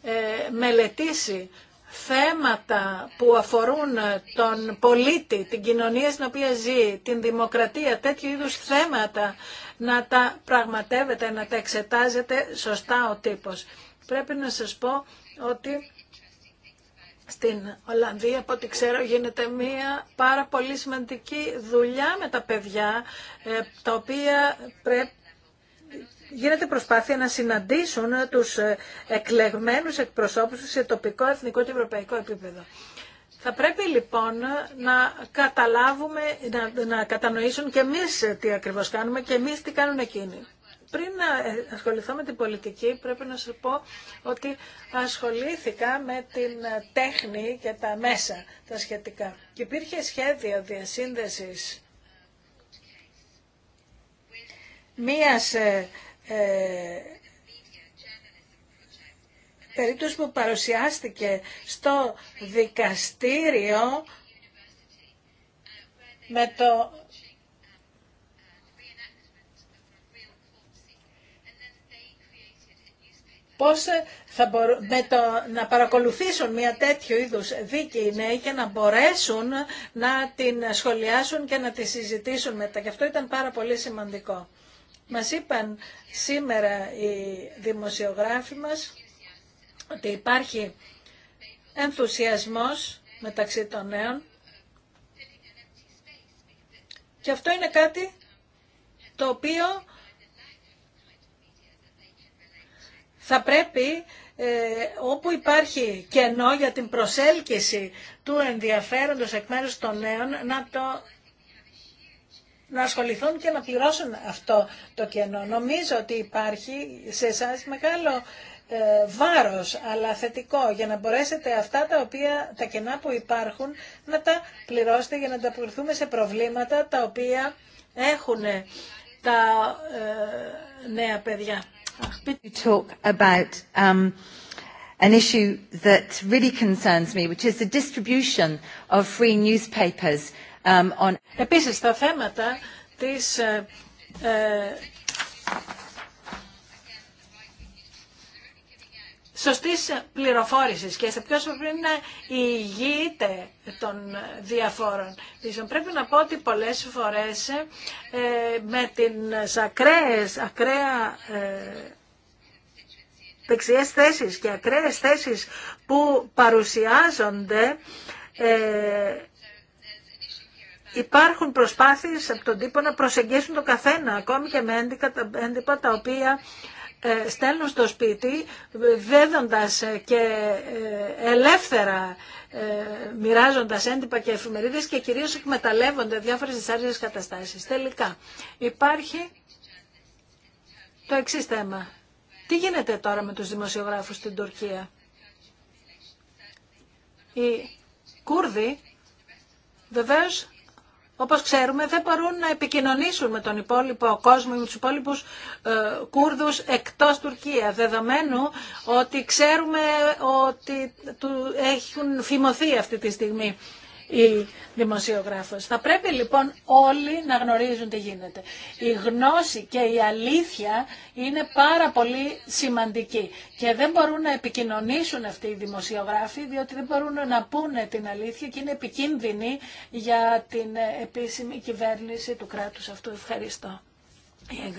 ε, μελετήσει θέματα που αφορούν τον πολίτη, την κοινωνία στην οποία ζει, την δημοκρατία, τέτοιου είδους θέματα, να τα πραγματεύεται, να τα εξετάζετε σωστά ο τύπος. Πρέπει να σας πω ότι στην Ολλανδία, από ό,τι ξέρω, γίνεται μία πάρα πολύ σημαντική δουλειά με τα παιδιά, ε, τα οποία πρέπει γίνεται προσπάθεια να συναντήσουν τους ε, εκλεγμένους εκπροσώπους σε τοπικό, εθνικό και ευρωπαϊκό επίπεδο. Θα πρέπει λοιπόν να καταλάβουμε, να, να κατανοήσουν και εμείς τι ακριβώς κάνουμε και εμείς τι κάνουν εκείνοι. Πριν να ε, ασχοληθώ με την πολιτική, πρέπει να σας πω ότι ασχολήθηκα με την ε, τέχνη και τα μέσα τα σχετικά. Και υπήρχε σχέδιο διασύνδεσης μίας ε, ε, περίπτωση που παρουσιάστηκε στο δικαστήριο με το πώς θα με το, να παρακολουθήσουν μια τέτοιο είδους δίκη νέοι και να μπορέσουν να την σχολιάσουν και να τη συζητήσουν μετά. Και αυτό ήταν πάρα πολύ σημαντικό. Μας είπαν σήμερα οι δημοσιογράφοι μας ότι υπάρχει ενθουσιασμός μεταξύ των νέων και αυτό είναι κάτι το οποίο θα πρέπει ε, όπου υπάρχει κενό για την προσέλκυση του ενδιαφέροντος εκ μέρους των νέων να το να ασχοληθούν και να πληρώσουν αυτό το κενό. Νομίζω ότι υπάρχει σε εσά μεγάλο ε, βάρος αλλά θετικό για να μπορέσετε αυτά τα οποία τα κενά που υπάρχουν να τα πληρώσετε για να ανταποκριθούμε σε προβλήματα τα οποία έχουν ε, τα ε, νέα παιδιά. Um, an issue that really concerns me, which is the distribution of free newspapers Επίσης, τα θέματα της ε, ε σωστής πληροφόρησης και σε ποιος πρέπει να ηγείται των διαφόρων. πρέπει να πω ότι πολλές φορές ε, με την ακραίες, ακραία ε, δεξιές θέσεις και ακραίες θέσεις που παρουσιάζονται ε, Υπάρχουν προσπάθειες από τον τύπο να προσεγγίσουν το καθένα, ακόμη και με έντυπα τα οποία ε, στέλνουν στο σπίτι, δέδοντας ε, και ε, ελεύθερα μοιράζοντας έντυπα και εφημερίδες και κυρίως εκμεταλλεύονται διάφορες δυσάρεστες καταστάσεις. Τελικά, υπάρχει το εξή θέμα. Τι γίνεται τώρα με τους δημοσιογράφους στην Τουρκία. Οι Κούρδοι βεβαίως όπως ξέρουμε, δεν μπορούν να επικοινωνήσουν με τον υπόλοιπο κόσμο ή με τους υπόλοιπους ε, Κούρδους εκτός Τουρκία, δεδομένου ότι ξέρουμε ότι έχουν φημωθεί αυτή τη στιγμή η δημοσιογράφος. Θα πρέπει λοιπόν όλοι να γνωρίζουν τι γίνεται. Η γνώση και η αλήθεια είναι πάρα πολύ σημαντική και δεν μπορούν να επικοινωνήσουν αυτοί οι δημοσιογράφοι διότι δεν μπορούν να πούνε την αλήθεια και είναι επικίνδυνοι για την επίσημη κυβέρνηση του κράτους αυτού. Ευχαριστώ. Η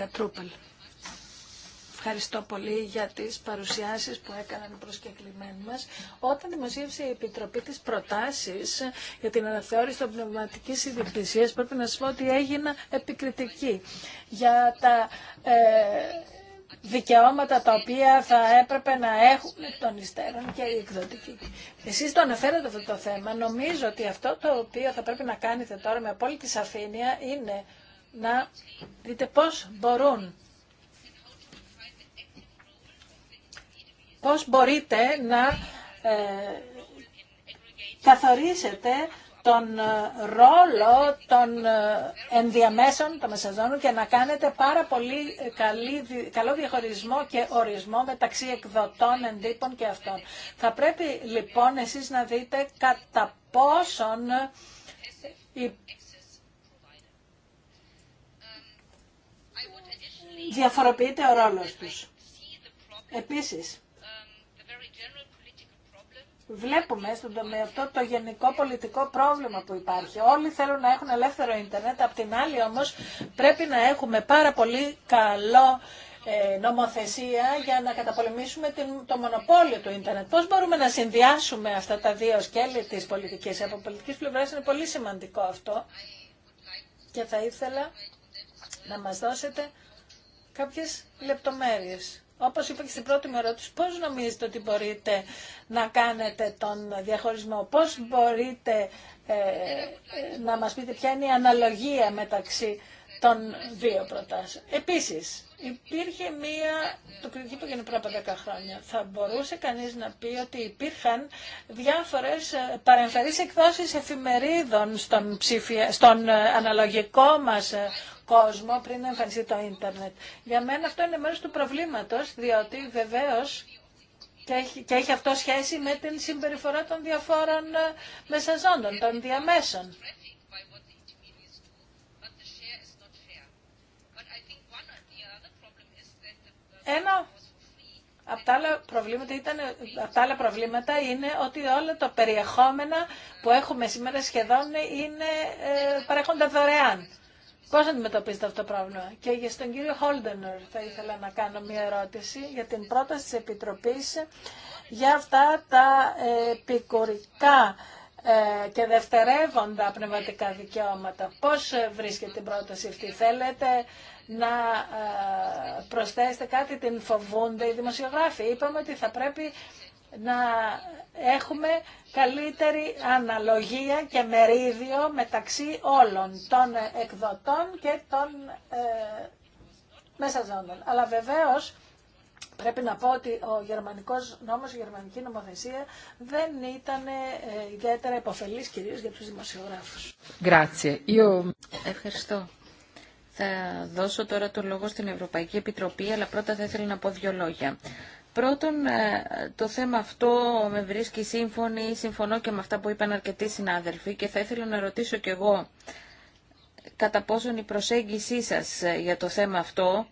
ευχαριστώ πολύ για τις παρουσιάσεις που έκαναν οι προσκεκλημένοι μας. Όταν δημοσίευσε η Επιτροπή της Προτάσης για την αναθεώρηση των πνευματικής ιδιοκτησίας, πρέπει να σας πω ότι έγινα επικριτική για τα... Ε, δικαιώματα τα οποία θα έπρεπε να έχουν των υστέρων και οι εκδοτικοί. Εσείς το αναφέρατε αυτό το θέμα. Νομίζω ότι αυτό το οποίο θα πρέπει να κάνετε τώρα με απόλυτη σαφήνεια είναι να δείτε πώς μπορούν πώς μπορείτε να ε, καθορίσετε τον ε, ρόλο των ε, ενδιαμέσων, των μεσαζώνων και να κάνετε πάρα πολύ καλή, καλό διαχωρισμό και ορισμό μεταξύ εκδοτών, εντύπων και αυτών. Θα πρέπει λοιπόν εσείς να δείτε κατά πόσον διαφοροποιείται ο ρόλος τους. Επίσης, βλέπουμε στον τομέα αυτό το γενικό πολιτικό πρόβλημα που υπάρχει. Όλοι θέλουν να έχουν ελεύθερο ίντερνετ, απ' την άλλη όμως πρέπει να έχουμε πάρα πολύ καλό ε, νομοθεσία για να καταπολεμήσουμε το μονοπόλιο του ίντερνετ. Πώς μπορούμε να συνδυάσουμε αυτά τα δύο σκέλη της πολιτικής. Από πολιτικής πλευράς είναι πολύ σημαντικό αυτό και θα ήθελα να μας δώσετε κάποιες λεπτομέρειες. Όπως είπα και στην πρώτη μου ερώτηση, πώς νομίζετε ότι μπορείτε να κάνετε τον διαχωρισμό, πώς μπορείτε ε, ε, να μας πείτε ποια είναι η αναλογία μεταξύ των δύο προτάσεων. Επίσης, υπήρχε μία, το κριτική που έγινε πριν από 10 χρόνια, θα μπορούσε κανείς να πει ότι υπήρχαν διάφορε παρεμφερεί εκδόσει εφημερίδων στον, ψηφια, στον ε, αναλογικό μας ε, κόσμο πριν εμφανιστεί το ίντερνετ. Για μένα αυτό είναι μέρος του προβλήματος, διότι βεβαίω, και έχει, και έχει αυτό σχέση με την συμπεριφορά των διαφόρων ε, μεσαζόντων, των διαμέσων. Ένα από τα, άλλα προβλήματα ήταν, από προβλήματα είναι ότι όλα τα περιεχόμενα που έχουμε σήμερα σχεδόν είναι, ε, παρέχονται δωρεάν. Πώς αντιμετωπίζετε αυτό το πρόβλημα. Και για τον κύριο Χόλντενερ θα ήθελα να κάνω μια ερώτηση για την πρόταση της Επιτροπής για αυτά τα επικουρικά ε, και δευτερεύοντα πνευματικά δικαιώματα. Πώς ε, βρίσκεται την πρόταση αυτή. Θέλετε να ε, προσθέσετε κάτι, την φοβούνται οι δημοσιογράφοι. Είπαμε ότι θα πρέπει να έχουμε καλύτερη αναλογία και μερίδιο μεταξύ όλων των εκδοτών και των ε, μέσα ζώνων. Αλλά βεβαίως πρέπει να πω ότι ο γερμανικός νόμος, η γερμανική νομοθεσία δεν ήταν ε, ιδιαίτερα υποφελής κυρίως για τους δημοσιογράφους. Ευχαριστώ. Θα δώσω τώρα το λόγο στην Ευρωπαϊκή Επιτροπή, αλλά πρώτα θα ήθελα να πω δύο λόγια. Πρώτον, ε, το θέμα αυτό με βρίσκει σύμφωνη, συμφωνώ και με αυτά που είπαν αρκετοί συνάδελφοι και θα ήθελα να ρωτήσω κι εγώ κατά πόσον η προσέγγισή σας ε, για το θέμα αυτό,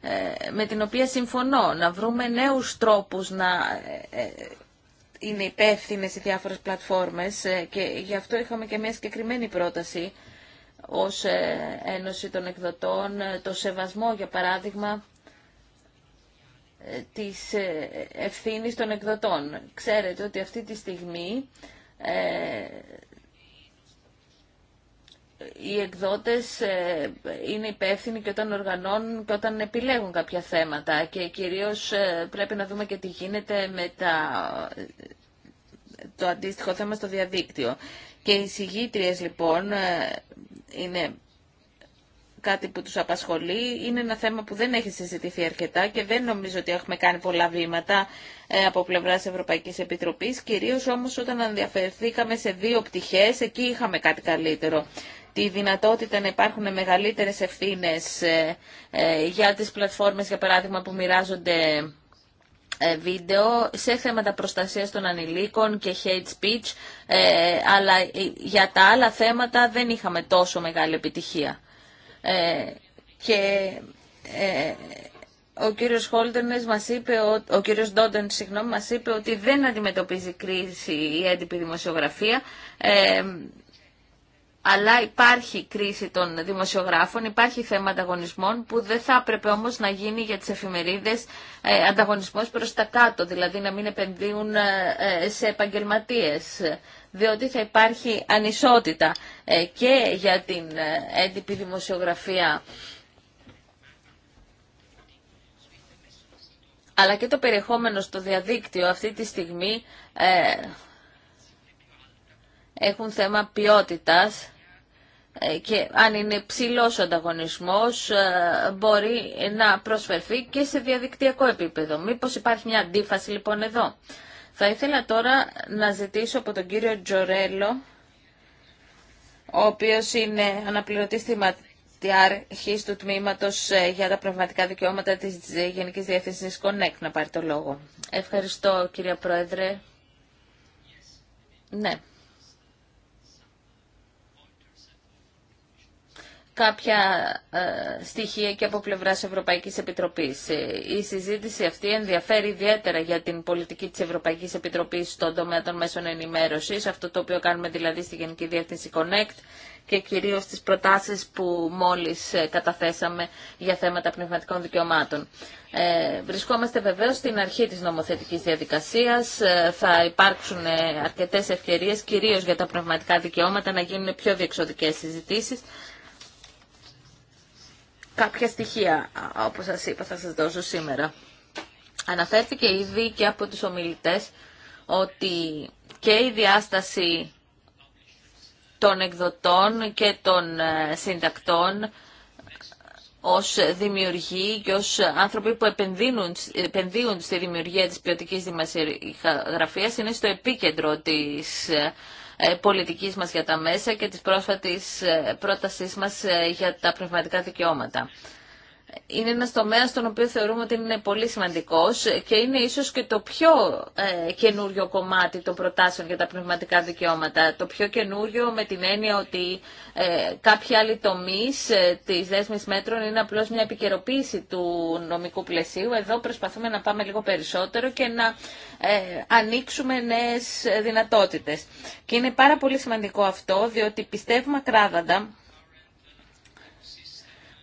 ε, με την οποία συμφωνώ, να βρούμε νέους τρόπους να είναι υπεύθυνε οι διάφορες πλατφόρμες και γι' αυτό είχαμε και μια συγκεκριμένη πρόταση ως ε, Ένωση των Εκδοτών, ε, το σεβασμό, για παράδειγμα, ε, της ευθύνης των εκδοτών. Ξέρετε ότι αυτή τη στιγμή ε, οι εκδότες είναι υπεύθυνοι και όταν οργανώνουν και όταν επιλέγουν κάποια θέματα και κυρίως πρέπει να δούμε και τι γίνεται με τα, το αντίστοιχο θέμα στο διαδίκτυο. Και οι συγγήτριες λοιπόν είναι κάτι που τους απασχολεί. Είναι ένα θέμα που δεν έχει συζητηθεί αρκετά και δεν νομίζω ότι έχουμε κάνει πολλά βήματα ε, από πλευράς Ευρωπαϊκής Επιτροπής. Κυρίως όμως όταν ανδιαφερθήκαμε σε δύο πτυχές, εκεί είχαμε κάτι καλύτερο. Τη δυνατότητα να υπάρχουν μεγαλύτερες ευθύνες ε, ε, για τις πλατφόρμες, για παράδειγμα, που μοιράζονται ε, βίντεο σε θέματα προστασίας των ανηλίκων και hate speech, ε, αλλά ε, για τα άλλα θέματα δεν είχαμε τόσο μεγάλη επιτυχία. Και ο κύριος Χόλτερνες μας είπε, ο κύριος Ντόντεν, συγγνώμη, μας είπε ότι δεν αντιμετωπίζει κρίση η έντυπη δημοσιογραφία αλλά υπάρχει κρίση των δημοσιογράφων, υπάρχει θέμα ανταγωνισμών που δεν θα έπρεπε όμως να γίνει για τις εφημερίδες ε, ανταγωνισμός προς τα κάτω, δηλαδή να μην επενδύουν ε, ε, σε επαγγελματίες, διότι θα υπάρχει ανισότητα και για την έντυπη δημοσιογραφία. αλλά και το περιεχόμενο στο διαδίκτυο αυτή τη στιγμή ε, έχουν θέμα ποιότητας ε, και αν είναι ψηλό ο ανταγωνισμός ε, μπορεί να προσφερθεί και σε διαδικτυακό επίπεδο. Μήπως υπάρχει μια αντίφαση λοιπόν εδώ. Θα ήθελα τώρα να ζητήσω από τον κύριο Τζορέλο, ο οποίος είναι αναπληρωτής θυματιάρχης του τμήματος ε, για τα πνευματικά δικαιώματα της Γενικής Διεύθυνσης Κονέκ, να πάρει το λόγο. Ευχαριστώ κύριε Πρόεδρε. Ναι. κάποια ε, στοιχεία και από πλευράς Ευρωπαϊκής Επιτροπής. Ε, η συζήτηση αυτή ενδιαφέρει ιδιαίτερα για την πολιτική της Ευρωπαϊκής Επιτροπής στον τομέα των μέσων ενημέρωσης, αυτό το οποίο κάνουμε δηλαδή στη Γενική Διεύθυνση Connect και κυρίως τις προτάσεις που μόλις ε, καταθέσαμε για θέματα πνευματικών δικαιωμάτων. Ε, βρισκόμαστε βεβαίως στην αρχή της νομοθετικής διαδικασίας. θα υπάρξουν αρκετές ευκαιρίες, κυρίως για τα πνευματικά δικαιώματα, να γίνουν πιο διεξοδικές συζητήσεις κάποια στοιχεία, όπως σας είπα, θα σας δώσω σήμερα. Αναφέρθηκε ήδη και από τους ομιλητές ότι και η διάσταση των εκδοτών και των ε, συντακτών ε, ως δημιουργοί και ως άνθρωποι που επενδύουν, επενδύουν στη δημιουργία της ποιοτικής δημοσιογραφίας είναι στο επίκεντρο της ε, ε, πολιτικής μας για τα μέσα και της πρόσφατης ε, πρότασής μας ε, για τα πνευματικά δικαιώματα είναι ένας τομέας στον οποίο θεωρούμε ότι είναι πολύ σημαντικός και είναι ίσως και το πιο ε, καινούριο κομμάτι των προτάσεων για τα πνευματικά δικαιώματα. Το πιο καινούριο με την έννοια ότι ε, κάποιοι άλλοι τομεί ε, της δέσμης μέτρων είναι απλώς μια επικαιροποίηση του νομικού πλαισίου. Εδώ προσπαθούμε να πάμε λίγο περισσότερο και να ε, ανοίξουμε νέες δυνατότητες. Και είναι πάρα πολύ σημαντικό αυτό διότι πιστεύουμε ακράδαντα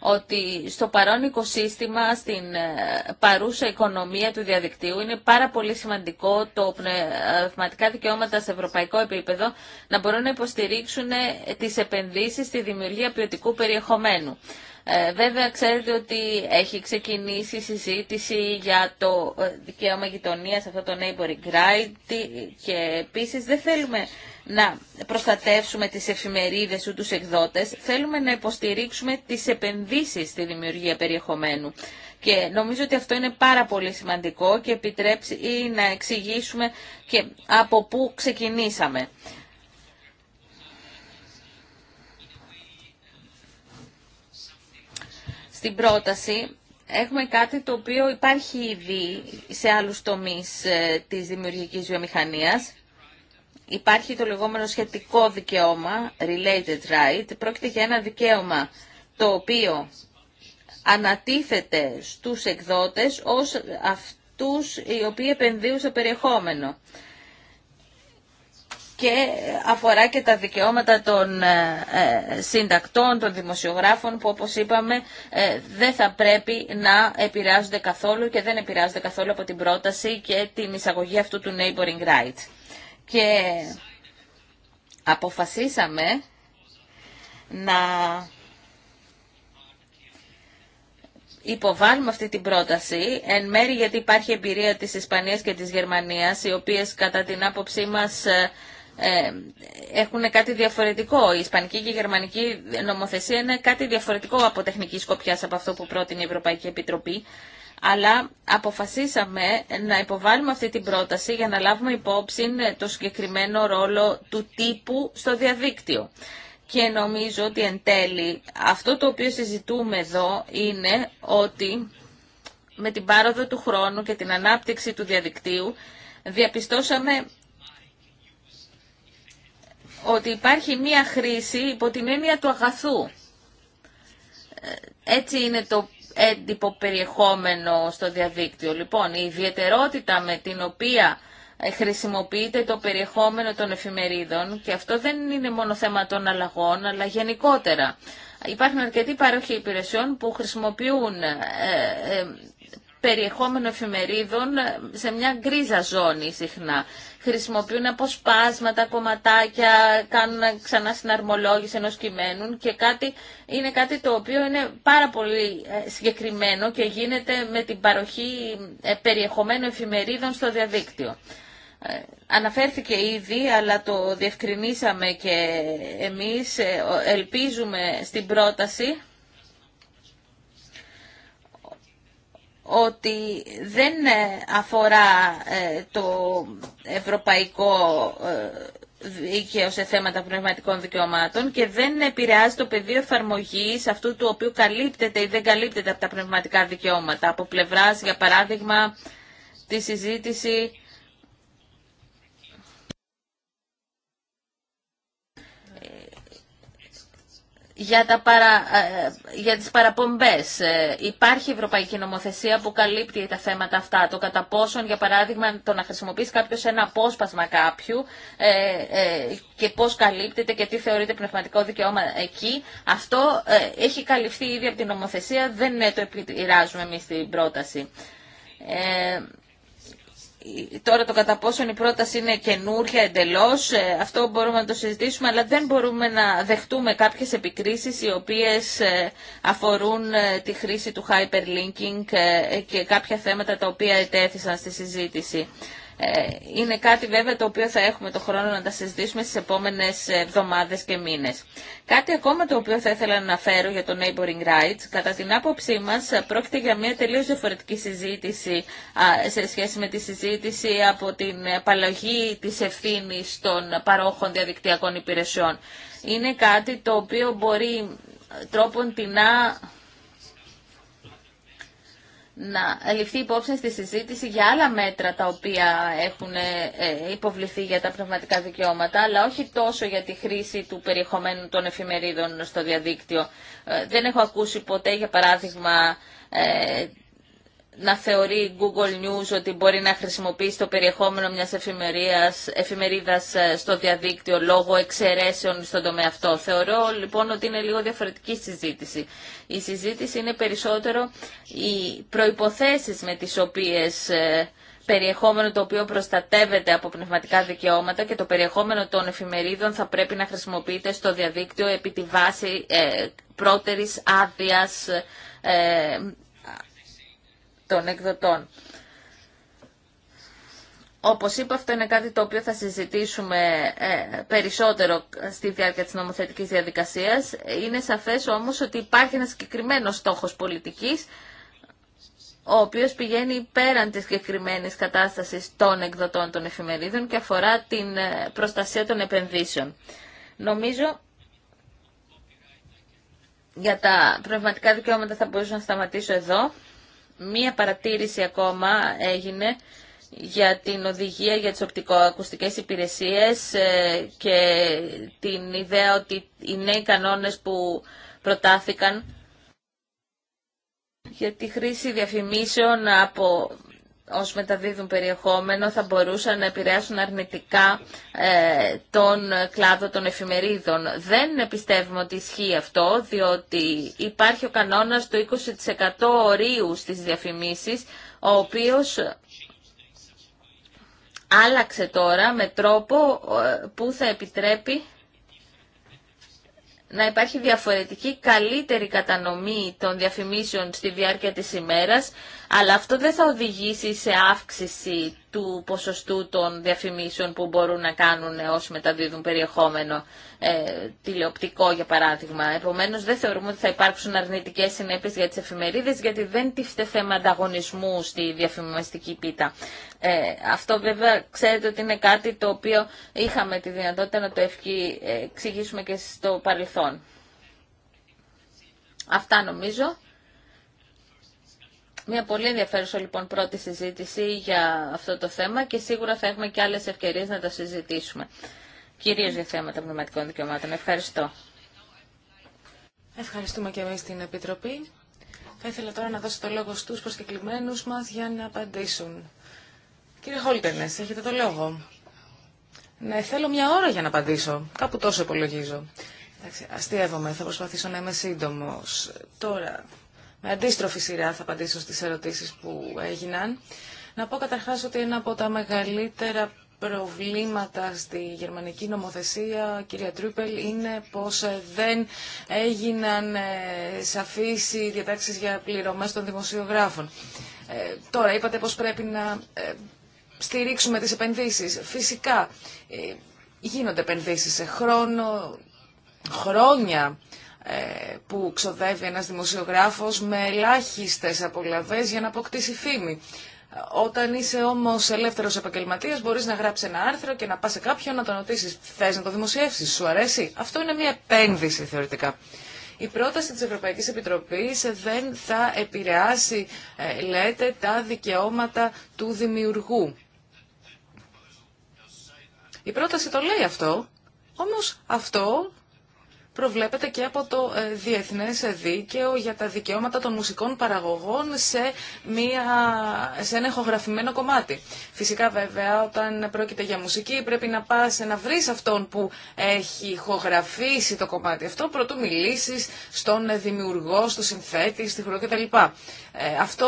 ότι στο παρόν οικοσύστημα, στην ε, παρούσα οικονομία του διαδικτύου, είναι πάρα πολύ σημαντικό το πνευματικά δικαιώματα σε ευρωπαϊκό επίπεδο να μπορούν να υποστηρίξουν ε, τις επενδύσεις στη δημιουργία ποιοτικού περιεχομένου. Ε, βέβαια, ξέρετε ότι έχει ξεκινήσει η συζήτηση για το ε, δικαίωμα γειτονία αυτό το neighboring right και επίσης δεν θέλουμε να προστατεύσουμε τις εφημερίδες ή τους εκδότες, θέλουμε να υποστηρίξουμε τις επενδύσεις στη δημιουργία περιεχομένου. Και νομίζω ότι αυτό είναι πάρα πολύ σημαντικό και επιτρέψει να εξηγήσουμε και από πού ξεκινήσαμε. στην πρόταση έχουμε κάτι το οποίο υπάρχει ήδη σε άλλους τομείς ε, της δημιουργικής βιομηχανίας. Υπάρχει το λεγόμενο σχετικό δικαίωμα, related right. Πρόκειται για ένα δικαίωμα το οποίο ανατίθεται στους εκδότες ως αυτούς οι οποίοι επενδύουν στο περιεχόμενο και αφορά και τα δικαιώματα των ε, ε, συντακτών, των δημοσιογράφων που όπως είπαμε ε, δεν θα πρέπει να επηρεάζονται καθόλου και δεν επηρεάζονται καθόλου από την πρόταση και την εισαγωγή αυτού του neighboring rights. Και αποφασίσαμε να υποβάλουμε αυτή την πρόταση, εν μέρη γιατί υπάρχει εμπειρία της Ισπανίας και της Γερμανίας, οι οποίες κατά την άποψή μας ε, έχουν κάτι διαφορετικό. Η Ισπανική και η Γερμανική νομοθεσία είναι κάτι διαφορετικό από τεχνική σκοπιά από αυτό που πρότεινε η Ευρωπαϊκή Επιτροπή. Αλλά αποφασίσαμε να υποβάλουμε αυτή την πρόταση για να λάβουμε υπόψη το συγκεκριμένο ρόλο του τύπου στο διαδίκτυο. Και νομίζω ότι εν τέλει αυτό το οποίο συζητούμε εδώ είναι ότι με την πάροδο του χρόνου και την ανάπτυξη του διαδικτύου διαπιστώσαμε ότι υπάρχει μία χρήση υπό την έννοια του αγαθού. Ε, έτσι είναι το έντυπο περιεχόμενο στο διαδίκτυο. Λοιπόν, η ιδιαιτερότητα με την οποία ε, χρησιμοποιείται το περιεχόμενο των εφημερίδων και αυτό δεν είναι μόνο θέμα των αλλαγών, αλλά γενικότερα. Υπάρχουν αρκετοί παρόχοι υπηρεσιών που χρησιμοποιούν ε, περιεχόμενο εφημερίδων σε μια γκρίζα ζώνη συχνά χρησιμοποιούν αποσπάσματα, κομματάκια, κάνουν ξανά συναρμολόγηση ενός κειμένου και κάτι, είναι κάτι το οποίο είναι πάρα πολύ ε, συγκεκριμένο και γίνεται με την παροχή ε, περιεχομένου εφημερίδων στο διαδίκτυο. Ε, αναφέρθηκε ήδη, αλλά το διευκρινίσαμε και εμείς, ελπίζουμε στην πρόταση ότι δεν ε, αφορά ε, το ευρωπαϊκό ε, δίκαιο σε θέματα πνευματικών δικαιωμάτων και δεν επηρεάζει το πεδίο εφαρμογή αυτού του οποίου καλύπτεται ή δεν καλύπτεται από τα πνευματικά δικαιώματα. Από πλευρά, για παράδειγμα, τη συζήτηση για, τα παρα, ε, για τις παραπομπές. Ε, υπάρχει ευρωπαϊκή νομοθεσία που καλύπτει τα θέματα αυτά. Το κατά πόσον, για παράδειγμα, το να χρησιμοποιείς κάποιος ένα απόσπασμα κάποιου ε, ε, και πώς καλύπτεται και τι θεωρείται πνευματικό δικαιώμα εκεί. Αυτό έχει καλυφθεί ήδη από την νομοθεσία, δεν το επιτυράζουμε εμείς την πρόταση. Τώρα το κατά πόσον η πρόταση είναι καινούργια εντελώς, ε, αυτό μπορούμε να το συζητήσουμε, αλλά δεν μπορούμε να δεχτούμε κάποιες επικρίσεις οι οποίες ε, αφορούν ε, τη χρήση του hyperlinking και κάποια θέματα τα οποία ετέθησαν στη συζήτηση. Ε, είναι κάτι βέβαια το οποίο θα έχουμε το χρόνο να τα συζητήσουμε στις επόμενες εβδομάδες και μήνες. Κάτι ακόμα το οποίο θα ήθελα να αναφέρω για το Neighboring Rights, κατά την άποψή μας πρόκειται για μια τελείως διαφορετική συζήτηση σε σχέση με τη συζήτηση από την απαλλαγή της ευθύνη των παρόχων διαδικτυακών υπηρεσιών. Είναι κάτι το οποίο μπορεί τρόπον την να να ληφθεί υπόψη στη συζήτηση για άλλα μέτρα τα οποία έχουν ε, ε, υποβληθεί για τα πνευματικά δικαιώματα, αλλά όχι τόσο για τη χρήση του περιεχομένου των εφημερίδων στο διαδίκτυο. Ε, δεν έχω ακούσει ποτέ, για παράδειγμα, να θεωρεί Google News ότι μπορεί να χρησιμοποιήσει το περιεχόμενο μιας εφημερίας, εφημερίδας ε, στο διαδίκτυο λόγω εξαιρέσεων στον τομέα αυτό. Θεωρώ λοιπόν ότι είναι λίγο διαφορετική συζήτηση. Η συζήτηση είναι περισσότερο οι προϋποθέσεις με τις οποίες ε, περιεχόμενο το οποίο προστατεύεται από πνευματικά δικαιώματα και το περιεχόμενο των εφημερίδων θα πρέπει να χρησιμοποιείται στο διαδίκτυο επί τη βάση ε, πρώτερης άδειας ε, των εκδοτών. Όπως είπα, αυτό είναι κάτι το οποίο θα συζητήσουμε ε, περισσότερο στη διάρκεια της νομοθετικής διαδικασίας. Είναι σαφές όμως ότι υπάρχει ένα συγκεκριμένο στόχος πολιτικής, ο οποίος πηγαίνει πέραν της συγκεκριμένη κατάστασης των εκδοτών των εφημερίδων και αφορά την ε, προστασία των επενδύσεων. Νομίζω για τα πνευματικά δικαιώματα θα μπορούσα να σταματήσω εδώ μία παρατήρηση ακόμα έγινε για την οδηγία για τις οπτικοακουστικές υπηρεσίες ε, και την ιδέα ότι οι νέοι κανόνες που προτάθηκαν για τη χρήση διαφημίσεων από ως μεταδίδουν περιεχόμενο θα μπορούσαν να επηρεάσουν αρνητικά ε, τον κλάδο των εφημερίδων. Δεν πιστεύουμε ότι ισχύει αυτό, διότι υπάρχει ο κανόνας του 20% ορίου στις διαφημίσεις, ο οποίος άλλαξε τώρα με τρόπο ε, που θα επιτρέπει να υπάρχει διαφορετική καλύτερη κατανομή των διαφημίσεων στη διάρκεια της ημέρας, αλλά αυτό δεν θα οδηγήσει σε αύξηση του ποσοστού των διαφημίσεων που μπορούν να κάνουν όσοι μεταδίδουν περιεχόμενο ε, τηλεοπτικό για παράδειγμα. Επομένως δεν θεωρούμε ότι θα υπάρξουν αρνητικές συνέπειες για τις εφημερίδες γιατί δεν τίφτε θέμα ανταγωνισμού στη διαφημιστική πίτα. Ε, αυτό βέβαια ξέρετε ότι είναι κάτι το οποίο είχαμε τη δυνατότητα να το ε, εξηγήσουμε και στο παρελθόν. Αυτά νομίζω. Μια πολύ ενδιαφέρουσα λοιπόν πρώτη συζήτηση για αυτό το θέμα και σίγουρα θα έχουμε και άλλες ευκαιρίες να τα συζητήσουμε. Κυρίως για θέματα πνευματικών δικαιωμάτων. Ευχαριστώ. Ευχαριστούμε και εμείς την Επιτροπή. Θα ήθελα τώρα να δώσω το λόγο στους προσκεκλημένους μας για να απαντήσουν. Κύριε Χόλτενες, έχετε το λόγο. Ναι, θέλω μια ώρα για να απαντήσω. Κάπου τόσο υπολογίζω. Εντάξει, αστείευομαι, θα προσπαθήσω να είμαι σύντομο. Τώρα, αντίστροφη σειρά θα απαντήσω στις ερωτήσεις που έγιναν. Να πω καταρχάς ότι ένα από τα μεγαλύτερα προβλήματα στη γερμανική νομοθεσία, κυρία Τρούπελ, είναι πως ε, δεν έγιναν ε, σαφείς οι διατάξεις για πληρωμές των δημοσιογράφων. Ε, τώρα, είπατε πως πρέπει να ε, στηρίξουμε τις επενδύσεις. Φυσικά, γίνονται επενδύσεις σε χρόνο, χρόνια ε, που ξοδεύει ένας δημοσιογράφος με ελάχιστες απολαβές για να αποκτήσει φήμη. Όταν είσαι όμως ελεύθερος επαγγελματίας μπορείς να γράψεις ένα άρθρο και να πας σε κάποιον να τον ρωτήσεις θες να το δημοσιεύσεις, σου αρέσει. Αυτό είναι μια επένδυση θεωρητικά. Η πρόταση της Ευρωπαϊκής Επιτροπής δεν θα επηρεάσει, ε, λέτε, τα δικαιώματα του δημιουργού. Η πρόταση το λέει αυτό, όμως αυτό προβλέπεται και από το ε, Διεθνές Δίκαιο για τα δικαιώματα των μουσικών παραγωγών σε, μια, σε ένα εχογραφημένο κομμάτι. Φυσικά βέβαια όταν πρόκειται για μουσική πρέπει να πας να βρεις αυτόν που έχει ηχογραφήσει το κομμάτι αυτό προτού μιλήσεις στον δημιουργό, στο συνθέτη, στη χορό κτλ. Ε, αυτό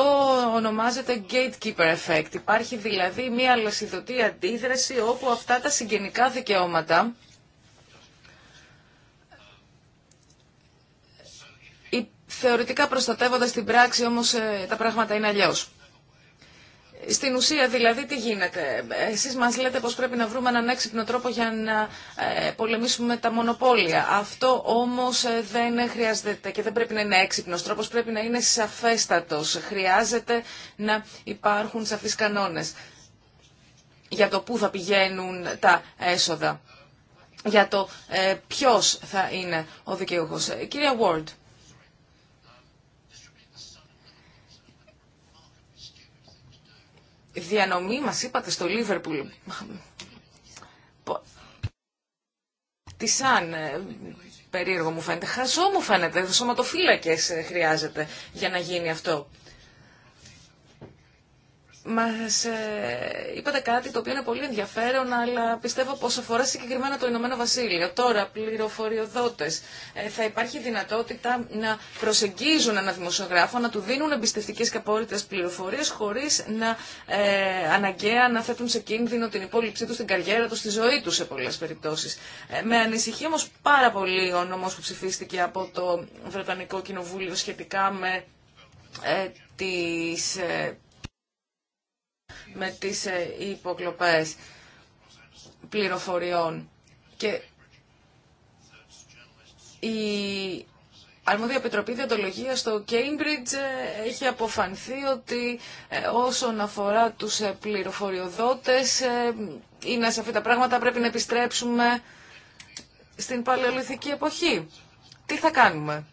ονομάζεται gatekeeper effect. Υπάρχει δηλαδή μια λασιδωτή αντίδραση όπου αυτά τα συγγενικά δικαιώματα θεωρητικά προστατεύοντας την πράξη όμως ε, τα πράγματα είναι αλλιώς. Στην ουσία δηλαδή τι γίνεται. Εσείς μας λέτε πως πρέπει να βρούμε έναν έξυπνο τρόπο για να ε, πολεμήσουμε τα μονοπόλια. Αυτό όμως ε, δεν χρειάζεται και δεν πρέπει να είναι έξυπνος τρόπος, πρέπει να είναι σαφέστατος. Χρειάζεται να υπάρχουν σαφείς κανόνες για το πού θα πηγαίνουν τα έσοδα, για το ποιος θα είναι ο δικαιούχος. Κυρία Ward. διανομή μας είπατε στο Λίβερπουλ. Τι σαν, ε, περίεργο μου φαίνεται, χαζό μου φαίνεται, σωματοφύλακες ε, χρειάζεται για να γίνει αυτό μας ε, είπατε κάτι το οποίο είναι πολύ ενδιαφέρον, αλλά πιστεύω πως αφορά συγκεκριμένα το Ηνωμένο Βασίλειο. Τώρα, πληροφοριοδότες, ε, θα υπάρχει δυνατότητα να προσεγγίζουν ένα δημοσιογράφο, να του δίνουν εμπιστευτικέ και απόλυτες πληροφορίες, χωρίς να ε, αναγκαία να θέτουν σε κίνδυνο την υπόλοιψή του, την καριέρα του, τη ζωή του σε πολλέ περιπτώσεις. Ε, με ανησυχεί όμω πάρα πολύ ο νόμος που ψηφίστηκε από το Βρετανικό Κοινοβούλιο σχετικά με ε, τις με τις ε, υποκλοπές πληροφοριών. Και η Αρμόδια Επιτροπή Διοντολογία στο Cambridge ε, έχει αποφανθεί ότι ε, όσον αφορά τους πληροφοριοδότες είναι σε αυτά τα πράγματα, πρέπει να επιστρέψουμε στην παλαιόλιθική εποχή. Τι θα κάνουμε.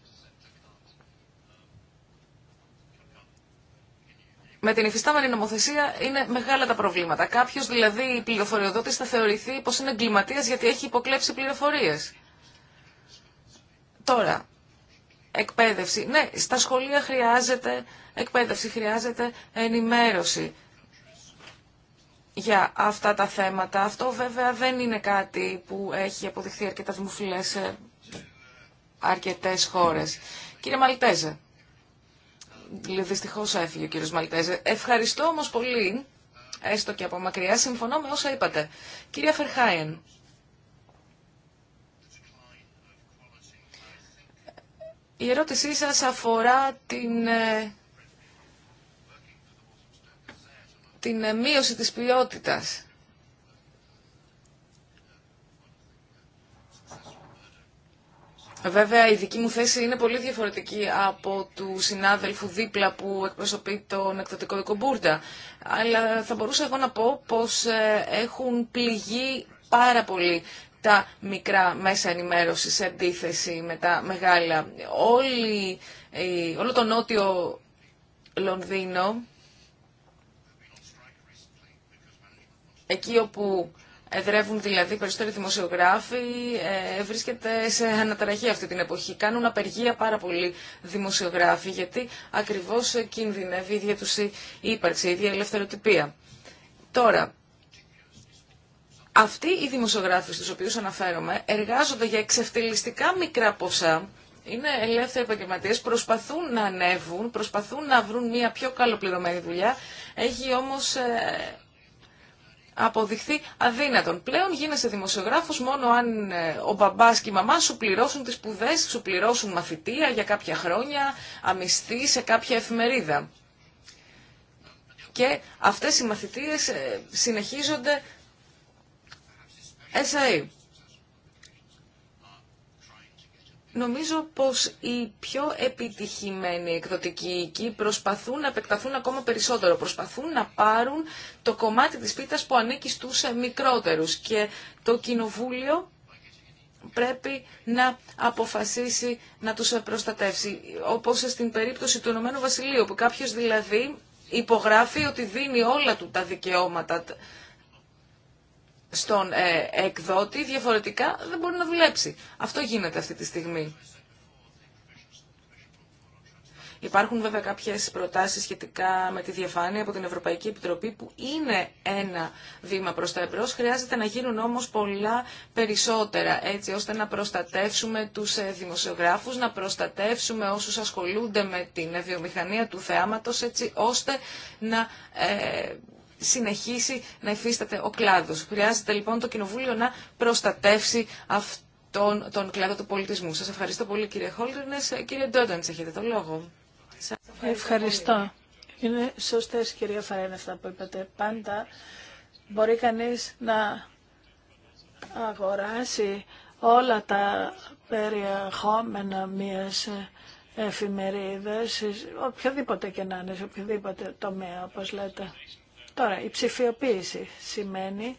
με την υφιστάμενη νομοθεσία είναι μεγάλα τα προβλήματα. Κάποιο δηλαδή πληροφοριοδότη θα θεωρηθεί πω είναι εγκληματία γιατί έχει υποκλέψει πληροφορίε. Τώρα, εκπαίδευση. Ναι, στα σχολεία χρειάζεται εκπαίδευση, χρειάζεται ενημέρωση για αυτά τα θέματα. Αυτό βέβαια δεν είναι κάτι που έχει αποδειχθεί αρκετά δημοφιλέ σε αρκετές χώρες. Κύριε Μαλτέζε, δυστυχώς έφυγε ο κύριος Μαλτέζε. Ευχαριστώ όμω πολύ, έστω και από μακριά, συμφωνώ με όσα είπατε. Κυρία Φερχάιεν. Η ερώτησή σας αφορά την, ε, την ε, μείωση της ποιότητας. Βέβαια η δική μου θέση είναι πολύ διαφορετική από του συνάδελφου δίπλα που εκπροσωπεί τον εκδοτικό οίκο Αλλά θα μπορούσα εγώ να πω πως ε, έχουν πληγεί πάρα πολύ τα μικρά μέσα ενημέρωση σε αντίθεση με τα μεγάλα. όλο το νότιο Λονδίνο, εκεί όπου εδρεύουν δηλαδή περισσότεροι δημοσιογράφοι, ε, βρίσκεται σε αναταραχή αυτή την εποχή. Κάνουν απεργία πάρα πολλοί δημοσιογράφοι, γιατί ακριβώς κινδυνεύει η ίδια τους η ύπαρξη, η ίδια ελευθεροτυπία. Τώρα, αυτοί οι δημοσιογράφοι στους οποίους αναφέρομαι εργάζονται για εξευτελιστικά μικρά ποσά, είναι ελεύθεροι επαγγελματίε, προσπαθούν να ανέβουν, προσπαθούν να βρουν μια πιο καλοπληρωμένη δουλειά. Έχει όμως ε, αποδειχθεί αδύνατον. Πλέον γίνεσαι δημοσιογράφος μόνο αν ε, ο μπαμπά και η μαμά σου πληρώσουν τις σπουδέ, σου πληρώσουν μαθητεία για κάποια χρόνια, αμυστή σε κάποια εφημερίδα. Και αυτές οι μαθητείες ε, συνεχίζονται Νομίζω πως οι πιο επιτυχημένοι εκδοτικοί οίκοι προσπαθούν να επεκταθούν ακόμα περισσότερο, προσπαθούν να πάρουν το κομμάτι της πίτας που ανήκει στους ε, μικρότερους και το κοινοβούλιο πρέπει να αποφασίσει να τους ε, προστατεύσει. Όπως στην περίπτωση του Ηνωμένου Βασιλείου, που κάποιος δηλαδή υπογράφει ότι δίνει όλα του τα δικαιώματα στον ε, εκδότη, διαφορετικά δεν μπορεί να δουλέψει. Αυτό γίνεται αυτή τη στιγμή. Υπάρχουν βέβαια κάποιες προτάσεις σχετικά με τη διαφάνεια από την Ευρωπαϊκή Επιτροπή που είναι ένα βήμα προς τα εμπρός. Χρειάζεται να γίνουν όμως πολλά περισσότερα έτσι ώστε να προστατεύσουμε τους ε, δημοσιογράφους, να προστατεύσουμε όσους ασχολούνται με την βιομηχανία του θεάματος έτσι ώστε να ε, συνεχίσει να υφίσταται ο κλάδος. Χρειάζεται λοιπόν το Κοινοβούλιο να προστατεύσει αυτόν τον κλάδο του πολιτισμού. Σας ευχαριστώ πολύ κύριε Χόλτερνες. Κύριε Ντόνταντς έχετε το λόγο. Σας ευχαριστώ. ευχαριστώ. Είναι σωστές κυρία Φαρέν αυτά που είπατε. Πάντα μπορεί κανείς να αγοράσει όλα τα περιεχόμενα μιας εφημερίδες, οποιοδήποτε και να είναι, σε οποιοδήποτε τομέα, όπως λέτε. Τώρα, η ψηφιοποίηση σημαίνει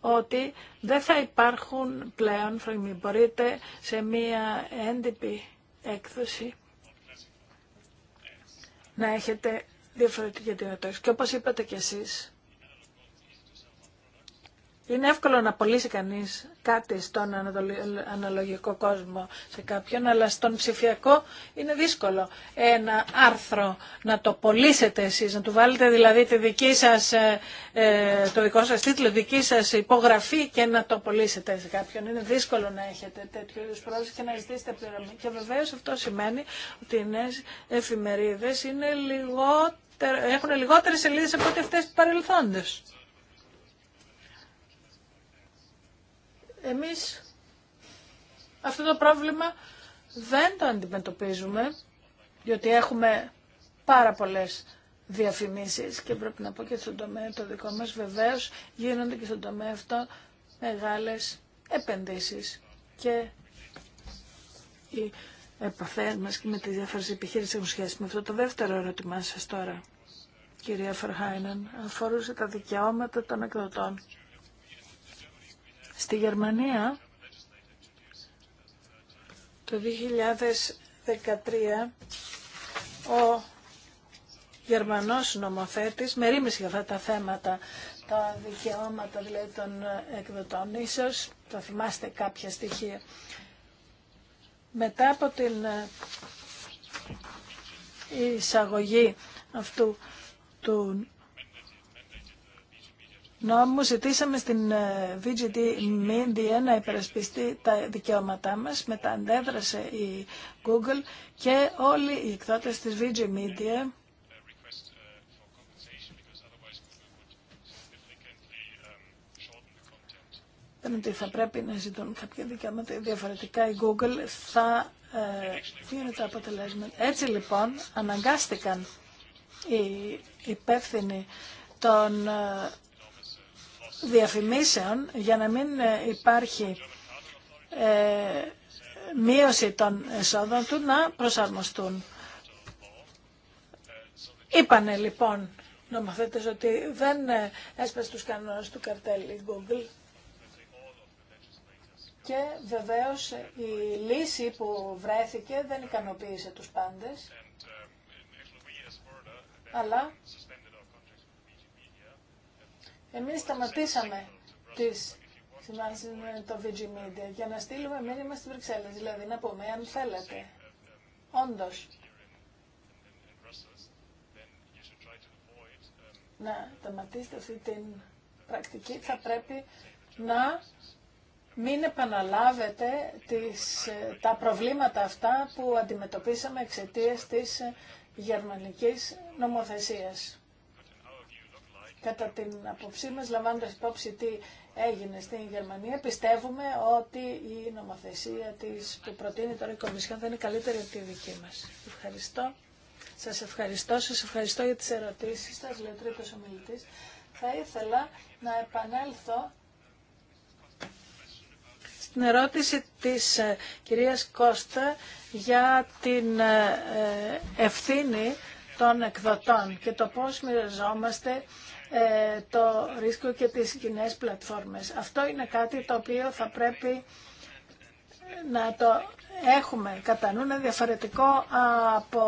ότι δεν θα υπάρχουν πλέον, μπορείτε σε μία έντυπη έκδοση να έχετε διαφορετική δυνατότητα. Και όπως είπατε κι εσείς, είναι εύκολο να πωλήσει κανείς κάτι στον αναλογικό κόσμο σε κάποιον, αλλά στον ψηφιακό είναι δύσκολο ένα άρθρο να το πωλήσετε εσεί, να του βάλετε δηλαδή τη δική σας, ε, ε, το δικό σας τίτλο, δική σας υπογραφή και να το πωλήσετε σε κάποιον. Είναι δύσκολο να έχετε τέτοιου είδου και να ζητήσετε πληρωμή. Και βεβαίω αυτό σημαίνει ότι οι νέε εφημερίδε έχουν λιγότερε σελίδε από ό,τι αυτές του παρελθόντες. Εμείς αυτό το πρόβλημα δεν το αντιμετωπίζουμε, διότι έχουμε πάρα πολλές διαφημίσεις και πρέπει να πω και στον τομέα το δικό μας βεβαίως γίνονται και στον τομέα αυτό μεγάλες επενδύσεις και οι επαφές μας και με τις διάφορες επιχείρησεις έχουν σχέση με αυτό το δεύτερο ερώτημά σας τώρα κυρία Φερχάινεν αφορούσε τα δικαιώματα των εκδοτών Στη Γερμανία το 2013 ο Γερμανός νομοθέτης μερίμνησε για αυτά τα θέματα, τα δικαιώματα δηλαδή των εκδοτών. Ίσως θα θυμάστε κάποια στοιχεία. Μετά από την εισαγωγή αυτού του νόμου ζητήσαμε στην VGD ε, Media να υπερασπιστεί τα δικαιώματά μας. Μετά αντέδρασε η Google και όλοι οι εκδότες της VG Media ε, ότι θα πρέπει να ζητούν κάποια δικαιώματα, διαφορετικά η Google θα ε, τα αποτελέσματα. Έτσι λοιπόν αναγκάστηκαν οι υπεύθυνοι των ε, διαφημίσεων για να μην ε, υπάρχει ε, μείωση των εσόδων του να προσαρμοστούν. Είπανε λοιπόν νομοθέτες ότι δεν ε, έσπασε τους κανόνες του καρτέλ η Google και βεβαίως η λύση που βρέθηκε δεν ικανοποίησε τους πάντες αλλά εμείς σταματήσαμε τις συμβάσεις με το VG Media για να στείλουμε μήνυμα στη Βρυξέλλες. Δηλαδή να πούμε, αν θέλετε, όντως, να σταματήσετε αυτή την πρακτική, θα πρέπει να μην επαναλάβετε τις, τα προβλήματα αυτά που αντιμετωπίσαμε εξαιτίας της γερμανικής νομοθεσίας κατά την απόψή μας, λαμβάνοντας υπόψη τι έγινε στην Γερμανία, πιστεύουμε ότι η νομοθεσία της που προτείνει τώρα η Κομισιόν θα είναι καλύτερη από τη δική μας. Ευχαριστώ. Σας ευχαριστώ. Σας ευχαριστώ για τις ερωτήσεις σας, λέει ο τρίτος Θα ήθελα να επανέλθω στην ερώτηση της ε, κυρίας Κώστα για την ε, ε, ευθύνη των εκδοτών και το πώς μοιραζόμαστε ε, το ρίσκο και τις κοινέ πλατφόρμες. Αυτό είναι κάτι το οποίο θα πρέπει να το έχουμε κατά νου, είναι διαφορετικό από...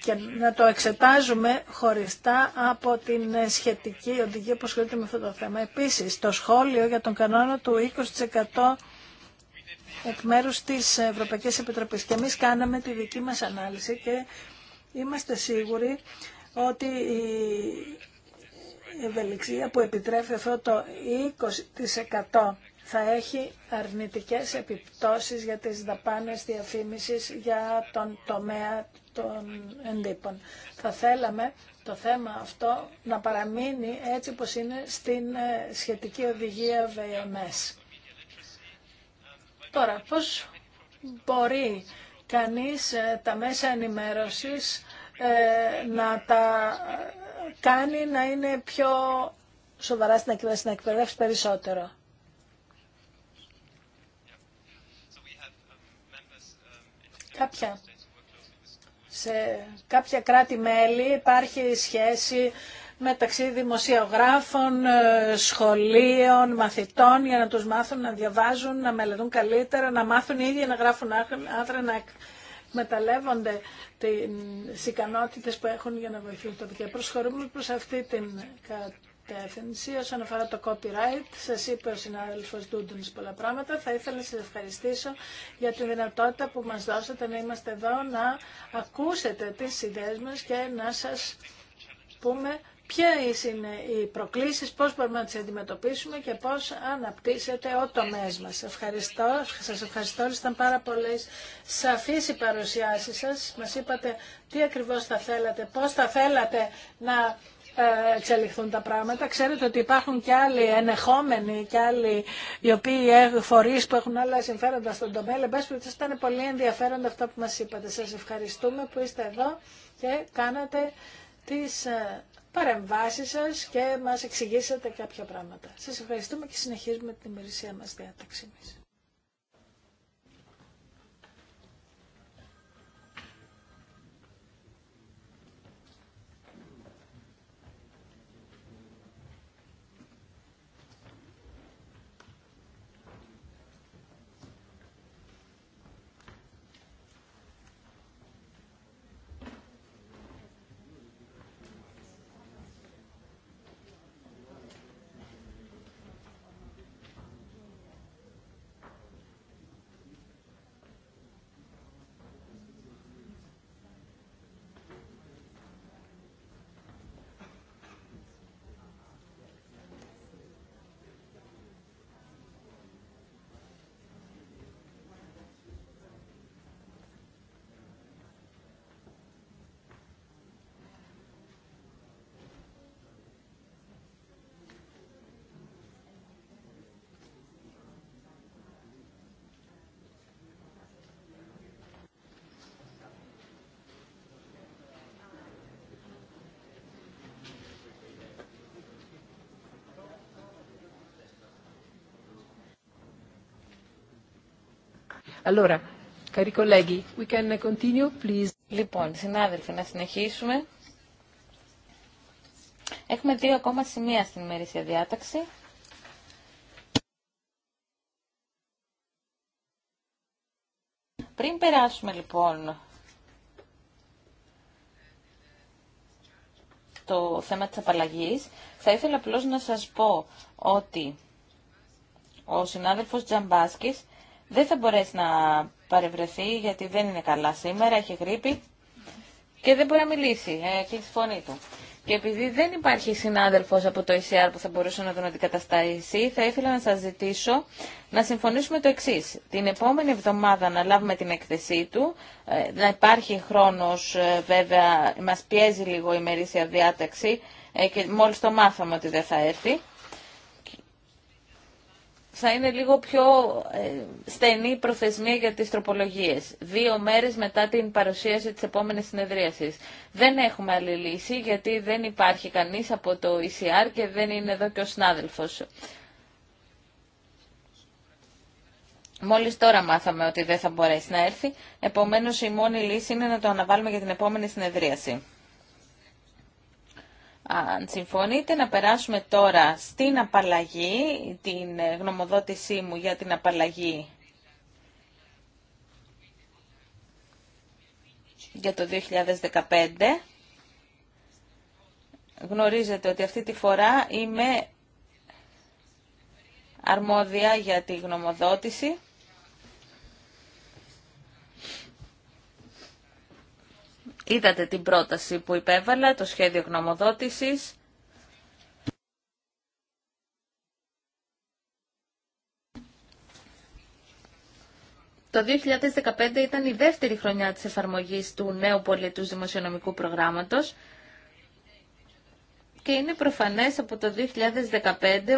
και να το εξετάζουμε χωριστά από την σχετική οδηγία που ασχολείται με αυτό το θέμα. Επίσης, το σχόλιο για τον κανόνα του 20% εκ μέρους της Ευρωπαϊκής Επιτροπής. Και εμείς κάναμε τη δική μας ανάλυση και είμαστε σίγουροι ότι ευελιξία που επιτρέφει αυτό το 20% θα έχει αρνητικές επιπτώσεις για τις δαπάνες διαφήμισης για τον τομέα των εντύπων. Θα θέλαμε το θέμα αυτό να παραμείνει έτσι όπως είναι στην ε, σχετική οδηγία ΒΕΟΜΕΣ. Τώρα, πώς μπορεί κανείς ε, τα μέσα ενημέρωσης ε, να τα κάνει να είναι πιο σοβαρά στην εκπαίδευση, να εκπαιδεύσει περισσότερο. Κάποια. Σε κάποια κράτη-μέλη υπάρχει σχέση μεταξύ δημοσιογράφων, ε, σχολείων, μαθητών για να τους μάθουν να διαβάζουν, να μελετούν καλύτερα, να μάθουν ίδια να γράφουν άθρα, να μεταλλεύονται τι ικανότητες που έχουν για να βοηθούν το δικαίωμα. Προσχωρούμε προς αυτή την κατεύθυνση. Όσον αφορά το copyright, σας είπε ο συνάδελφος Ντούντουνς πολλά πράγματα. Θα ήθελα να σας ευχαριστήσω για τη δυνατότητα που μας δώσατε να είμαστε εδώ, να ακούσετε τις ιδέες μας και να σας πούμε ποιες είναι οι προκλήσεις, πώς μπορούμε να τις αντιμετωπίσουμε και πώς αναπτύσσεται ο τομέας μας. Ευχαριστώ, σας ευχαριστώ, ήταν πάρα πολλές σαφείς οι παρουσιάσεις σας. Μας είπατε τι ακριβώς θα θέλατε, πώς θα θέλατε να ε, εξελιχθούν τα πράγματα. Ξέρετε ότι υπάρχουν και άλλοι ενεχόμενοι και άλλοι οι οποίοι φορεί που έχουν άλλα συμφέροντα στον τομέα. Εν πάση ήταν πολύ ενδιαφέροντα αυτό που μας είπατε. Σας ευχαριστούμε που είστε εδώ και κάνατε τις ε, παρεμβάσεις σας και μας εξηγήσατε κάποια πράγματα. Σας ευχαριστούμε και συνεχίζουμε την ημερησία μας διάταξη Λοιπόν, συνάδελφοι, να συνεχίσουμε. Έχουμε δύο ακόμα σημεία στην ημερήσια διάταξη. Πριν περάσουμε λοιπόν το θέμα της απαλλαγής, θα ήθελα απλώ να σας πω ότι ο συνάδελφος Τζαμπάσκης δεν θα μπορέσει να παρευρεθεί γιατί δεν είναι καλά σήμερα, έχει γρήπη και δεν μπορεί να μιλήσει, ε, κλείσει τη φωνή του. Και επειδή δεν υπάρχει συνάδελφος από το ECR που θα μπορούσε να τον αντικατασταήσει, θα ήθελα να σα ζητήσω να συμφωνήσουμε το εξή. Την επόμενη εβδομάδα να λάβουμε την εκθεσή του, ε, να υπάρχει χρόνος ε, βέβαια, μα πιέζει λίγο η ημερήσια διάταξη και μόλι το μάθαμε ότι δεν θα έρθει θα είναι λίγο πιο ε, στενή η προθεσμία για τις τροπολογίες. Δύο μέρες μετά την παρουσίαση της επόμενης συνεδρίασης. Δεν έχουμε άλλη λύση γιατί δεν υπάρχει κανείς από το ECR και δεν είναι εδώ και ο συνάδελφος. Μόλις τώρα μάθαμε ότι δεν θα μπορέσει να έρθει, επομένως η μόνη λύση είναι να το αναβάλουμε για την επόμενη συνεδρίαση. Αν συμφωνείτε να περάσουμε τώρα στην απαλλαγή, την ε, γνωμοδότησή μου για την απαλλαγή για το 2015. Γνωρίζετε ότι αυτή τη φορά είμαι αρμόδια για τη γνωμοδότηση. Είδατε την πρόταση που υπέβαλα, το σχέδιο γνωμοδότησης. Το 2015 ήταν η δεύτερη χρονιά της εφαρμογής του νέου πολιτούς δημοσιονομικού προγράμματος και είναι προφανές από το 2015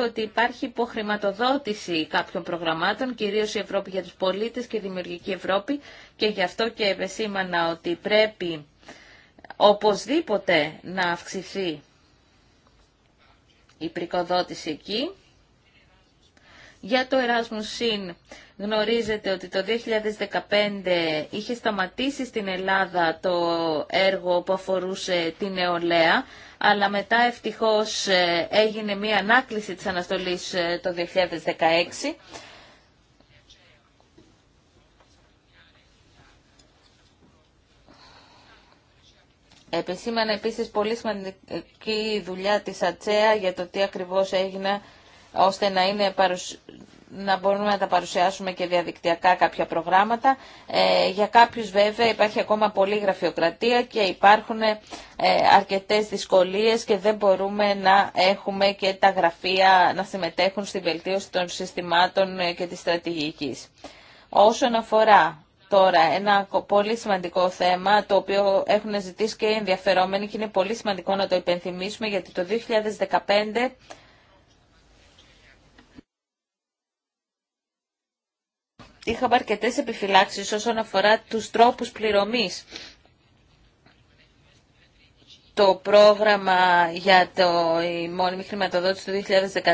ότι υπάρχει υποχρηματοδότηση κάποιων προγραμμάτων, κυρίως η Ευρώπη για τους πολίτες και η Δημιουργική Ευρώπη και γι' αυτό και επεσήμανα ότι πρέπει οπωσδήποτε να αυξηθεί η πρικοδότηση εκεί. Για το Erasmus Συν Γνωρίζετε ότι το 2015 είχε σταματήσει στην Ελλάδα το έργο που αφορούσε την νεολαία, αλλά μετά ευτυχώς ε, έγινε μία ανάκληση της αναστολής ε, το 2016. Επισήμανε επίσης πολύ σημαντική δουλειά της ΑΤΣΕΑ για το τι ακριβώς έγινε ώστε να είναι να μπορούμε να τα παρουσιάσουμε και διαδικτυακά κάποια προγράμματα. Ε, για κάποιους βέβαια υπάρχει ακόμα πολλή γραφειοκρατία και υπάρχουν ε, αρκετές δυσκολίες και δεν μπορούμε να έχουμε και τα γραφεία να συμμετέχουν στην βελτίωση των συστημάτων ε, και της στρατηγικής. Όσον αφορά τώρα ένα πολύ σημαντικό θέμα το οποίο έχουν ζητήσει και οι ενδιαφερόμενοι και είναι πολύ σημαντικό να το υπενθυμίσουμε γιατί το 2015 είχαμε αρκετέ επιφυλάξει όσον αφορά τους τρόπου πληρωμής. Το πρόγραμμα για το, η μόνιμη χρηματοδότηση του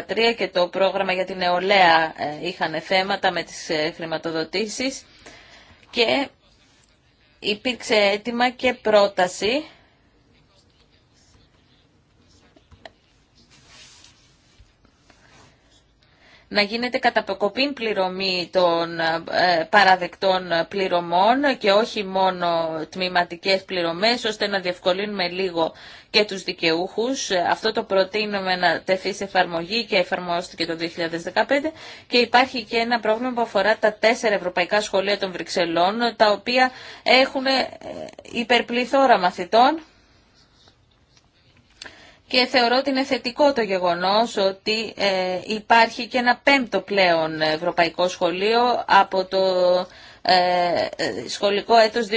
2013 και το πρόγραμμα για την νεολαία ε, είχαν θέματα με τις ε, χρηματοδοτήσεις και υπήρξε αίτημα και πρόταση να γίνεται καταποκοπήν πληρωμή των ε, παραδεκτών πληρωμών και όχι μόνο τμηματικές πληρωμές, ώστε να διευκολύνουμε λίγο και τους δικαιούχους. Αυτό το προτείνουμε να τεθεί σε εφαρμογή και εφαρμόστηκε το 2015 και υπάρχει και ένα πρόβλημα που αφορά τα τέσσερα ευρωπαϊκά σχολεία των Βρυξελών, τα οποία έχουν ε, υπερπληθώρα μαθητών και θεωρώ ότι είναι θετικό το γεγονός ότι ε, υπάρχει και ένα πέμπτο πλέον ευρωπαϊκό σχολείο από το ε, ε, σχολικό έτος 2019-2020.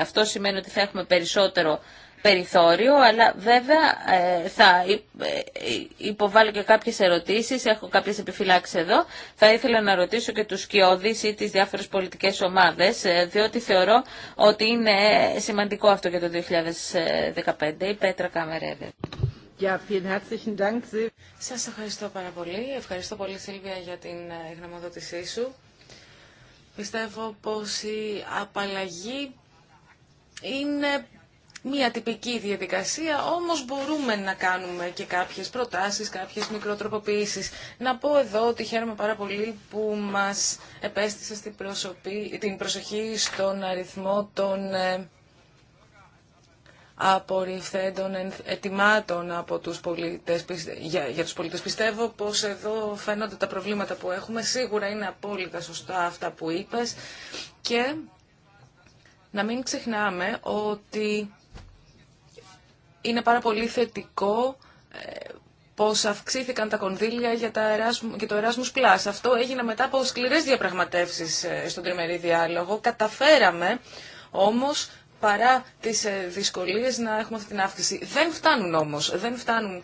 Αυτό σημαίνει ότι θα έχουμε περισσότερο περιθώριο, αλλά βέβαια ε, θα ε, υποβάλω και κάποιες ερωτήσεις, έχω κάποιες επιφυλάξεις εδώ. Θα ήθελα να ρωτήσω και τους σκιώδεις ή τις διάφορες πολιτικές ομάδες, ε, διότι θεωρώ ότι είναι σημαντικό αυτό για το 2015. Η Πέτρα Καμερέδε. Σας ευχαριστώ πάρα πολύ. Ευχαριστώ πολύ Σίλβια για την γνωμοδότησή σου. Πιστεύω πως η απαλλαγή είναι μια τυπική διαδικασία, όμως μπορούμε να κάνουμε και κάποιες προτάσεις, κάποιες μικροτροποποιήσεις. Να πω εδώ ότι χαίρομαι πάρα πολύ που μας επέστησε στην προσωπή, την προσοχή στον αριθμό των ε, απορριφθέντων ετοιμάτων από τους πολίτες, για, για τους πολίτες. Πιστεύω πως εδώ φαίνονται τα προβλήματα που έχουμε. Σίγουρα είναι απόλυτα σωστά αυτά που είπες και να μην ξεχνάμε ότι είναι πάρα πολύ θετικό ε, πως αυξήθηκαν τα κονδύλια για, τα το Erasmus Plus. Αυτό έγινε μετά από σκληρές διαπραγματεύσεις ε, στον τριμερή διάλογο. Καταφέραμε όμως παρά τις ε, δυσκολίες να έχουμε αυτή την αύξηση. Δεν φτάνουν όμως, δεν φτάνουν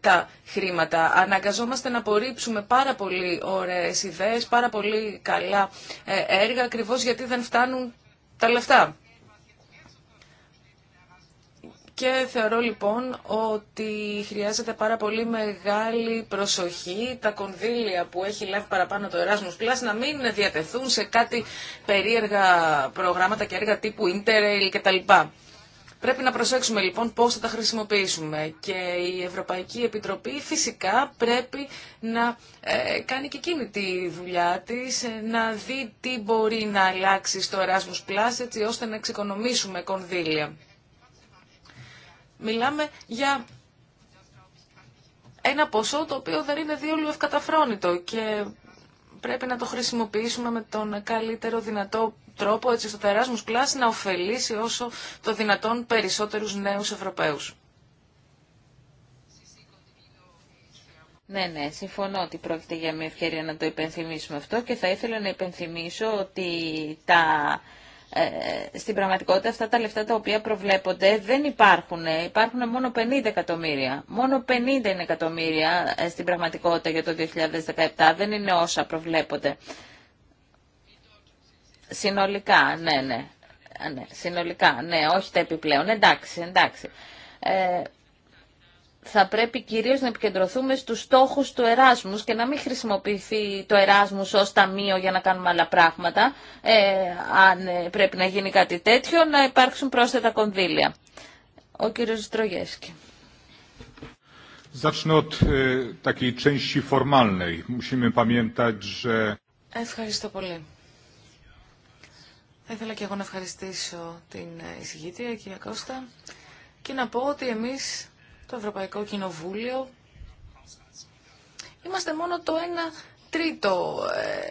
τα χρήματα. Αναγκαζόμαστε να απορρίψουμε πάρα πολύ ωραίες ιδέες, πάρα πολύ καλά έργα, ακριβώς γιατί δεν φτάνουν τα λεφτά. Και θεωρώ λοιπόν ότι χρειάζεται πάρα πολύ μεγάλη προσοχή τα κονδύλια που έχει λάβει παραπάνω το Erasmus να μην διατεθούν σε κάτι περίεργα προγράμματα και έργα τύπου Interrail κτλ. Πρέπει να προσέξουμε λοιπόν πώς θα τα χρησιμοποιήσουμε και η Ευρωπαϊκή Επιτροπή φυσικά πρέπει να ε, κάνει και εκείνη τη δουλειά της, ε, να δει τι μπορεί να αλλάξει στο Erasmus έτσι ώστε να εξοικονομήσουμε κονδύλια. Μιλάμε για ένα ποσό το οποίο δεν είναι διόλου ευκαταφρόνητο και πρέπει να το χρησιμοποιήσουμε με τον καλύτερο δυνατό τρόπο έτσι στο Erasmus Plus να ωφελήσει όσο το δυνατόν περισσότερους νέους Ευρωπαίους. Ναι, ναι, συμφωνώ ότι πρόκειται για μια ευκαιρία να το υπενθυμίσουμε αυτό και θα ήθελα να υπενθυμίσω ότι τα ε, στην πραγματικότητα αυτά τα λεφτά τα οποία προβλέπονται δεν υπάρχουν. Ε, υπάρχουν μόνο 50 εκατομμύρια. Μόνο 50 είναι εκατομμύρια ε, στην πραγματικότητα για το 2017. Δεν είναι όσα προβλέπονται. Συνολικά, ναι, ναι. ναι συνολικά, ναι, όχι τα επιπλέον. Εντάξει, εντάξει. Ε, θα πρέπει κυρίως να επικεντρωθούμε στους στόχους του Εράσμους και να μην χρησιμοποιηθεί το Εράσμους ως ταμείο για να κάνουμε άλλα πράγματα. Ε, αν ε, πρέπει να γίνει κάτι τέτοιο, να υπάρξουν πρόσθετα κονδύλια. Ο κύριος Στρογέσκη. Ε, Ευχαριστώ πολύ. Θα ήθελα και εγώ να ευχαριστήσω την ε, εισηγήτρια, κυρία Κώστα, και να πω ότι εμείς το Ευρωπαϊκό Κοινοβούλιο, είμαστε μόνο το 1 τρίτο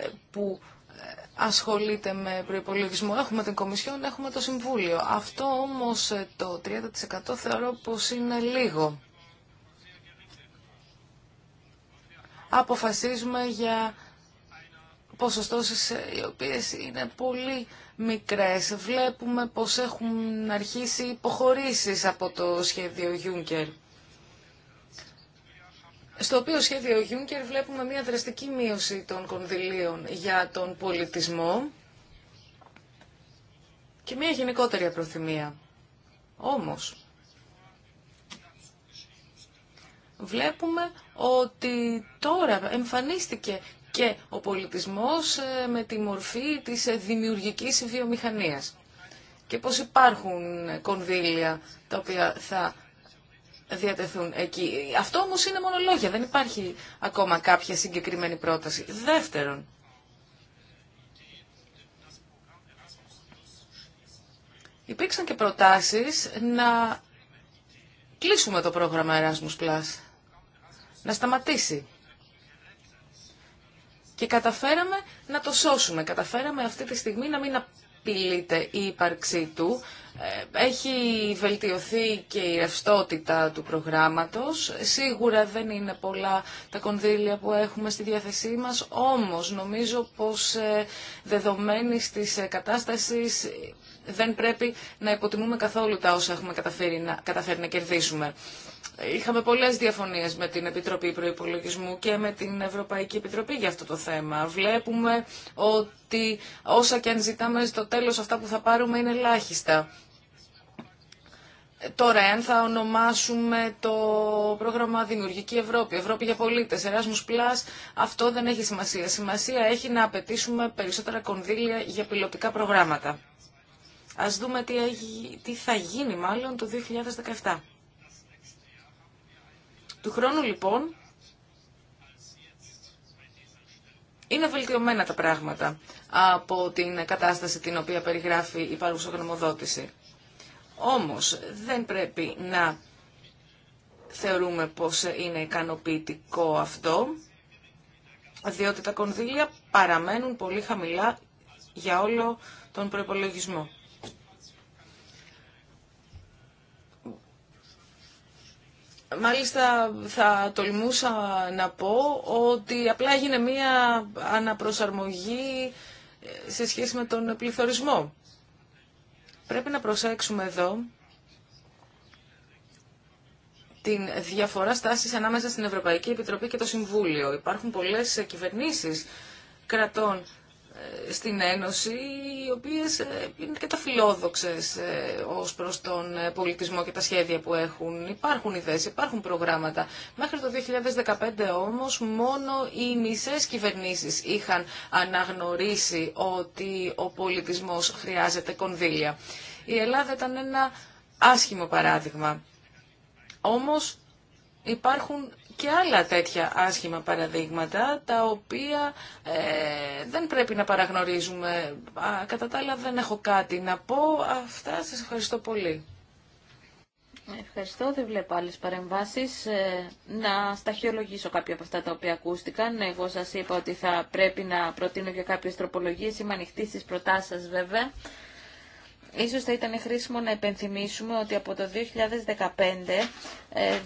ε, που ε, ασχολείται με προϋπολογισμό. Έχουμε την Κομισιόν, έχουμε το Συμβούλιο. Αυτό όμως ε, το 30% θεωρώ πως είναι λίγο. Αποφασίζουμε για ποσοστώσεις οι οποίες είναι πολύ μικρές. Βλέπουμε πως έχουν αρχίσει υποχωρήσεις από το σχέδιο Juncker στο οποίο σχέδιο Γιούνκερ βλέπουμε μια δραστική μείωση των κονδυλίων για τον πολιτισμό και μια γενικότερη απροθυμία. Όμως, βλέπουμε ότι τώρα εμφανίστηκε και ο πολιτισμός ε, με τη μορφή της ε, δημιουργικής βιομηχανίας και πως υπάρχουν κονδύλια τα οποία θα διατεθούν εκεί. Αυτό όμω είναι μόνο δεν υπάρχει ακόμα κάποια συγκεκριμένη πρόταση. Δεύτερον, υπήρξαν και προτάσεις να κλείσουμε το πρόγραμμα Erasmus Plus, να σταματήσει. Και καταφέραμε να το σώσουμε, καταφέραμε αυτή τη στιγμή να μην απειλείται η ύπαρξή του, ε, έχει βελτιωθεί και η ρευστότητα του προγράμματος. Σίγουρα δεν είναι πολλά τα κονδύλια που έχουμε στη διάθεσή μας, όμως νομίζω πως ε, δεδομένης της ε, κατάστασης δεν πρέπει να υποτιμούμε καθόλου τα όσα έχουμε καταφέρει να, καταφέρει να κερδίσουμε. Είχαμε πολλές διαφωνίες με την Επιτροπή Προϋπολογισμού και με την Ευρωπαϊκή Επιτροπή για αυτό το θέμα. Βλέπουμε ότι όσα και αν ζητάμε στο τέλος αυτά που θα πάρουμε είναι ελάχιστα. Τώρα, αν θα ονομάσουμε το πρόγραμμα Δημιουργική Ευρώπη, Ευρώπη για πολίτε, Erasmus Plus, αυτό δεν έχει σημασία. Σημασία έχει να απαιτήσουμε περισσότερα κονδύλια για πιλωτικά προγράμματα. Ας δούμε τι, θα γίνει μάλλον το 2017. Του χρόνου λοιπόν είναι βελτιωμένα τα πράγματα από την κατάσταση την οποία περιγράφει η παρούσα γνωμοδότηση. Όμως δεν πρέπει να θεωρούμε πως είναι ικανοποιητικό αυτό, διότι τα κονδύλια παραμένουν πολύ χαμηλά για όλο τον προπολογισμό. Μάλιστα θα τολμούσα να πω ότι απλά έγινε μία αναπροσαρμογή ε, σε σχέση με τον πληθωρισμό. Πρέπει να προσέξουμε εδώ την διαφορά στάσης ανάμεσα στην Ευρωπαϊκή Επιτροπή και το Συμβούλιο. Υπάρχουν πολλές κυβερνήσεις κρατών στην Ένωση, οι οποίες ε, είναι και τα φιλόδοξες ε, ως προς τον ε, πολιτισμό και τα σχέδια που έχουν. Υπάρχουν ιδέες, υπάρχουν προγράμματα. Μέχρι το 2015 όμως μόνο οι μισές κυβερνήσεις είχαν αναγνωρίσει ότι ο πολιτισμός χρειάζεται κονδύλια. Η Ελλάδα ήταν ένα άσχημο παράδειγμα. Όμως υπάρχουν και άλλα τέτοια άσχημα παραδείγματα, τα οποία ε, δεν πρέπει να παραγνωρίζουμε. Α, κατά τα άλλα δεν έχω κάτι να πω. Αυτά σας ευχαριστώ πολύ. Ευχαριστώ. Δεν βλέπω άλλες παρεμβάσεις. Ε, να σταχυολογήσω κάποια από αυτά τα οποία ακούστηκαν. Εγώ σας είπα ότι θα πρέπει να προτείνω και κάποιες τροπολογίες. Είμαι ανοιχτή στις προτάσεις σας βέβαια. Ίσως θα ήταν χρήσιμο να υπενθυμίσουμε ότι από το 2015 ε,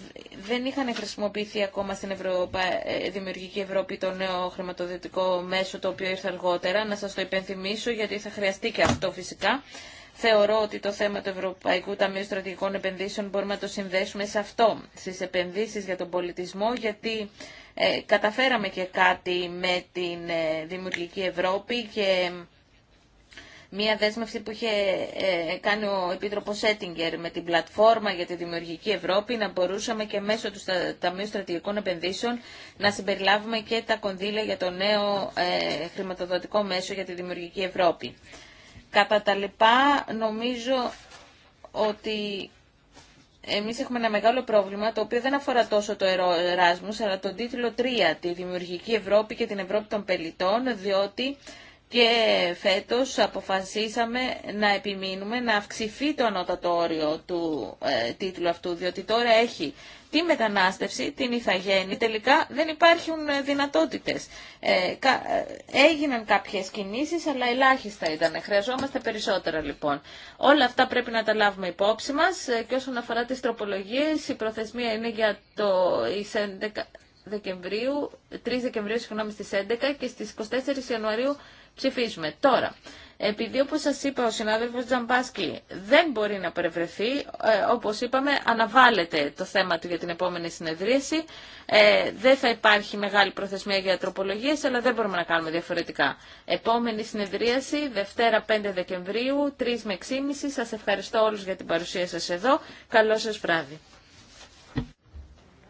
δεν είχαν χρησιμοποιηθεί ακόμα στην Ευρωπα... Ε, δημιουργική Ευρώπη το νέο χρηματοδοτικό μέσο το οποίο ήρθε αργότερα. Να σας το υπενθυμίσω γιατί θα χρειαστεί και αυτό φυσικά. Θεωρώ ότι το θέμα του Ευρωπαϊκού Ταμείου Στρατηγικών Επενδύσεων μπορούμε να το συνδέσουμε σε αυτό, στις επενδύσεις για τον πολιτισμό, γιατί ε, καταφέραμε και κάτι με την ε, Δημιουργική Ευρώπη και Μία δέσμευση που είχε ε, κάνει ο Επίτροπο Έτιγκερ με την πλατφόρμα για τη δημιουργική Ευρώπη να μπορούσαμε και μέσω του Ταμείου Στρατηγικών Επενδύσεων να συμπεριλάβουμε και τα κονδύλια για το νέο ε, χρηματοδοτικό μέσο για τη δημιουργική Ευρώπη. Κατά τα λοιπά, νομίζω ότι εμείς έχουμε ένα μεγάλο πρόβλημα, το οποίο δεν αφορά τόσο το Εράσμους, αλλά τον τίτλο 3, τη Δημιουργική Ευρώπη και την Ευρώπη των Πελιτών, διότι και φέτος αποφασίσαμε να επιμείνουμε να αυξηθεί το ανώτατο όριο του ε, τίτλου αυτού, διότι τώρα έχει τη μετανάστευση, την ηθαγένεια. Τελικά δεν υπάρχουν ε, δυνατότητες. Ε, ε, έγιναν κάποιες κινήσεις, αλλά ελάχιστα ήταν. Χρειαζόμαστε περισσότερα λοιπόν. Όλα αυτά πρέπει να τα λάβουμε υπόψη μας και όσον αφορά τις τροπολογίες, η προθεσμία είναι για το... Δεκεμβρίου, 3 Δεκεμβρίου συγγνώμη στις 11 και στις 24 Ιανουαρίου Ψηφίζουμε τώρα. Επειδή όπως σας είπα ο συνάδελφος Τζαμπάσκι δεν μπορεί να παρευρεθεί, ε, όπως είπαμε αναβάλλεται το θέμα του για την επόμενη συνεδρίαση. Ε, δεν θα υπάρχει μεγάλη προθεσμία για τροπολογίες, αλλά δεν μπορούμε να κάνουμε διαφορετικά. Επόμενη συνεδρίαση, Δευτέρα 5 Δεκεμβρίου, 3 με 6.30. Σας ευχαριστώ όλους για την παρουσία σας εδώ. Καλό σας βράδυ.